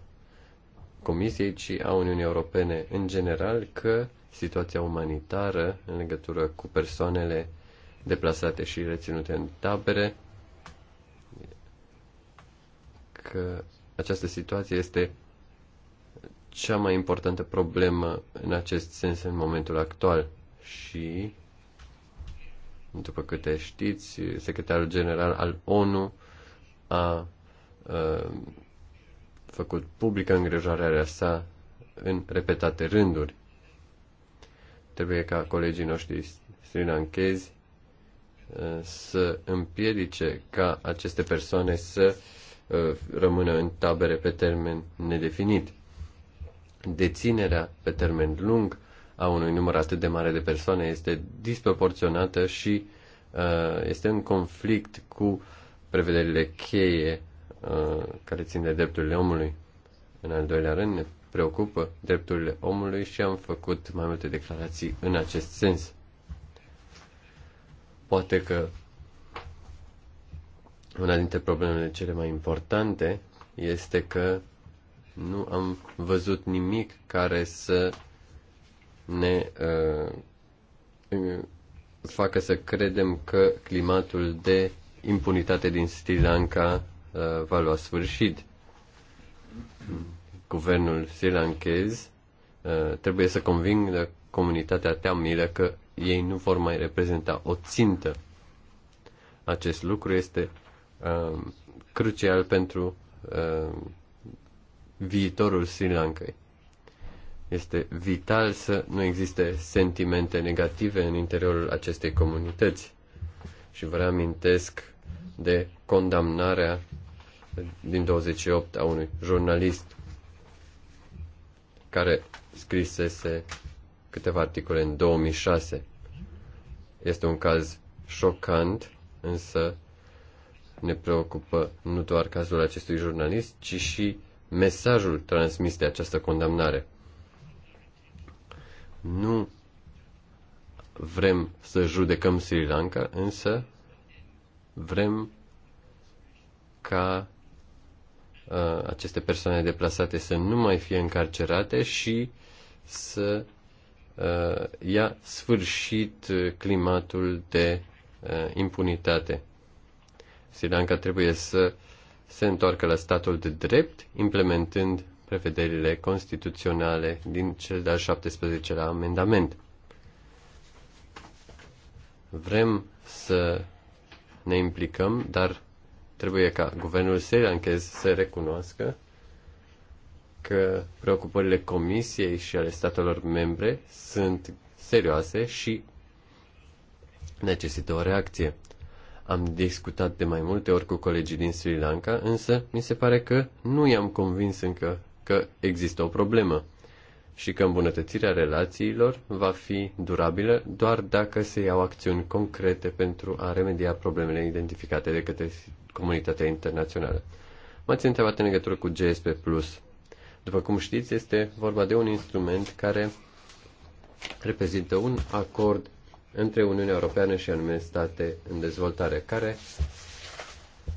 Comisiei, ci a Uniunii Europene în general că situația umanitară în legătură cu persoanele deplasate și reținute în tabere că această situație este cea mai importantă problemă în acest sens în momentul actual și, după câte știți, secretarul general al ONU a, a făcut publică îngrijorarea sa în repetate rânduri. Trebuie ca colegii noștri srinankezi să împiedice ca aceste persoane să uh, Uh, rămână în tabere pe termen nedefinit. Deținerea pe termen lung a unui număr atât de mare de persoane este disproporționată și uh, este în conflict cu prevederile cheie uh, care țin de drepturile omului. În al doilea rând, ne preocupă drepturile omului și am făcut mai multe declarații în acest sens. Poate că una dintre problemele cele mai importante este că nu am văzut nimic care să ne uh, uh, facă să credem că climatul de impunitate din Sri Lanka uh, va lua sfârșit. Guvernul sri lankez uh, trebuie să convingă comunitatea tamilă că ei nu vor mai reprezenta o țintă. Acest lucru este Um, crucial pentru um, viitorul Sri Lankai. Este vital să nu existe sentimente negative în interiorul acestei comunități. Și vă reamintesc de condamnarea din 28 a unui jurnalist care scrisese câteva articole în 2006. Este un caz șocant, însă ne preocupă nu doar cazul acestui jurnalist, ci și mesajul transmis de această condamnare. Nu vrem să judecăm Sri Lanka, însă vrem ca uh, aceste persoane deplasate să nu mai fie încarcerate și să uh, ia sfârșit climatul de uh, impunitate. Sri Lanka trebuie să se întoarcă la statul de drept, implementând prevederile constituționale din cel de-al 17-lea amendament. Vrem să ne implicăm, dar trebuie ca guvernul sri să recunoască că preocupările Comisiei și ale statelor membre sunt serioase și necesită o reacție. Am discutat de mai multe ori cu colegii din Sri Lanka, însă mi se pare că nu i-am convins încă că există o problemă și că îmbunătățirea relațiilor va fi durabilă doar dacă se iau acțiuni concrete pentru a remedia problemele identificate de către comunitatea internațională. M-ați întrebat în legătură cu GSP+. După cum știți, este vorba de un instrument care reprezintă un acord între Uniunea Europeană și anume state în dezvoltare, care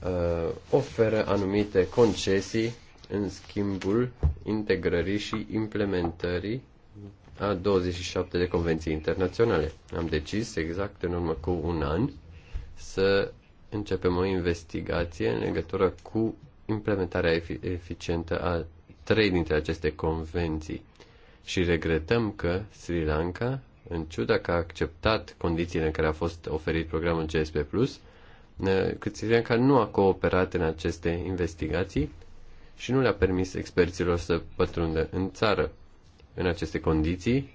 uh, oferă anumite concesii în schimbul integrării și implementării a 27 de convenții internaționale. Am decis exact în urmă cu un an să începem o investigație în legătură cu implementarea eficientă a trei dintre aceste convenții și regretăm că Sri Lanka în ciuda că a acceptat condițiile în care a fost oferit programul GSP+, Câțirenca nu a cooperat în aceste investigații și nu le-a permis experților să pătrundă în țară. În aceste condiții,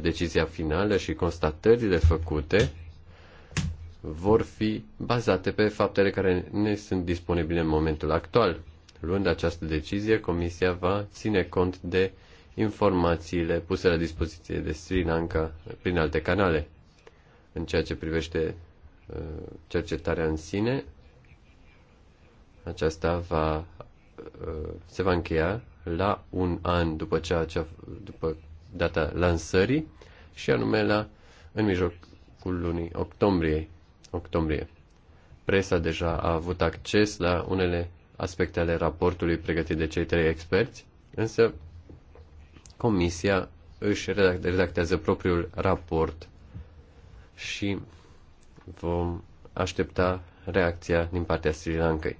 decizia finală și constatările făcute vor fi bazate pe faptele care ne sunt disponibile în momentul actual. Luând această decizie, Comisia va ține cont de uh, informațiile puse la dispoziție de Sri Lanka prin alte canale. În ceea ce privește uh, cercetarea în sine, aceasta va, uh, se va încheia la un an după, ceea ce, după data lansării și anume la în mijlocul lunii octombrie. octombrie. Presa deja a avut acces la unele aspecte ale raportului pregătit de cei trei experți, însă Comisia își redactează propriul raport și vom aștepta reacția din partea Sri Lankai.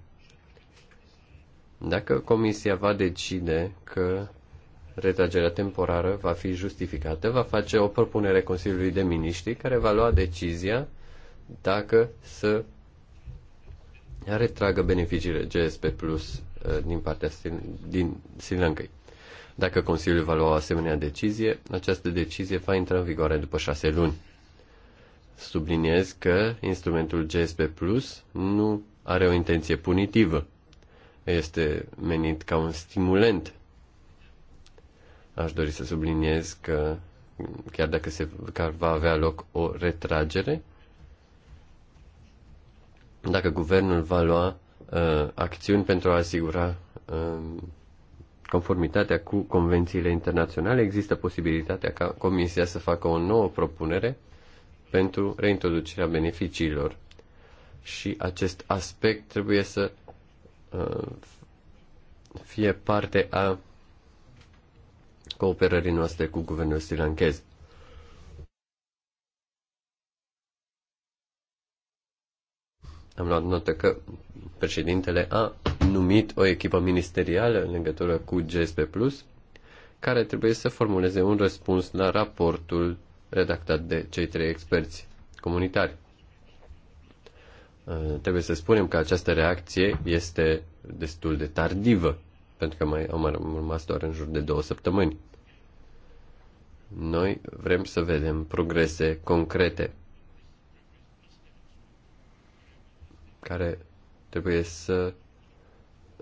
Dacă Comisia va decide că retragerea temporară va fi justificată, va face o propunere Consiliului de Miniștri care va lua decizia dacă să retragă beneficiile GSP Plus eh, din partea din Sri Lankai. Dacă Consiliul va lua o asemenea decizie, această decizie va intra în vigoare după șase luni. Subliniez că instrumentul GSP Plus nu are o intenție punitivă. Este menit ca un stimulent. Aș dori să subliniez că chiar dacă se, că va avea loc o retragere, dacă guvernul va lua uh, acțiuni pentru a asigura uh, conformitatea cu convențiile internaționale, există posibilitatea ca Comisia să facă o nouă propunere pentru reintroducerea beneficiilor. Și acest aspect trebuie să uh, fie parte a cooperării noastre cu guvernul Lankez. Am luat notă că președintele a numit o echipă ministerială în legătură cu GSP Plus, care trebuie să formuleze un răspuns la raportul redactat de cei trei experți comunitari. Uh, trebuie să spunem că această reacție este destul de tardivă, pentru că mai au rămas doar în jur de două săptămâni. Noi vrem să vedem progrese concrete care trebuie să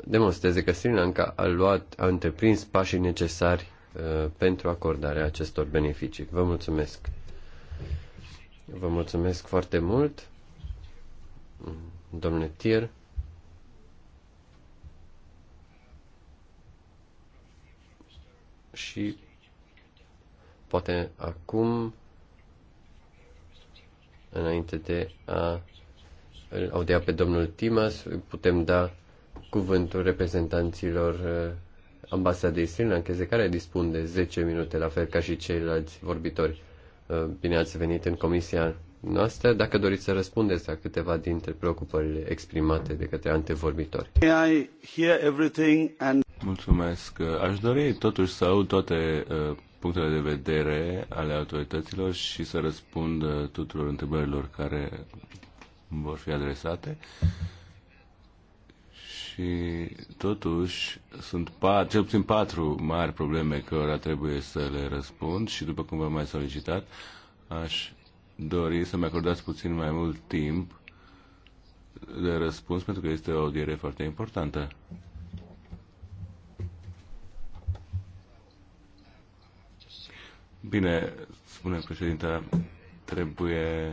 demonstreze că Sri Lanka a luat, a întreprins pașii necesari uh, pentru acordarea acestor beneficii. Vă mulțumesc. Vă mulțumesc foarte mult, domnule Tier. Și poate acum, înainte de a audia pe domnul Timas, putem da cuvântul reprezentanților uh, ambasadei de care dispun de 10 minute, la fel ca și ceilalți vorbitori. Uh, bine ați venit în comisia noastră. Dacă doriți să răspundeți la câteva dintre preocupările exprimate de către antevorbitori. Mulțumesc. Aș dori totuși să aud toate uh, punctele de vedere ale autorităților și să răspund tuturor întrebărilor care vor fi adresate. Uh, și totuși sunt pat, cel puțin patru mari probleme care trebuie să le răspund și după cum v-am mai solicitat, aș dori să-mi acordați puțin mai mult timp de răspuns pentru că este o audiere foarte importantă. Bine, spune președinta, trebuie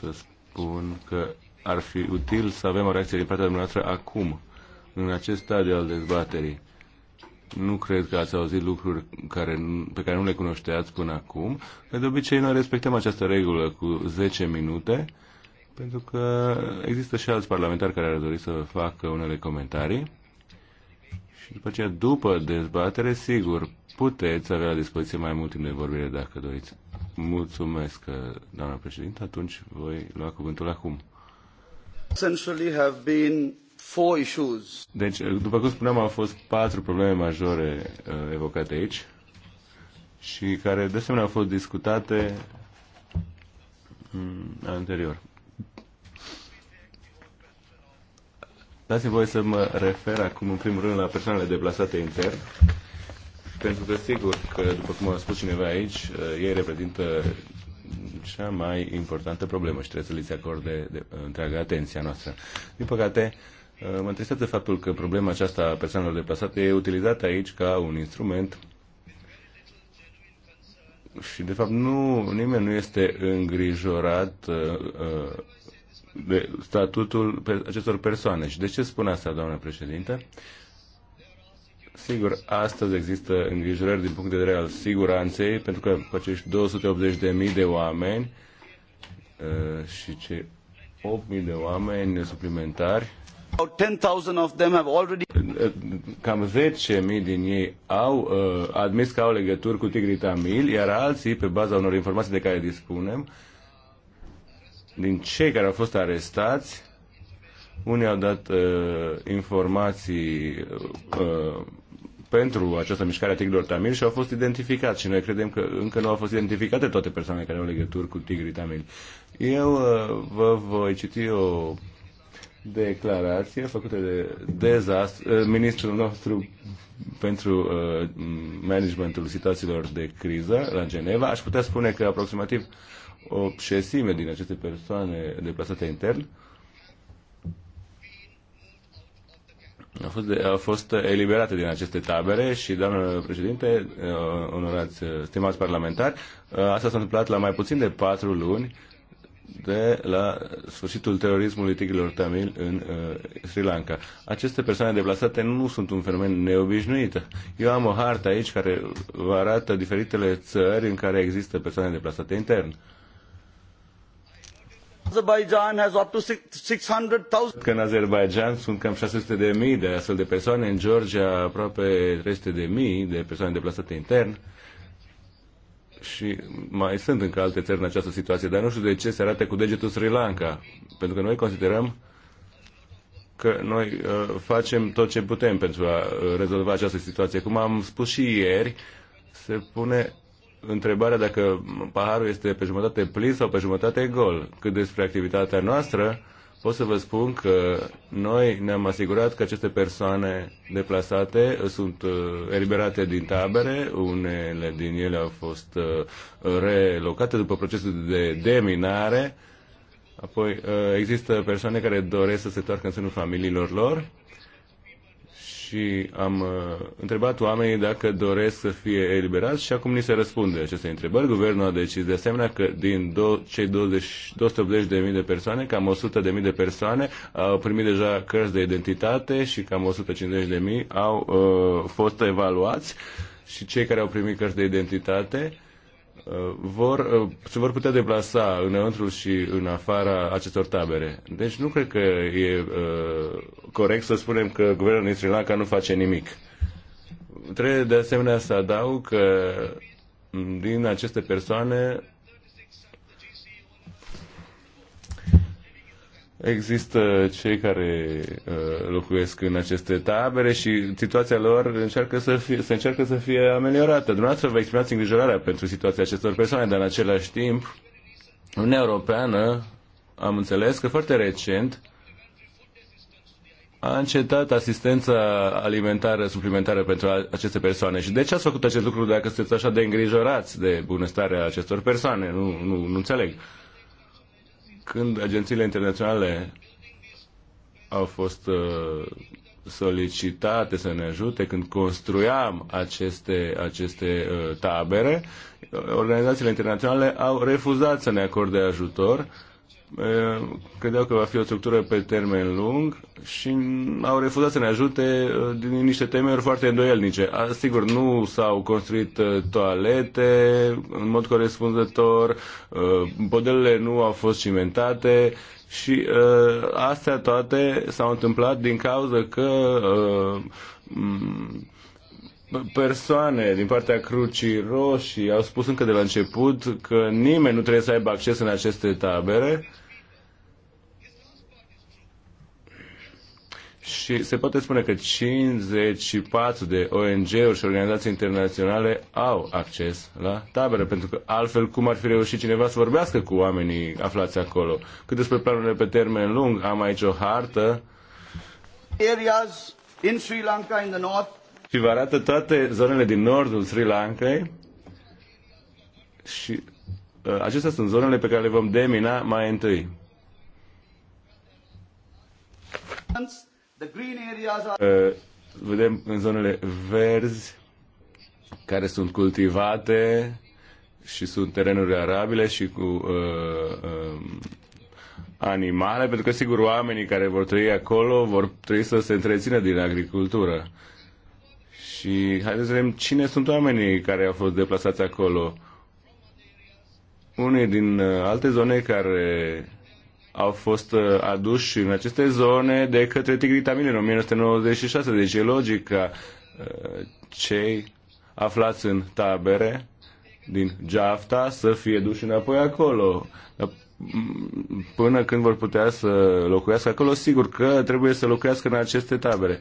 să spun că ar fi util să avem o reacție din partea dumneavoastră acum, în acest stadiu al dezbaterii. Nu cred că ați auzit lucruri care, pe care nu le cunoșteați până acum. De obicei, noi respectăm această regulă cu 10 minute, pentru că există și alți parlamentari care ar dori să facă unele comentarii. Și după aceea, după dezbatere, sigur, puteți avea la dispoziție mai mult timp de vorbire dacă doriți. Mulțumesc, doamna președinte. Atunci voi lua cuvântul acum. Essentially have been four issues. Deci, după cum spuneam, au fost patru probleme majore uh, evocate aici și care de asemenea au fost discutate mm, anterior. Dați-mi voie să mă refer acum în primul rând la persoanele deplasate intern, pentru că sigur că, după cum a spus cineva aici, uh, ei reprezintă cea mai importantă problemă și trebuie să li se acorde de, uh, întreaga atenția noastră. Din păcate, uh, mă întristează faptul că problema aceasta a persoanelor deplasate e utilizată aici ca un instrument și, de fapt, nu, nimeni nu este îngrijorat uh, de statutul acestor persoane. Și de ce spun asta, doamnă președinte? Sigur, astăzi există îngrijorări din punct de vedere al siguranței, pentru că cu acești 280.000 de oameni uh, și ce 8.000 de oameni suplimentari, uh, Cam 10.000 din ei au uh, admis că au legături cu tigrii tamil, iar alții, pe baza unor informații de care dispunem, din cei care au fost arestați, unii au dat uh, informații uh, pentru această mișcare a tigrilor tamil și au fost identificați și noi credem că încă nu au fost identificate toate persoanele care au legături cu tigrii tamil. Eu uh, vă voi citi o declarație făcută de dezast, uh, ministrul nostru pentru uh, managementul situațiilor de criză la Geneva. Aș putea spune că aproximativ o șesime din aceste persoane deplasate intern A fost, de, a fost eliberate din aceste tabere și, doamnă președinte, uh, onorați, uh, stimați parlamentari, uh, asta s-a întâmplat la mai puțin de patru luni de la sfârșitul terorismului tigrilor tamil în uh, Sri Lanka. Aceste persoane deplasate nu sunt un fenomen neobișnuit. Eu am o hartă aici care vă arată diferitele țări în care există persoane deplasate intern. Uh, Azerbaijan has up to 600,000. Că în Azerbaijan sunt cam 600 de mii de astfel de persoane, în Georgia aproape 300 de mii de persoane deplasate intern și mai sunt încă alte țări în această situație, dar nu știu de ce se arată cu degetul Sri Lanka, pentru că noi considerăm că noi uh, facem tot ce putem pentru a uh, rezolva această situație. Cum am spus și ieri, se pune întrebarea dacă paharul este pe jumătate plin sau pe jumătate gol. Cât despre activitatea noastră, pot să vă spun că noi ne-am asigurat că aceste persoane deplasate sunt uh, eliberate din tabere, unele din ele au fost uh, relocate după procesul de deminare, apoi uh, există persoane care doresc să se toarcă în sânul familiilor lor, și am uh, întrebat oamenii dacă doresc să fie eliberați și acum ni se răspunde aceste întrebări. Guvernul a decis de asemenea că din do- cei 20, 280.000 de persoane, cam 100.000 de persoane au primit deja cărți de identitate și cam 150.000 au uh, fost evaluați și cei care au primit cărți de identitate Uh, vor, uh, se vor putea deplasa înăuntru și în afara acestor tabere. Deci nu cred că e uh, corect să spunem că guvernul din Sri Lanka nu face nimic. Trebuie de asemenea să adaug că din aceste persoane Există cei care uh, locuiesc în aceste tabere și situația lor încearcă să fie, se încearcă să fie ameliorată. Dumneavoastră vă exprimați îngrijorarea pentru situația acestor persoane, dar în același timp, Uniunea Europeană, am înțeles că foarte recent, a încetat asistența alimentară suplimentară pentru aceste persoane. Și de ce ați făcut acest lucru dacă sunteți așa de îngrijorați de bunăstarea acestor persoane? Nu, nu, nu înțeleg. Uh, când agențiile internaționale au fost uh, solicitate să ne ajute când construiam aceste, aceste uh, tabere, uh, organizațiile internaționale au refuzat să ne acorde ajutor credeau că va fi o structură pe termen lung și au refuzat să ne ajute din niște temeri foarte îndoielnice. Sigur, nu s-au construit toalete în mod corespunzător, podelele nu au fost cimentate și astea toate s-au întâmplat din cauza că persoane din partea Crucii Roșii au spus încă de la început că nimeni nu trebuie să aibă acces în aceste tabere și se poate spune că 54 de ONG-uri și organizații internaționale au acces la tabere, pentru că altfel cum ar fi reușit cineva să vorbească cu oamenii aflați acolo. Cât despre planurile pe termen lung, am aici o hartă. Areas in Sri Lanka, in the north, și vă arată toate zonele din nordul Sri Lankei și uh, acestea sunt zonele pe care le vom demina mai întâi. Uh, vedem în zonele verzi care sunt cultivate și sunt terenuri arabile și cu uh, uh, animale, pentru că sigur oamenii care vor trăi acolo vor trebui să se întrețină din agricultură. Uh, și haideți să vedem cine sunt oamenii care au fost deplasați acolo. Unii din uh, alte zone care au fost uh, aduși în aceste zone de către Tigritamine în 1996. Deci e logic ca uh, cei aflați în tabere din Jafta să fie duși înapoi acolo. Mm, până când vor putea să locuiască acolo, sigur că trebuie să locuiască în aceste tabere.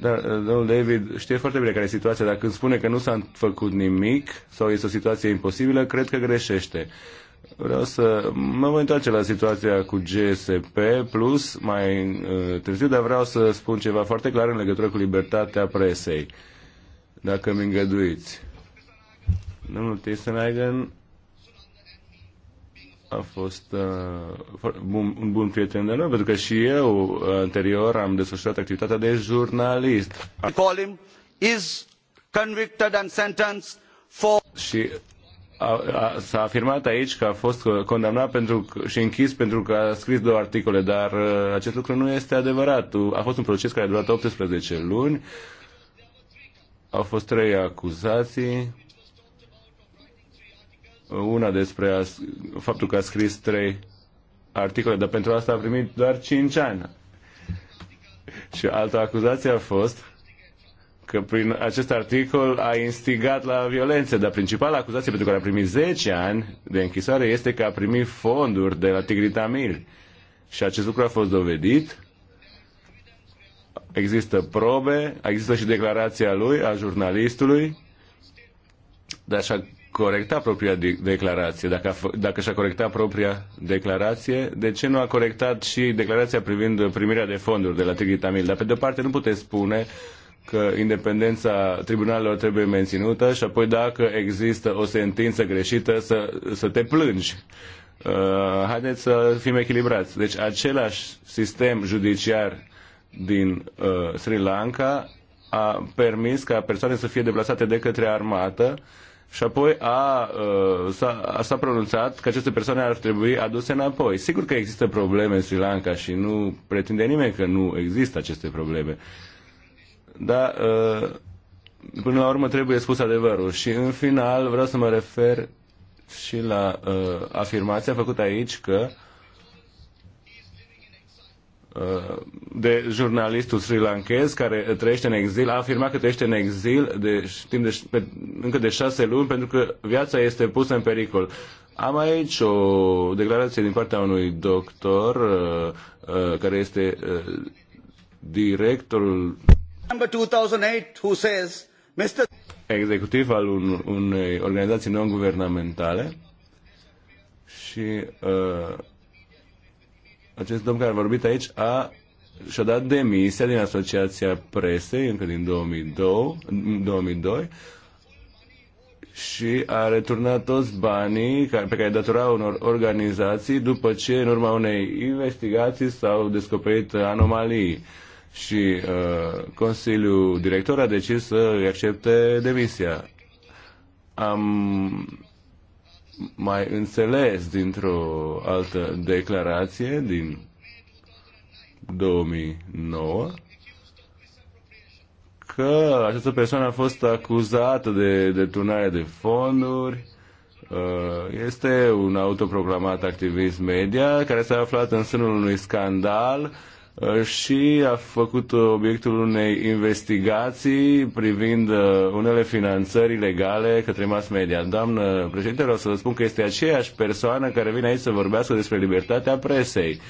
Da, domnul David știe foarte bine care e situația. Dacă îmi spune că nu s-a făcut nimic sau este o situație imposibilă, cred că greșește. Vreau să mă voi întoarce la situația cu GSP plus mai uh, târziu, dar vreau să spun ceva foarte clar în legătură cu libertatea presei, dacă mi îngăduiți. Domnul Tisenhagen, a fost uh, un bun prieten de noi, pentru că și eu uh, anterior am desfășurat activitatea de jurnalist. Colin is convicted and sentenced for... Și s-a afirmat aici că a fost uh, condamnat pentru, și închis pentru că a scris două articole, dar uh, acest lucru nu este adevărat. A fost un proces care a durat 18 luni, au fost trei acuzații, una despre a, faptul că a scris trei articole, dar pentru asta a primit doar cinci ani. Și alta acuzație a fost că prin acest articol a instigat la violențe, dar principala acuzație pentru care a primit 10 ani de închisoare este că a primit fonduri de la Tigritamil. Și acest lucru a fost dovedit. Există probe, există și declarația lui, a jurnalistului, dar așa corectat propria declarație. Dacă, dacă și-a corectat propria declarație, de ce nu a corectat și declarația privind primirea de fonduri de la Tigritamil? Dar pe de-o parte nu puteți spune că independența tribunalelor trebuie menținută și apoi dacă există o sentință greșită să, să te plângi. Uh, haideți să fim echilibrați. Deci același sistem judiciar din uh, Sri Lanka a permis ca persoane să fie deplasate de către armată uh, și apoi a, s-a, s-a pronunțat că aceste persoane ar trebui aduse înapoi. Sigur că există probleme în Sri Lanka și nu pretinde nimeni că nu există aceste probleme. Dar până la urmă trebuie spus adevărul. Și în final vreau să mă refer și la afirmația făcută aici că Uh, de jurnalistul sri lankez care trăiește în exil, a afirmat că trăiește în exil de, timp de, pe, încă de șase luni pentru că viața este pusă în pericol. Am aici o declarație din partea unui doctor uh, uh, care este uh, directorul number 2008 who says Mr. executiv al un, unei organizații non-guvernamentale și uh, acest domn care a vorbit aici a și-a dat demisia din Asociația Presei încă din 2002, 2002 și a returnat toți banii pe care îi datora unor organizații după ce, în urma unei investigații, s-au descoperit anomalii și uh, Consiliul Director a decis să îi accepte demisia. Am mai înțeles dintr-o altă declarație din 2009 că această persoană a fost acuzată de deturnare de fonduri. Uh, este un autoproclamat activist media care s-a aflat în sânul unui scandal Uh, și a făcut uh, obiectul unei investigații privind uh, unele finanțări ilegale către mass media. Doamnă președinte, vreau să vă spun că este aceeași persoană care vine aici să vorbească despre libertatea presei.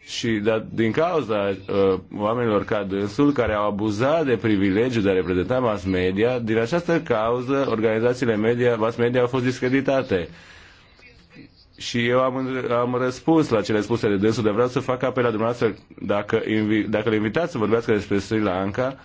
Și da, din cauza uh, oamenilor ca dânsul care au abuzat de privilegiul de a reprezenta mass media, din această cauză organizațiile media, mass media au fost discreditate. Uh, și eu am, am răspuns la cele spuse de dânsul, de vreau să fac apel la dumneavoastră, dacă, invi, dacă le invitați să vorbească despre Sri Lanka,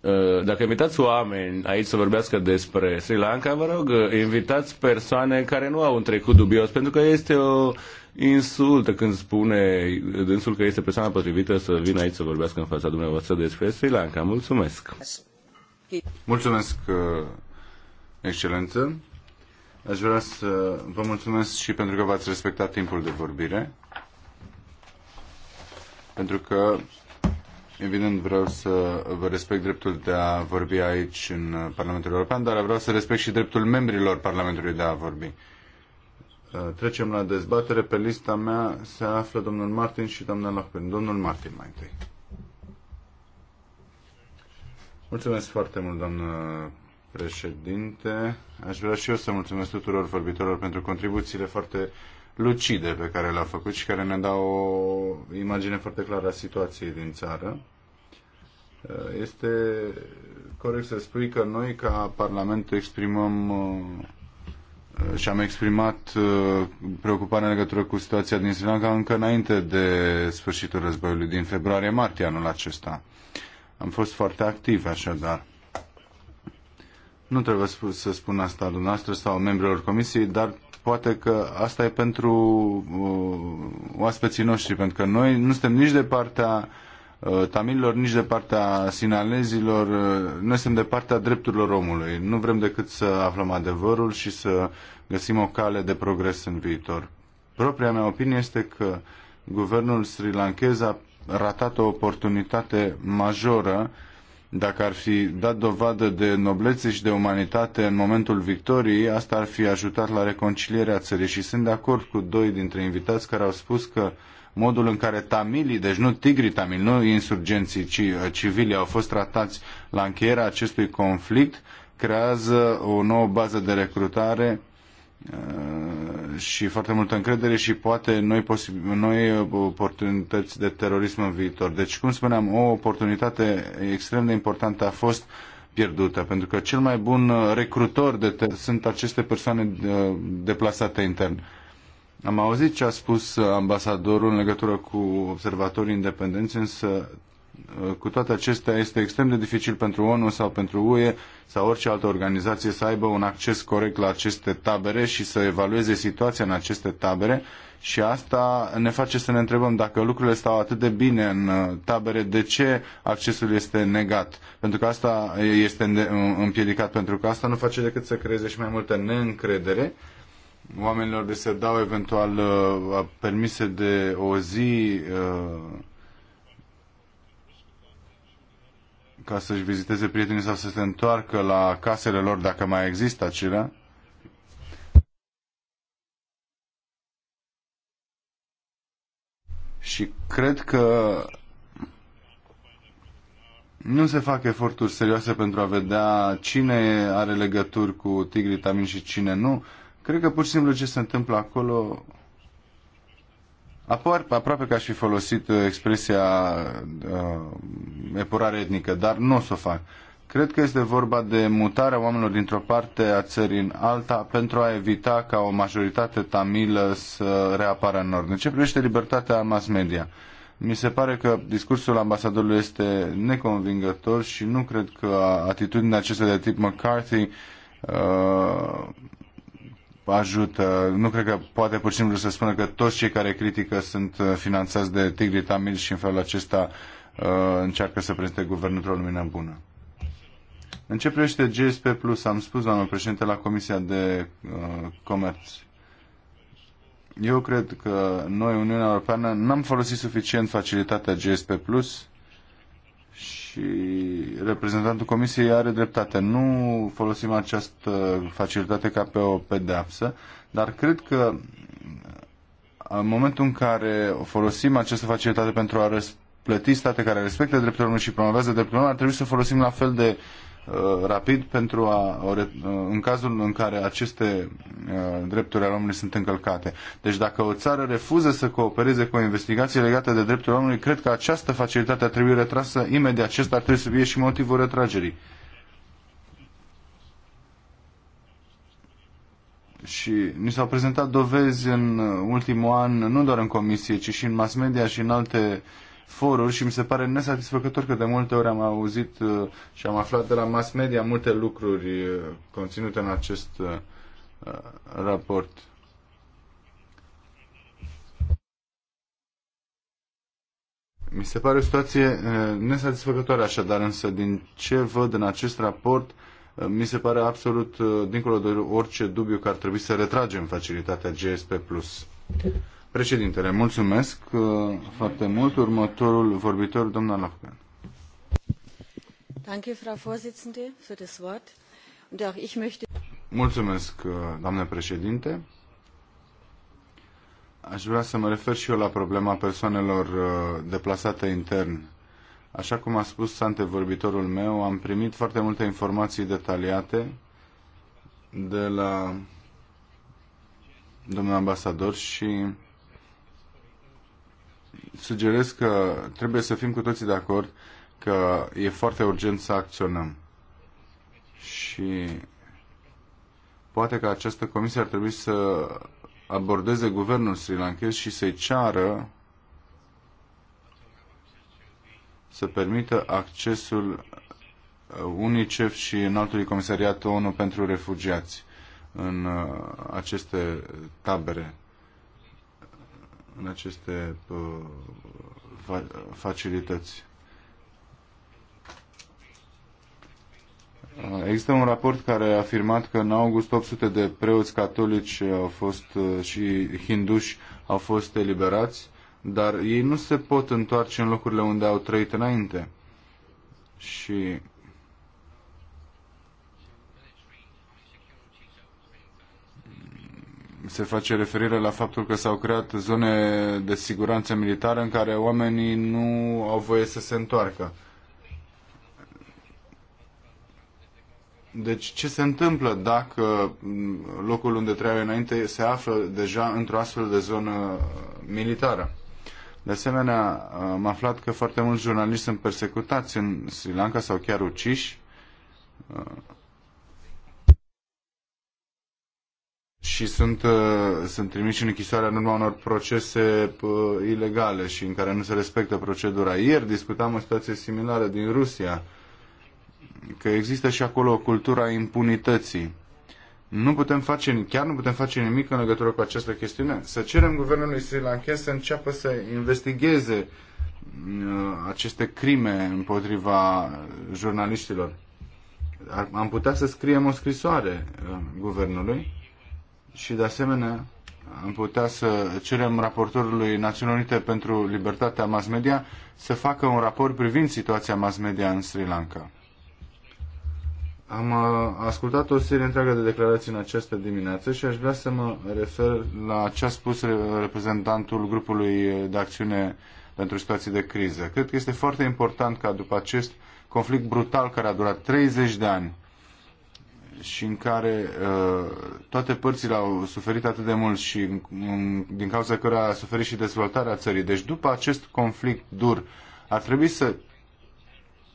uh, dacă invitați oameni aici să vorbească despre Sri Lanka, vă rog, uh, invitați persoane care nu au un trecut dubios, pentru că este o insultă când spune dânsul că este persoana potrivită să vină aici să vorbească în fața dumneavoastră despre Sri Lanka. Mulțumesc! Mulțumesc, uh, excelență! Aș vrea să vă mulțumesc și pentru că v-ați respectat timpul de vorbire. Pentru că, evident, vreau să vă respect dreptul de a vorbi aici în Parlamentul European, dar vreau să respect și dreptul membrilor Parlamentului de a vorbi. Uh, trecem la dezbatere. Pe lista mea se află domnul Martin și doamna Lachpen. Domnul Martin mai întâi. Mulțumesc foarte mult, doamnă președinte. Aș vrea și eu să mulțumesc tuturor vorbitorilor pentru contribuțiile foarte lucide pe care le-au făcut și care ne dau o imagine foarte clară a situației din țară. Este corect să spui că noi, ca Parlament, exprimăm uh, și am exprimat uh, preocuparea în legătură cu situația din Sri Lanka încă înainte de sfârșitul războiului, din februarie-martie anul acesta. Am fost foarte activi, așadar. Nu trebuie să spun asta dumneavoastră sau membrilor comisiei, dar poate că asta e pentru uh, oaspeții noștri, pentru că noi nu suntem nici de partea uh, tamililor, nici de partea sinalezilor, uh, noi suntem de partea drepturilor omului. Nu vrem decât să aflăm adevărul și să găsim o cale de progres în viitor. Propria mea opinie este că guvernul sri lankez a ratat o oportunitate majoră uh, dacă ar fi dat dovadă de noblețe și de umanitate în momentul victoriei, asta ar fi ajutat la reconcilierea țării. Și sunt de acord cu doi dintre invitați care au spus că modul în care tamilii, deci nu tigrii tamili, nu insurgenții, ci uh, civilii au fost tratați la încheierea acestui conflict, creează o nouă bază de recrutare Uh, și foarte multă încredere și poate noi, noi uh, oportunități de terorism în viitor. Deci, cum spuneam, o oportunitate extrem de importantă a fost pierdută, pentru că cel mai bun uh, recrutor de ter- sunt aceste persoane deplasate intern. Am auzit ce a spus ambasadorul în legătură cu observatorii independenți, însă Uh, cu toate acestea, este extrem de dificil pentru ONU sau pentru UE sau orice altă organizație să aibă un acces corect la aceste tabere și să evalueze situația în aceste tabere și asta ne face să ne întrebăm dacă lucrurile stau atât de bine în uh, tabere, de ce accesul este negat? Pentru că asta este împiedicat, pentru că asta nu face decât să creeze și mai multă neîncredere oamenilor de se dau eventual uh, permise de o zi ca să-și viziteze prietenii sau să se întoarcă la casele lor dacă mai există acelea. Și cred că nu se fac eforturi serioase pentru a vedea cine are legături cu tigrii Tamin și cine nu. Cred că pur și simplu ce se întâmplă acolo Aproape, aproape că aș fi folosit uh, expresia uh, epurare etnică, dar nu o să o fac. Cred că este vorba de mutarea oamenilor dintr-o parte a țării în alta pentru a evita ca o majoritate tamilă să reapară în nord. În ce privește libertatea mass media? Mi se pare că discursul ambasadorului este neconvingător și nu cred că atitudinea acestea de tip McCarthy uh, ajută. Nu cred că poate pur și simplu să spună că toți cei care critică sunt uh, finanțați de Tigri Tamil și în felul acesta uh, încearcă să prezinte guvernul într-o lumină bună. În ce privește GSP Plus, am spus, doamnă președinte, la Comisia de uh, Comerț. Eu cred că noi, Uniunea Europeană, n-am folosit suficient facilitatea GSP Plus și reprezentantul Comisiei are dreptate. Nu folosim această facilitate ca pe o pedeapsă, dar cred că uh, în momentul în care folosim această facilitate pentru a răspunde plăti state care respectă drepturile omului și promovează drepturile omului, ar trebui să folosim la fel de Uh, rapid pentru a, uh, în cazul în care aceste uh, drepturi ale omului sunt încălcate. Deci dacă o țară refuză să coopereze cu o investigație legată de drepturile omului, cred că această facilitate ar trebui retrasă imediat. Acesta ar trebui să fie și motivul retragerii. și ni s-au prezentat dovezi în ultimul an, nu doar în comisie, ci și în mass media și în alte foruri și mi se pare nesatisfăcător că de multe ori am auzit uh, și am aflat de la mass media multe lucruri uh, conținute în acest uh, raport. Mi se pare o situație nesatisfăcătoare așadar, însă din ce văd în acest raport, mi se pare absolut dincolo de orice dubiu că ar trebui să retragem facilitatea GSP+. Președintele, mulțumesc uh, foarte mult. Următorul vorbitor, doamna Lofgren. Danke, Frau Vorsitzende, für das Wort. Und auch ich möchte... Mulțumesc, uh, doamne președinte. Aș vrea să mă refer și eu la problema persoanelor uh, deplasate intern. Așa cum a spus vorbitorul meu, am primit foarte multe informații detaliate de la domnul ambasador și sugerez că trebuie să fim cu toții de acord că e foarte urgent să acționăm. Și poate că această comisie ar trebui să abordeze guvernul sri Lankes și să-i ceară să permită accesul UNICEF și altului comisariat ONU pentru refugiați în uh, aceste tabere în aceste uh, facilități. Uh, există un raport care a afirmat că în august 800 de preoți catolici au fost uh, și hinduși au fost eliberați, dar ei nu se pot întoarce în locurile unde au trăit înainte. Și se face referire la faptul că s-au creat zone de siguranță militară în care oamenii nu au voie să se întoarcă. Deci ce se întâmplă dacă locul unde trăiau înainte se află deja într-o astfel de zonă militară? De asemenea, am aflat că foarte mulți jurnaliști sunt persecutați în Sri Lanka sau chiar uciși și sunt, uh, sunt trimiși în închisoare în urma unor procese uh, ilegale și în care nu se respectă procedura. Ieri discutam o situație similară din Rusia, că există și acolo o cultură a impunității. Nu putem face, chiar nu putem face nimic în legătură cu această chestiune. Să cerem guvernului Sri Lanka să înceapă să investigheze uh, aceste crime împotriva jurnaliștilor. Am putea să scriem o scrisoare guvernului și de asemenea am putea să cerem raportorului Națiunilor Unite pentru Libertatea Mass Media să facă un raport privind situația mass media în Sri Lanka. Am uh, ascultat o serie întreagă de declarații în această dimineață și aș vrea să mă refer la ce a spus reprezentantul grupului de acțiune pentru situații de criză. Cred că este foarte important ca după acest conflict brutal care a durat 30 de ani și în care uh, toate părțile au suferit atât de mult și um, din cauza cărora a suferit și dezvoltarea țării. Deci după acest conflict dur ar trebui să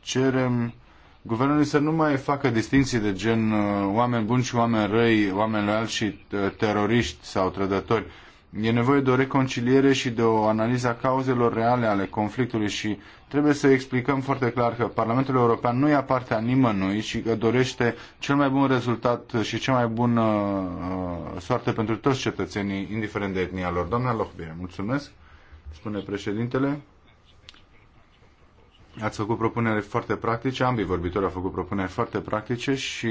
cerem guvernului să nu mai facă distinții de gen uh, oameni buni și oameni răi, oameni loiali și uh, teroriști sau trădători. Uh, E nevoie de o reconciliere și de o analiză a cauzelor reale ale conflictului și trebuie să explicăm foarte clar că Parlamentul European nu ia partea nimănui și că dorește cel mai bun rezultat și cea mai bună uh, soartă pentru toți cetățenii, indiferent de etnia lor. Doamna Lohbire, mulțumesc, spune președintele. Ați făcut propuneri foarte practice, ambii vorbitori au făcut propuneri foarte practice și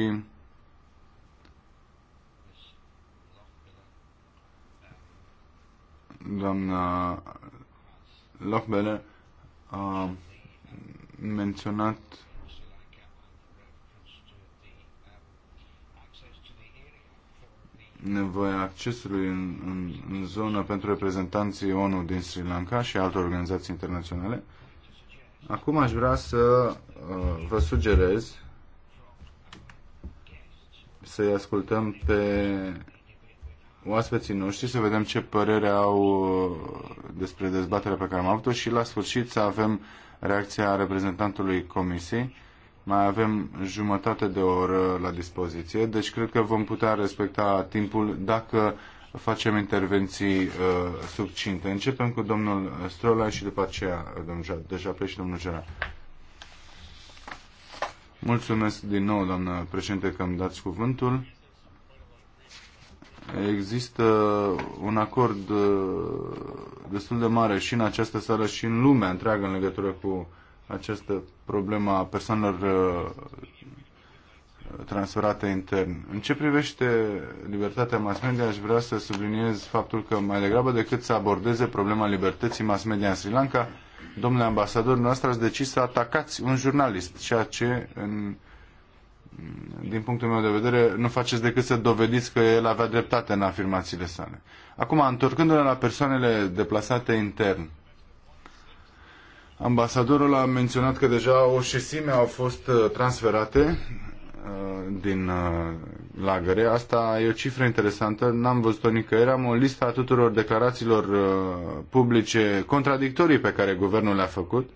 Doamna Lochbele a menționat nevoia accesului în, în, în zonă pentru reprezentanții ONU din Sri Lanka și alte organizații internaționale. Acum aș vrea să uh, vă sugerez să-i ascultăm pe oaspeții noștri, să vedem ce părere au uh, despre dezbaterea pe care am avut-o și la sfârșit să avem reacția reprezentantului Comisiei. Mai avem jumătate de oră la dispoziție, deci cred că vom putea respecta timpul dacă facem intervenții uh, subcinte. Începem cu domnul Strola și după aceea uh, domnul deja și domnul Gerard. Mulțumesc din nou, doamnă președinte, că îmi dați cuvântul. Există un acord uh, destul de mare și în această sală și în lumea întreagă în legătură cu această problemă a persoanelor uh, transferate intern. În ce privește libertatea mass media, aș vrea să subliniez faptul că mai degrabă decât să abordeze problema libertății mass media în Sri Lanka, domnule ambasador, noastră ați decis să atacați un jurnalist, ceea ce în din punctul meu de vedere, nu faceți decât să dovediți că el avea dreptate în afirmațiile sale. Acum, întorcându-ne la persoanele deplasate intern, ambasadorul a menționat că deja o șesime au fost uh, transferate uh, din uh, lagăre. Asta e o cifră interesantă, n-am văzut-o nicăieri. Am o listă a tuturor declarațiilor publice contradictorii pe care guvernul le-a făcut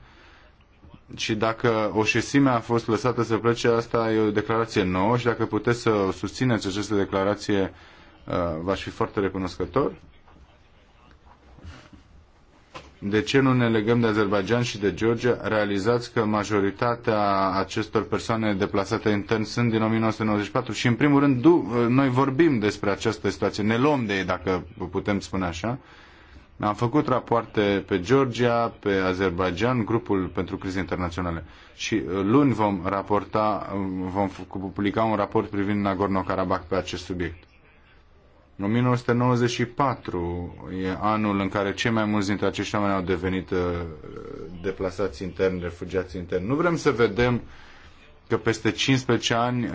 și dacă o șesime a fost lăsată să plece, asta e o declarație nouă și dacă puteți să susțineți această declarație, uh, v-aș fi foarte recunoscător. De ce nu ne legăm de Azerbaijan și de Georgia? Realizați că majoritatea acestor persoane deplasate intern sunt din 1994 și, în primul rând, noi vorbim despre această situație, ne luăm de ei, dacă putem spune așa. Am făcut rapoarte pe Georgia, pe Azerbaijan, grupul pentru crize internaționale. Și uh, luni vom raporta, uh, vom publica un raport privind Nagorno-Karabakh pe acest subiect. 1994 e anul în care cei mai mulți dintre acești oameni au devenit uh, deplasați intern, refugiați intern. Nu vrem să vedem uh, că peste 15 ani uh,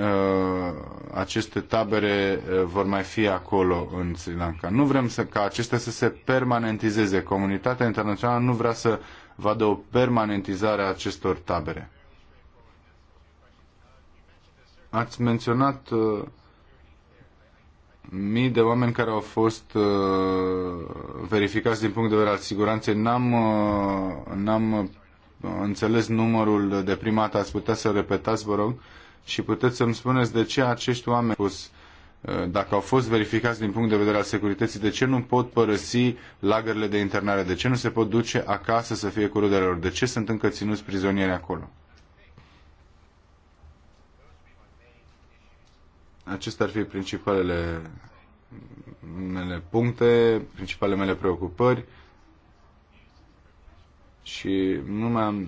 aceste tabere uh, vor mai fi acolo în Sri Lanka. Nu vrem să, ca acestea să se permanentizeze. Comunitatea internațională nu vrea să vadă o permanentizare a acestor tabere. Ați menționat uh, mii de oameni care au fost uh, verificați din punct de vedere al siguranței. N-am, uh, n-am înțeles numărul de primat, ați putea să repetați, vă rog, și puteți să-mi spuneți de ce acești oameni pus, uh, dacă au fost verificați din punct de vedere al securității, de ce nu pot părăsi lagările de internare, de ce nu se pot duce acasă să fie cu rudele lor, de ce sunt încă ținuți prizonieri acolo. Acestea ar fi principalele mele puncte, principalele mele preocupări și nu mi am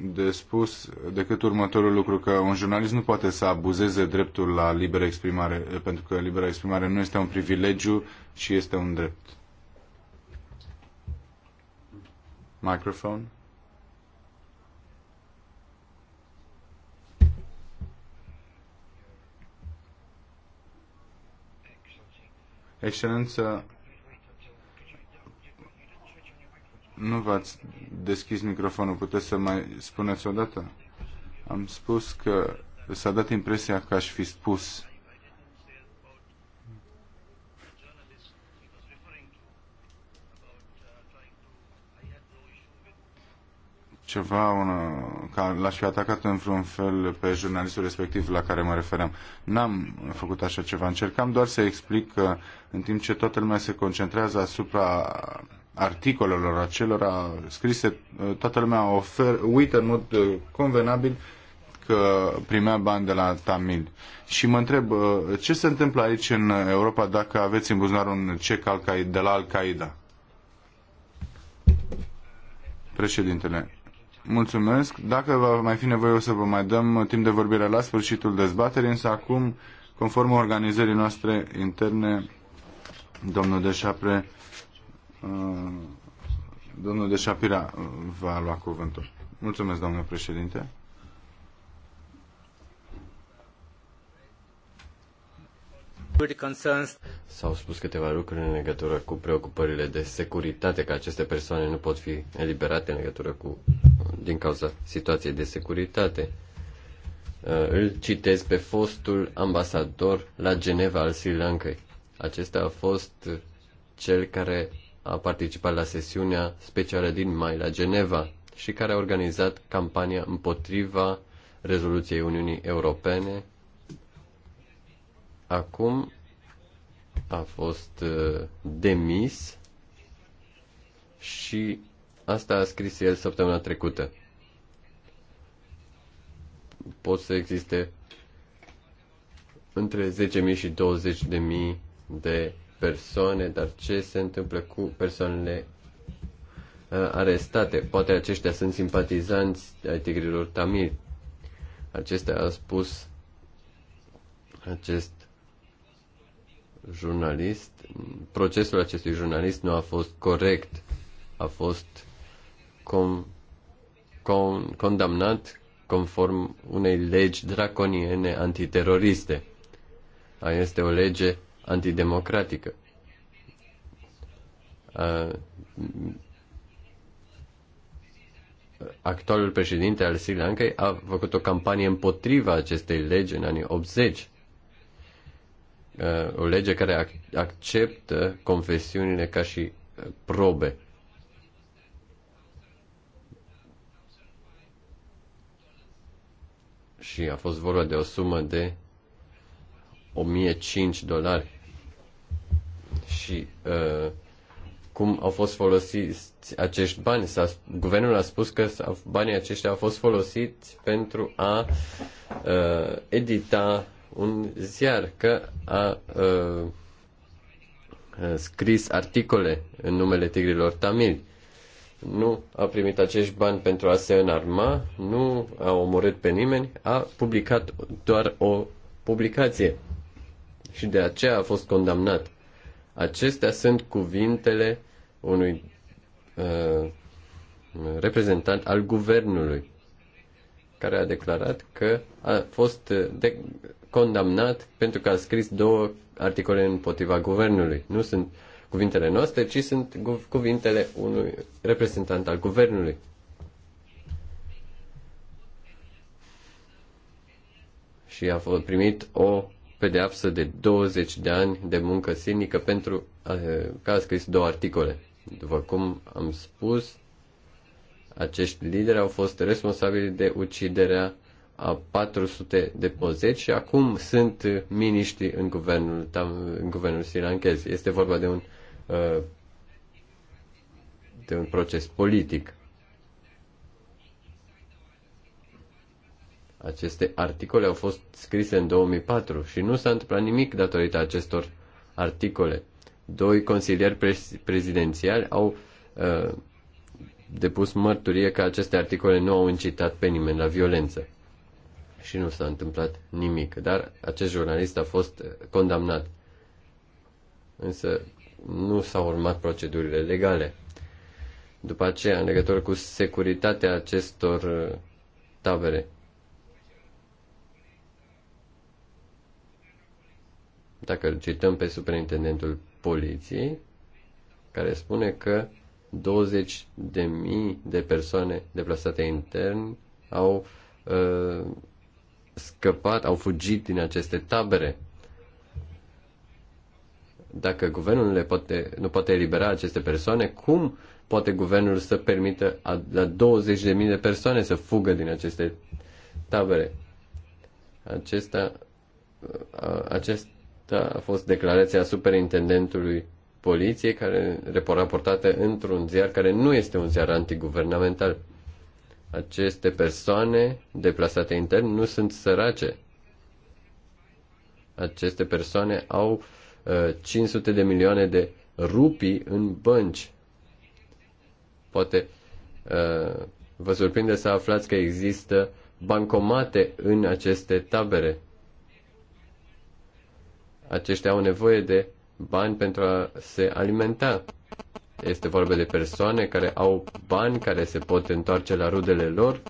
de spus decât următorul lucru, că un jurnalist nu poate să abuzeze dreptul la liberă exprimare, pentru că libera exprimare nu este un privilegiu, ci este un drept. Microphone. Excelență, Nu v-ați deschis microfonul, puteți să mai spuneți o dată? Am spus că s-a dat impresia că aș fi spus ceva un, ca l-aș fi atacat în vreun fel pe jurnalistul respectiv la care mă refeream. N-am făcut așa ceva. Încercam doar să explic că în timp ce toată lumea se concentrează asupra articolelor acelora scrise, uh, toată lumea ofer, uită în mod uh, convenabil că primea bani de la Tamil. Și mă întreb, uh, ce se întâmplă aici în Europa dacă aveți în buzunar un cec al de la Al-Qaeda? Președintele, mulțumesc. Dacă va mai fi nevoie, o să vă mai dăm timp de vorbire la sfârșitul dezbaterii, însă acum, conform organizării noastre interne, domnul Deșapre Uh, domnul de Șapira uh, va lua cuvântul. Mulțumesc, domnule președinte. S-au spus câteva lucruri în legătură cu preocupările de securitate, că aceste persoane nu pot fi eliberate în legătură cu, din cauza situației de securitate. Uh, îl citez pe fostul ambasador la Geneva al Sri Lankai. Acesta a fost cel care a participat la sesiunea specială din mai la Geneva și care a organizat campania împotriva rezoluției Uniunii Europene. Acum a fost uh, demis și asta a scris el săptămâna trecută. Pot să existe între 10.000 și 20.000 de persoane, dar ce se întâmplă cu persoanele uh, arestate? Poate aceștia sunt simpatizanți ai tigrilor tamili. Acestea a spus acest jurnalist. Procesul acestui jurnalist nu a fost corect. A fost com, con, condamnat conform unei legi draconiene antiteroriste. Este o lege antidemocratică. Actualul președinte al Sri Lankai a făcut o campanie împotriva acestei legi în anii 80 o lege care acceptă confesiunile ca și probe. Și a fost vorba de o sumă de 1005 dolari și uh, cum au fost folosiți acești bani. S-a, guvernul a spus că banii aceștia au fost folosiți pentru a uh, edita un ziar, că a uh, uh, scris articole în numele tigrilor tamili. Nu a primit acești bani pentru a se înarma, nu a omorât pe nimeni, a publicat doar o publicație și de aceea a fost condamnat. Acestea sunt cuvintele unui uh, reprezentant al guvernului care a declarat că a fost uh, de- condamnat pentru că a scris două articole împotriva guvernului. Nu sunt cuvintele noastre, ci sunt cuvintele unui reprezentant al guvernului. Și a fost primit o pedeapsă de 20 de ani de muncă silnică pentru eh, că a scris două articole. După cum am spus, acești lideri au fost responsabili de uciderea a 400 de pozeci și acum sunt miniștri în guvernul, în guvernul sirianchez. Este vorba de un, eh, de un proces politic. Aceste articole au fost scrise în 2004 și nu s-a întâmplat nimic datorită acestor articole. Doi consilieri prezidențiali au uh, depus mărturie că aceste articole nu au incitat pe nimeni la violență. Și nu s-a întâmplat nimic, dar acest jurnalist a fost uh, condamnat. Însă nu s-au urmat procedurile legale. După aceea, în legătură cu securitatea acestor uh, tabere, dacă îl cităm pe superintendentul poliției, care spune că 20 de mii de persoane deplasate intern au uh, scăpat, au fugit din aceste tabere. Dacă guvernul le poate, nu poate elibera aceste persoane, cum poate guvernul să permită a, la 20 de mii de persoane să fugă din aceste tabere? Acesta, uh, a, acest da, a fost declarația superintendentului poliției care raportată într-un ziar care nu este un ziar antiguvernamental. Aceste persoane deplasate intern nu sunt sărace. Aceste persoane au uh, 500 de milioane de rupii în bănci. Poate uh, vă surprinde să aflați că există bancomate în aceste tabere aceștia au nevoie de bani pentru a se alimenta. Este vorba de persoane care au bani care se pot întoarce la rudele lor,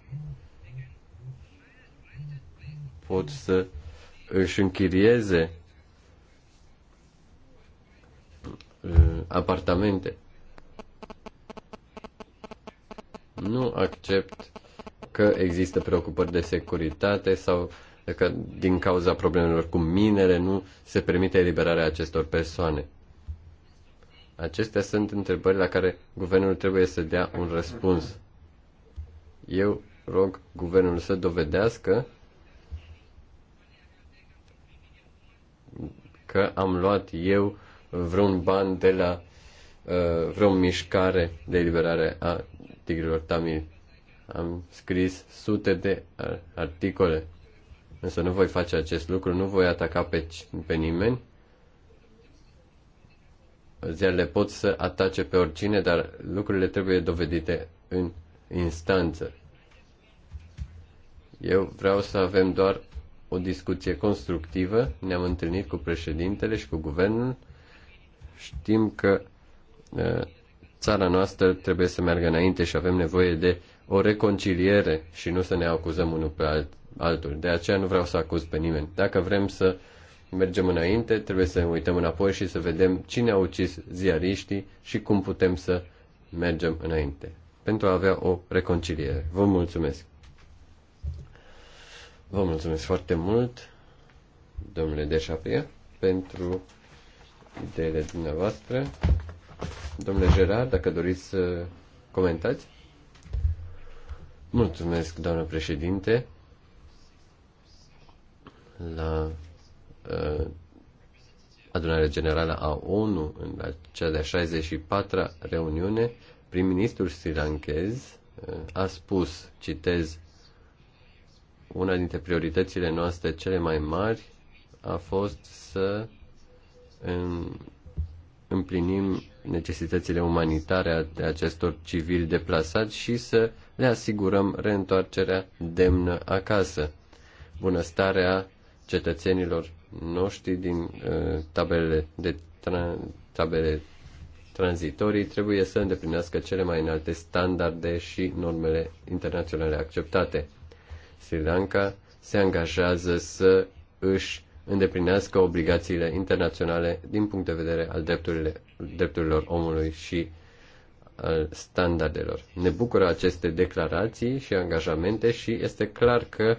pot să își închirieze uh, apartamente. Nu accept că există preocupări de securitate sau că din cauza problemelor cu minele nu se permite eliberarea acestor persoane. Acestea sunt întrebări la care guvernul trebuie să dea un răspuns. Eu rog guvernul să dovedească că am luat eu vreun ban de la uh, vreo mișcare de eliberare a tigrilor tamil. Am scris sute de articole Însă nu voi face acest lucru, nu voi ataca pe, pe nimeni. Ziarele pot să atace pe oricine, dar lucrurile trebuie dovedite în instanță. Eu vreau să avem doar o discuție constructivă. Ne-am întâlnit cu președintele și cu guvernul. Știm că uh, țara noastră trebuie să meargă înainte și avem nevoie de o reconciliere și nu să ne acuzăm unul pe, alt, altul. De aceea nu vreau să acuz pe nimeni. Dacă vrem să mergem înainte, trebuie să uităm înapoi și să vedem cine a ucis ziariștii și cum putem să mergem înainte pentru a avea o reconciliere. Vă mulțumesc! Vă mulțumesc foarte mult, domnule Deșapie, pentru ideile dumneavoastră. Domnule Gerard, dacă doriți să comentați. Mulțumesc, doamnă președinte la uh, adunarea generală a ONU, în la cea de-a 64-a reuniune, prim-ministrul sri lankez uh, a spus, citez, una dintre prioritățile noastre cele mai mari a fost să împlinim necesitățile umanitare ale acestor civili deplasați și să le asigurăm reîntoarcerea demnă acasă. Bunăstarea cetățenilor noștri din uh, tabelele de tra- tabele tranzitorii trebuie să îndeplinească cele mai înalte standarde și normele internaționale acceptate. Sri Lanka se angajează să își îndeplinească obligațiile internaționale din punct de vedere al drepturilor omului și al standardelor. Ne bucură aceste declarații și angajamente și este clar că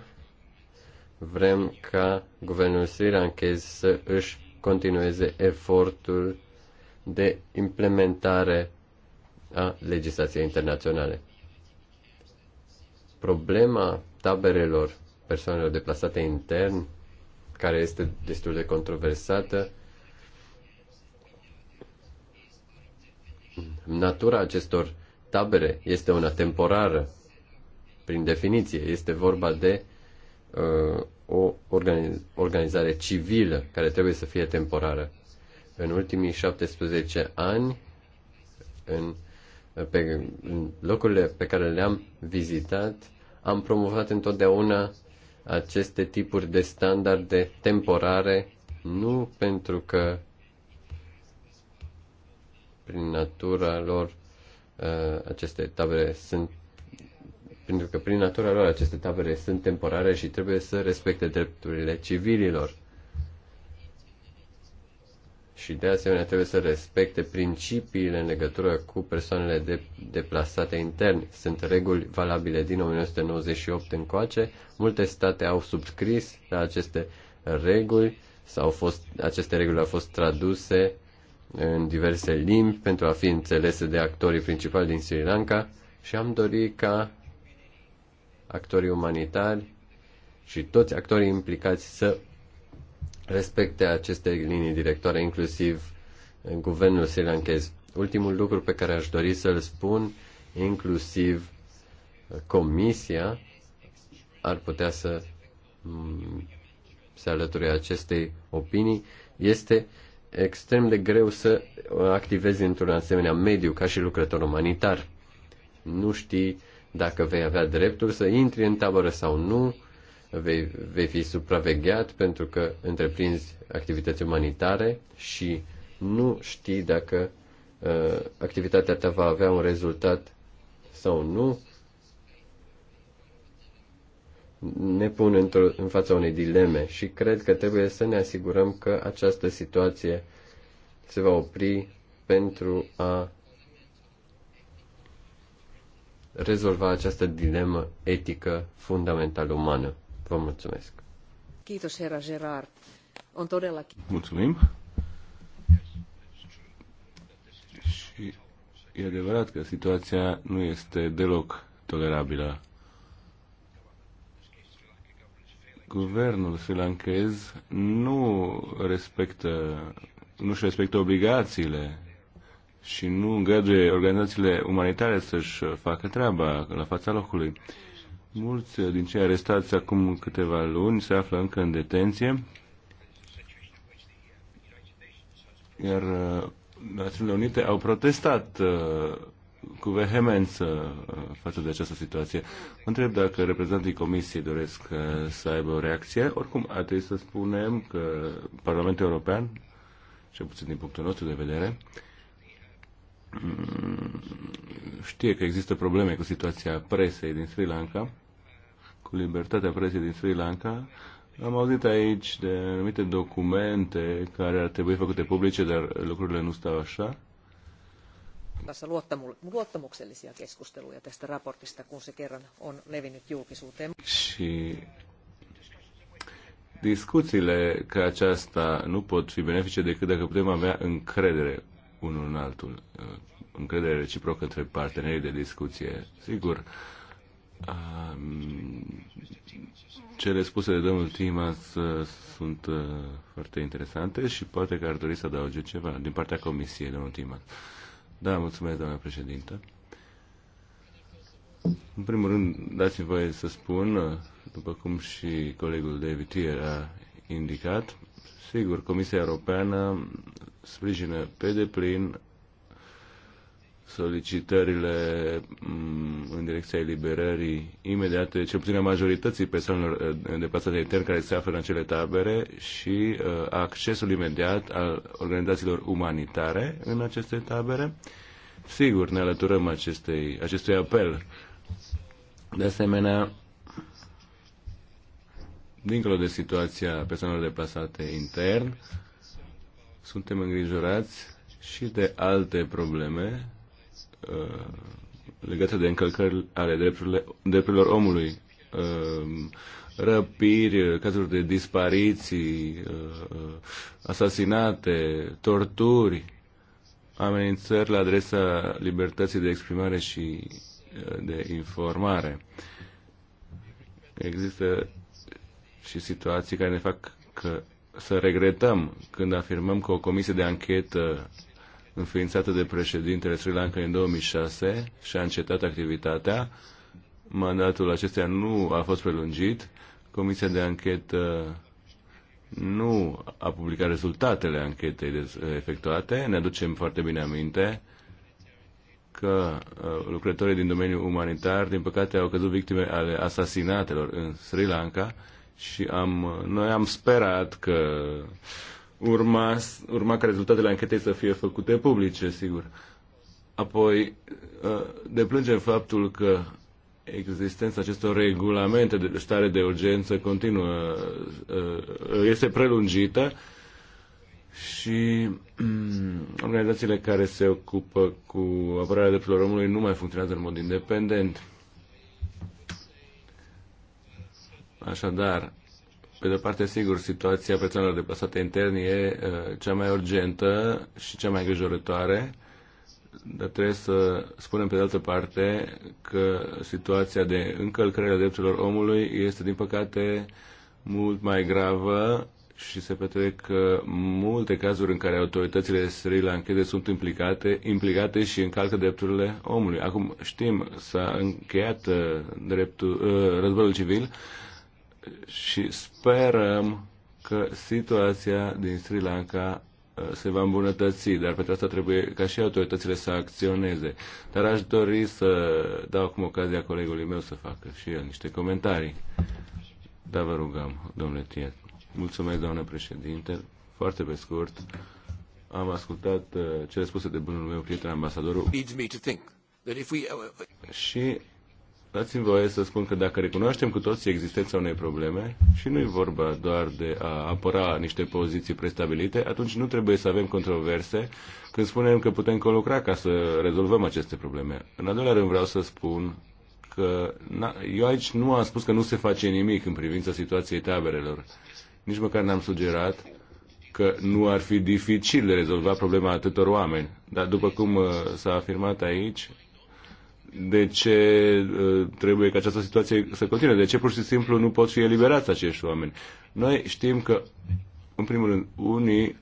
Vrem ca guvernul sirianchez să își continueze efortul de implementare a legislației internaționale. Problema taberelor persoanelor deplasate intern, care este destul de controversată, natura acestor tabere este una temporară. Prin definiție, este vorba de Uh, o organizare civilă care trebuie să fie temporară. În ultimii 17 ani, în, pe, în locurile pe care le-am vizitat, am promovat întotdeauna aceste tipuri de standarde temporare, nu pentru că prin natura lor uh, aceste tabere sunt pentru că prin natura lor aceste tabere sunt temporare și trebuie să respecte drepturile civililor. Și de asemenea trebuie să respecte principiile în legătură cu persoanele de, deplasate intern. Sunt reguli valabile din 1998 încoace. Multe state au subscris la aceste reguli sau fost, aceste reguli au fost traduse în diverse limbi pentru a fi înțelese de actorii principali din Sri Lanka și am dorit ca actorii umanitari și toți actorii implicați să respecte aceste linii directoare, inclusiv în eh, guvernul sri lankez. Ultimul lucru pe care aș dori să-l spun, inclusiv eh, comisia ar putea să mm, se alăture acestei opinii, este extrem de greu să eh, activezi într-un asemenea mediu ca și lucrător umanitar. Nu știi dacă vei avea dreptul să intri în tabără sau nu, vei, vei fi supravegheat pentru că întreprinzi activități umanitare și nu știi dacă uh, activitatea ta va avea un rezultat sau nu, ne pun într-o, în fața unei dileme și cred că trebuie să ne asigurăm că această situație se va opri pentru a rezolva această dilemă etică fundamentală umană. Vă mulțumesc. Kiitos, Gerard. On Mulțumim. Și e adevărat că situația nu este deloc tolerabilă. Guvernul sri lankez nu respectă nu-și respectă obligațiile și nu îngăduie organizațiile umanitare să-și facă treaba la fața locului. Mulți din cei arestați acum câteva luni se află încă în detenție, iar uh, Națiunile Unite au protestat uh, cu vehemență uh, față de această situație. Mă întreb dacă reprezentanții Comisiei doresc să aibă o reacție. Oricum, ar trebui să spunem că Parlamentul European, cel puțin din punctul nostru de vedere, Mm, știe că există probleme cu situația presei din Sri Lanka, cu libertatea presei din Sri Lanka. Am auzit aici de anumite documente care ar trebui făcute publice, dar lucrurile nu stau așa. Tässä luottamuksellisia keskusteluja tästä raportista, kun se kerran on levinnyt julkisuuteen. Și discuțiile ca aceasta nu pot fi benefice decât dacă putem avea încredere unul în altul. Încredere reciprocă între partenerii de discuție. Sigur, cele spuse de domnul Timas uh, sunt uh, foarte interesante și poate că ar dori să adauge ceva din partea comisiei, domnul Timas. Da, mulțumesc, doamna președintă. În primul rând, dați-mi voie să spun, uh, după cum și colegul David Tier a indicat, Sigur, Comisia Europeană sprijină pe deplin solicitările mm, în direcția eliberării imediate, cel puțin a majorității persoanelor eh, deplasate intern care se află în acele tabere și eh, accesul imediat al organizațiilor umanitare în aceste tabere. Sigur, ne alăturăm acestei, acestui apel. De asemenea, dincolo de situația persoanelor deplasate intern, suntem îngrijorați și de alte probleme uh, legate de încălcări ale drepturilor omului. Uh, răpiri, cazuri de dispariții, uh, asasinate, torturi, amenințări la adresa libertății de exprimare și uh, de informare. Există și situații care ne fac că să regretăm când afirmăm că o comisie de anchetă înființată de președintele Sri Lanka în 2006 și-a încetat activitatea. Mandatul acesteia nu a fost prelungit. Comisia de anchetă nu a publicat rezultatele anchetei efectuate. Ne aducem foarte bine aminte că uh, lucrătorii din domeniul umanitar, din păcate, au căzut victime ale asasinatelor în Sri Lanka și am, noi am sperat că urma, urma ca rezultatele anchetei să fie făcute publice, sigur. Apoi, ă, deplângem faptul că existența acestor regulamente de stare de urgență continuă ă, este prelungită și <clears throat> organizațiile care se ocupă cu apărarea drepturilor omului nu mai funcționează în mod independent. Așadar, pe de o parte, sigur, situația persoanelor plasate intern e uh, cea mai urgentă și cea mai îngrijorătoare, dar trebuie să spunem pe de altă parte că situația de încălcare a drepturilor omului este, din păcate, mult mai gravă și se petrec uh, multe cazuri în care autoritățile Sri Lankede sunt implicate, implicate și încalcă drepturile omului. Acum știm, s-a încheiat uh, dreptul, uh, războiul civil, și sperăm că situația din Sri Lanka uh, se va îmbunătăți, dar pentru asta trebuie ca și autoritățile să acționeze. Dar aș dori să dau acum ocazia colegului meu să facă și el niște comentarii. Da, vă rugăm, domnule Tiet. Mulțumesc, doamnă președinte. Foarte pe scurt, am ascultat uh, cele spuse de bunul meu prieten ambasadorul. Uh, și Dați-mi voie să spun că dacă recunoaștem cu toții existența unei probleme și nu e vorba doar de a apăra niște poziții prestabilite, atunci nu trebuie să avem controverse când spunem că putem colucra ca să rezolvăm aceste probleme. În al doilea rând vreau să spun că eu aici nu am spus că nu se face nimic în privința situației taberelor. Nici măcar n-am sugerat că nu ar fi dificil de rezolva problema atâtor oameni. Dar după cum uh, s-a afirmat aici, de ce uh, trebuie ca această situație să continue, de ce pur și simplu nu pot fi eliberați acești oameni. Noi știm că, în primul rând, unii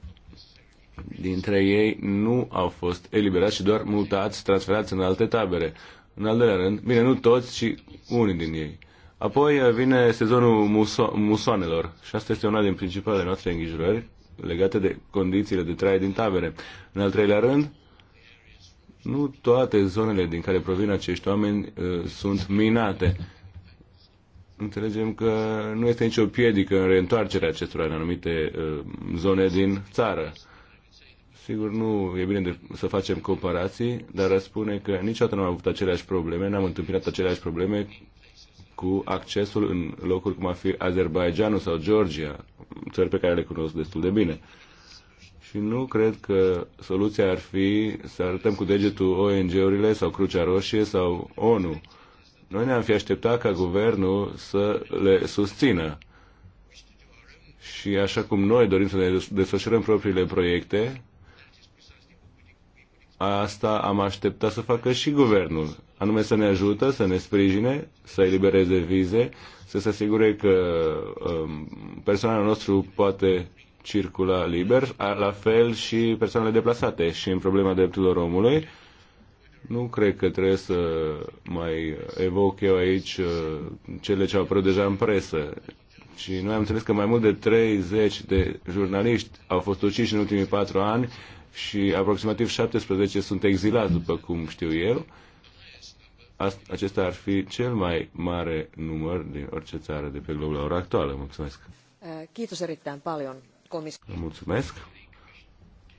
dintre ei nu au fost eliberați, ci doar mutați, transferați în alte tabere. În al doilea rând, bine, nu toți, ci unii din ei. Apoi vine sezonul muso- musoanelor și asta este una din principalele noastre îngrijorări legate de condițiile de trai din tabere. În al treilea rând, nu toate zonele din care provin acești oameni uh, sunt minate. Înțelegem că nu este nicio piedică în reîntoarcerea acestora în anumite uh, zone din țară. Sigur, nu e bine de, să facem comparații, dar a spune că niciodată nu am avut aceleași probleme, n-am întâmpinat aceleași probleme cu accesul în locuri cum ar fi Azerbaijanul sau Georgia, țări pe care le cunosc destul de bine. Uh, și nu cred că soluția ar fi să arătăm cu degetul ONG-urile sau Crucea Roșie sau ONU. Noi ne-am fi așteptat ca guvernul să le susțină. Și așa cum noi dorim să ne desfășurăm propriile proiecte, asta am așteptat să facă și guvernul, anume să ne ajută, să ne sprijine, să elibereze vize, să se asigure că um, personalul nostru poate circulă liber, la fel și persoanele deplasate. Și în problema drepturilor omului, nu cred că trebuie să mai evoc eu aici uh, cele ce au apărut deja în presă. Și noi am înțeles că mai mult de 30 de jurnaliști au fost uciși în ultimii patru ani și aproximativ 17 sunt exilați, după cum știu eu. Acesta ar fi cel mai mare număr din orice țară de pe globul la ora actuală. Mulțumesc! Uh, kiitos erittäin paljon Komis- Mulțumesc.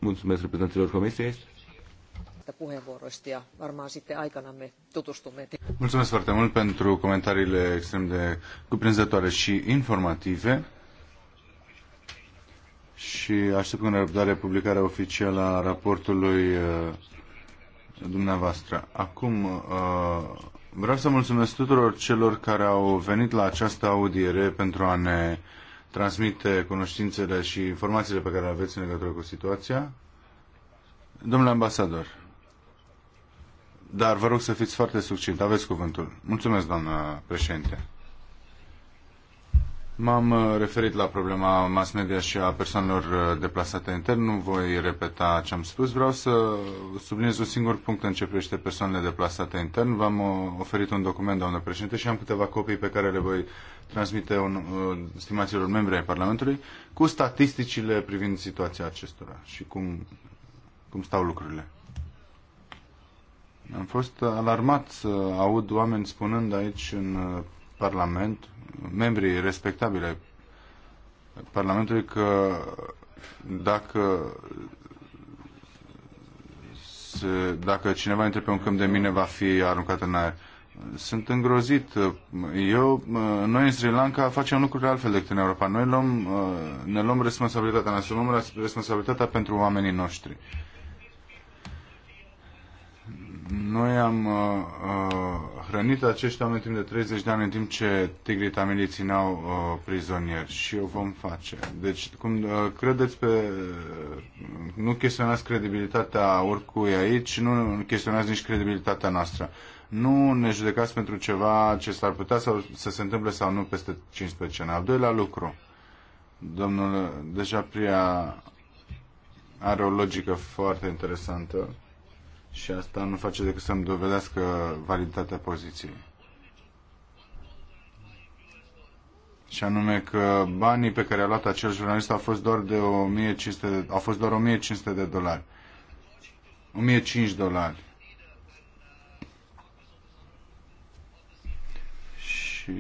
Mulțumesc reprezentanților comisiei. Mulțumesc foarte mult pentru comentariile extrem de cuprinzătoare și informative și aștept cu nerăbdare publicarea oficială a raportului uh, dumneavoastră. Acum uh, vreau să mulțumesc tuturor celor care au venit la această audiere pentru a ne transmite cunoștințele și informațiile pe care le aveți în legătură cu situația. Domnule ambasador, dar vă rog să fiți foarte succint. Aveți cuvântul. Mulțumesc, doamnă președinte. M-am uh, referit la problema mass media și a persoanelor uh, deplasate intern. Nu voi repeta ce am spus. Vreau să subliniez un singur punct în ce privește persoanele deplasate intern. V-am uh, oferit un document, doamnă președinte, și am câteva copii pe care le voi transmite un, stimaților membri ai Parlamentului cu statisticile privind situația acestora și cum, cum stau lucrurile. Am fost alarmat să aud oameni spunând aici în Parlament membrii respectabile Parlamentului că dacă se, dacă cineva intre pe un câmp de mine va fi aruncat în aer. Sunt îngrozit. Eu, noi în Sri Lanka facem lucruri altfel decât în Europa. Noi luăm, ne luăm responsabilitatea, ne asumăm responsabilitatea pentru oamenii noștri. Noi am uh, uh, hrănit acești oameni timp de 30 de ani în timp ce tigrii tamilii țineau uh, prizonieri și o vom face. Deci, cum uh, credeți pe... Uh, nu chestionați credibilitatea oricui aici, nu chestionați nici credibilitatea noastră. Nu ne judecați pentru ceva ce s-ar putea sau, să se întâmple sau nu peste 15 ani. Al doilea lucru, domnul, deja Pria are o logică foarte interesantă și asta nu face decât să-mi dovedească validitatea poziției. Și anume că banii pe care a luat acel jurnalist au fost doar de 1500 de, au fost doar 1500 de dolari. 1005 dolari. Și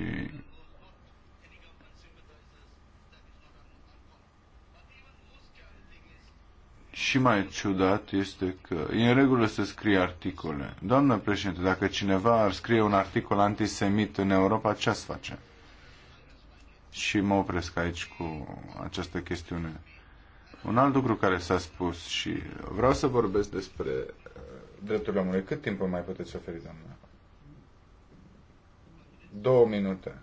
și mai ciudat este că e în regulă să scrie articole. Doamnă președinte, dacă cineva ar scrie un articol antisemit în Europa, ce ați face? Și mă opresc aici cu această chestiune. Un alt lucru care s-a spus și vreau să vorbesc despre uh, drepturile omului. Cât timp mai puteți oferi, doamnă? Două minute.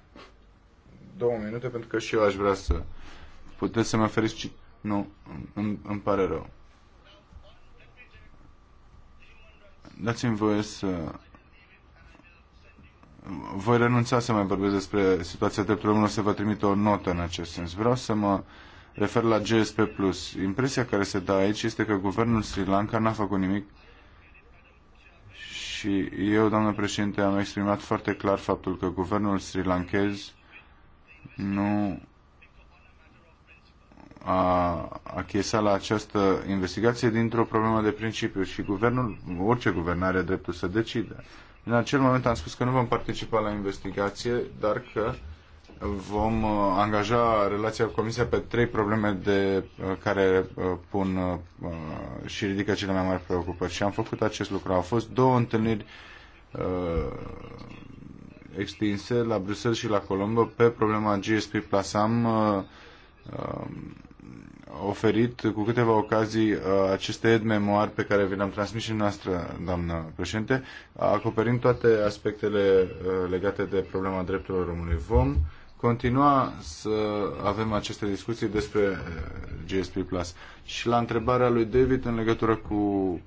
Două minute pentru că și eu aș vrea să... Puteți să mă oferiți... Nu, îmi, îmi pare rău. dați-mi voie să voi renunța să mai vorbesc despre situația drepturilor omului, să vă trimit o notă în acest sens. Vreau să mă refer la GSP+. Impresia care se dă aici este că guvernul Sri Lanka n-a făcut nimic și eu, doamnă președinte, am exprimat foarte clar faptul că guvernul sri lankez nu a achesa la această investigație dintr-o problemă de principiu și guvernul, orice guvern are dreptul să decide. În acel moment am spus că nu vom participa la investigație, dar că vom uh, angaja relația cu Comisia pe trei probleme de, uh, care uh, pun și ridică cele mai mari preocupări. Și am făcut acest lucru. Au fost două întâlniri extinse la Bruxelles și la Colombo pe problema GSP Plasam oferit cu câteva ocazii uh, aceste ed memoar pe care vi le-am transmis și noastră, doamnă președinte, acoperind toate aspectele uh, legate de problema drepturilor omului. Vom continua să avem aceste discuții despre uh, GSP Plus. Și la întrebarea lui David în legătură cu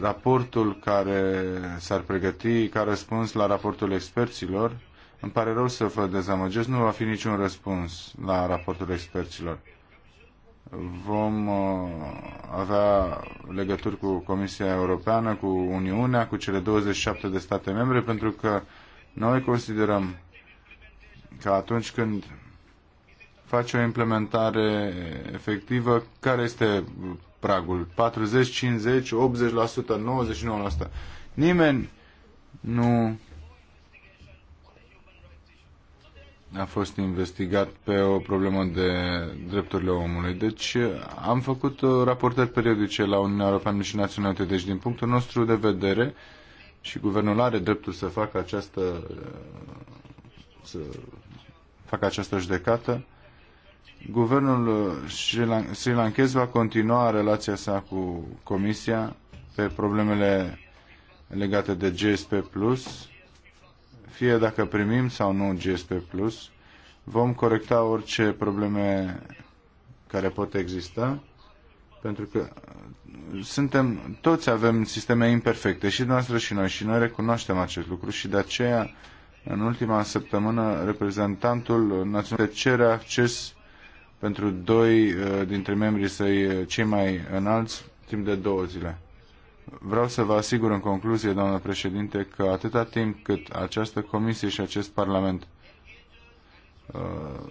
raportul care s-ar pregăti ca răspuns la raportul experților, îmi pare rău să vă dezamăgesc, nu va fi niciun răspuns la raportul experților vom uh, avea legături cu Comisia Europeană, cu Uniunea, cu cele 27 de state membre, pentru că noi considerăm că atunci când face o implementare efectivă, care este pragul? 40, 50, 80%, 99%. Nimeni nu a fost investigat pe o problemă de drepturile omului. Deci am făcut uh, raportări periodice la Uniunea Europeană și Națiunea Unite. Deci din punctul nostru de vedere și guvernul are dreptul să facă această uh, să facă această judecată. Guvernul uh, sri lankez va continua relația sa cu Comisia pe problemele legate de GSP Plus fie dacă primim sau nu GSP+, Plus, vom corecta orice probleme care pot exista, pentru că uh, suntem, toți avem sisteme imperfecte, și noastră și noi, și noi recunoaștem acest lucru și de aceea, în ultima săptămână, reprezentantul național cere acces pentru doi uh, dintre membrii săi uh, cei mai înalți timp de două zile. Vreau să vă asigur în concluzie, doamnă președinte, că atâta timp cât această comisie și acest parlament uh,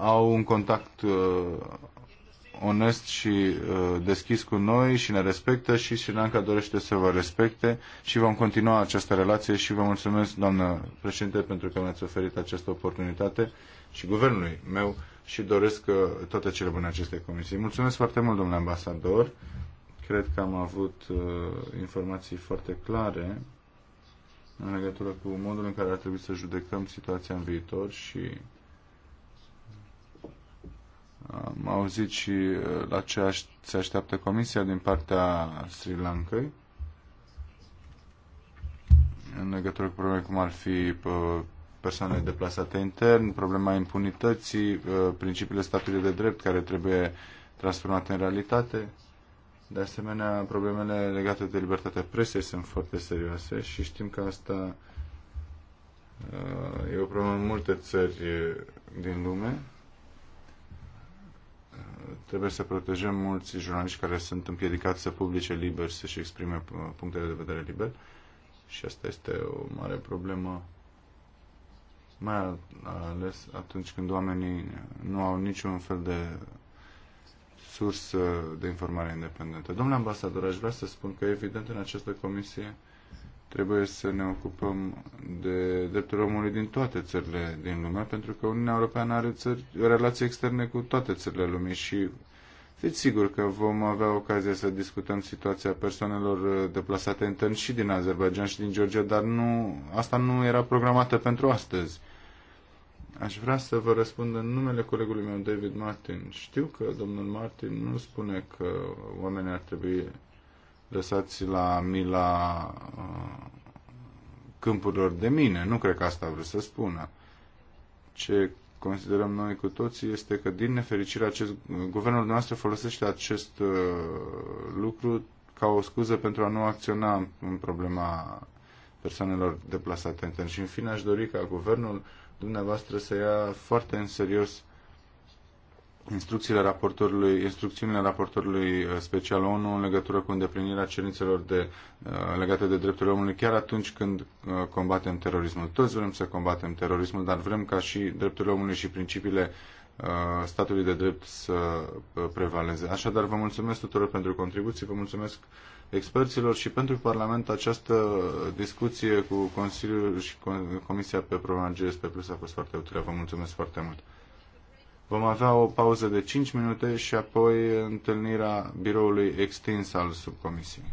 au un contact uh, onest și uh, deschis cu noi și ne respectă și Sri Lanka dorește să vă respecte și vom continua această relație și vă mulțumesc, doamnă președinte, pentru că mi-ați oferit această oportunitate și guvernului meu și doresc uh, toate cele bune acestei comisii. Mulțumesc foarte mult, domnule ambasador cred că am avut uh, informații foarte clare în legătură cu modul în care ar trebui să judecăm situația în viitor și am auzit și uh, la ce se așteaptă Comisia din partea Sri Lankai în legătură cu probleme cum ar fi uh, persoanele deplasate intern, problema impunității, principiile statului de drept care trebuie transformate în realitate. De asemenea, problemele legate de libertatea presei sunt foarte serioase și știm că asta uh, e o problemă în multe țări din lume. Uh, trebuie să protejăm mulți jurnaliști care sunt împiedicați să publice liber, să-și exprime punctele de vedere liber și asta este o mare problemă mai ales atunci când oamenii nu au niciun fel de sursă de informare independentă. Domnule ambasador, aș vrea să spun că, evident, în această comisie trebuie să ne ocupăm de dreptul omului din toate țările din lume, pentru că Uniunea Europeană are țări, relații externe cu toate țările lumii și fiți sigur că vom avea ocazia să discutăm situația persoanelor deplasate intern și din Azerbaijan și din Georgia, dar nu, asta nu era programată pentru astăzi. Aș vrea să vă răspund în numele colegului meu, David Martin. Știu că domnul Martin nu spune că oamenii ar trebui lăsați la mila uh, câmpurilor de mine. Nu cred că asta vreau să spună. Ce considerăm noi cu toții este că, din nefericire, acest, guvernul noastră folosește acest uh, lucru ca o scuză pentru a nu acționa în problema persoanelor deplasate Și, în fine, aș dori ca guvernul uh, dumneavoastră să ia foarte în serios instrucțiile raportorului, instrucțiunile raportorului uh, special ONU în legătură cu îndeplinirea cerințelor de, uh, legate de drepturile omului chiar atunci când uh, combatem terorismul. Toți vrem să combatem terorismul, dar vrem ca și drepturile omului și principiile statului de drept să prevaleze. Așadar, vă mulțumesc tuturor pentru contribuții, vă mulțumesc experților și pentru Parlament această discuție cu Consiliul și Comisia pe problema GSP Plus a fost foarte utilă. Vă mulțumesc foarte mult. Vom avea o pauză de 5 minute și apoi întâlnirea biroului extins al subcomisiei.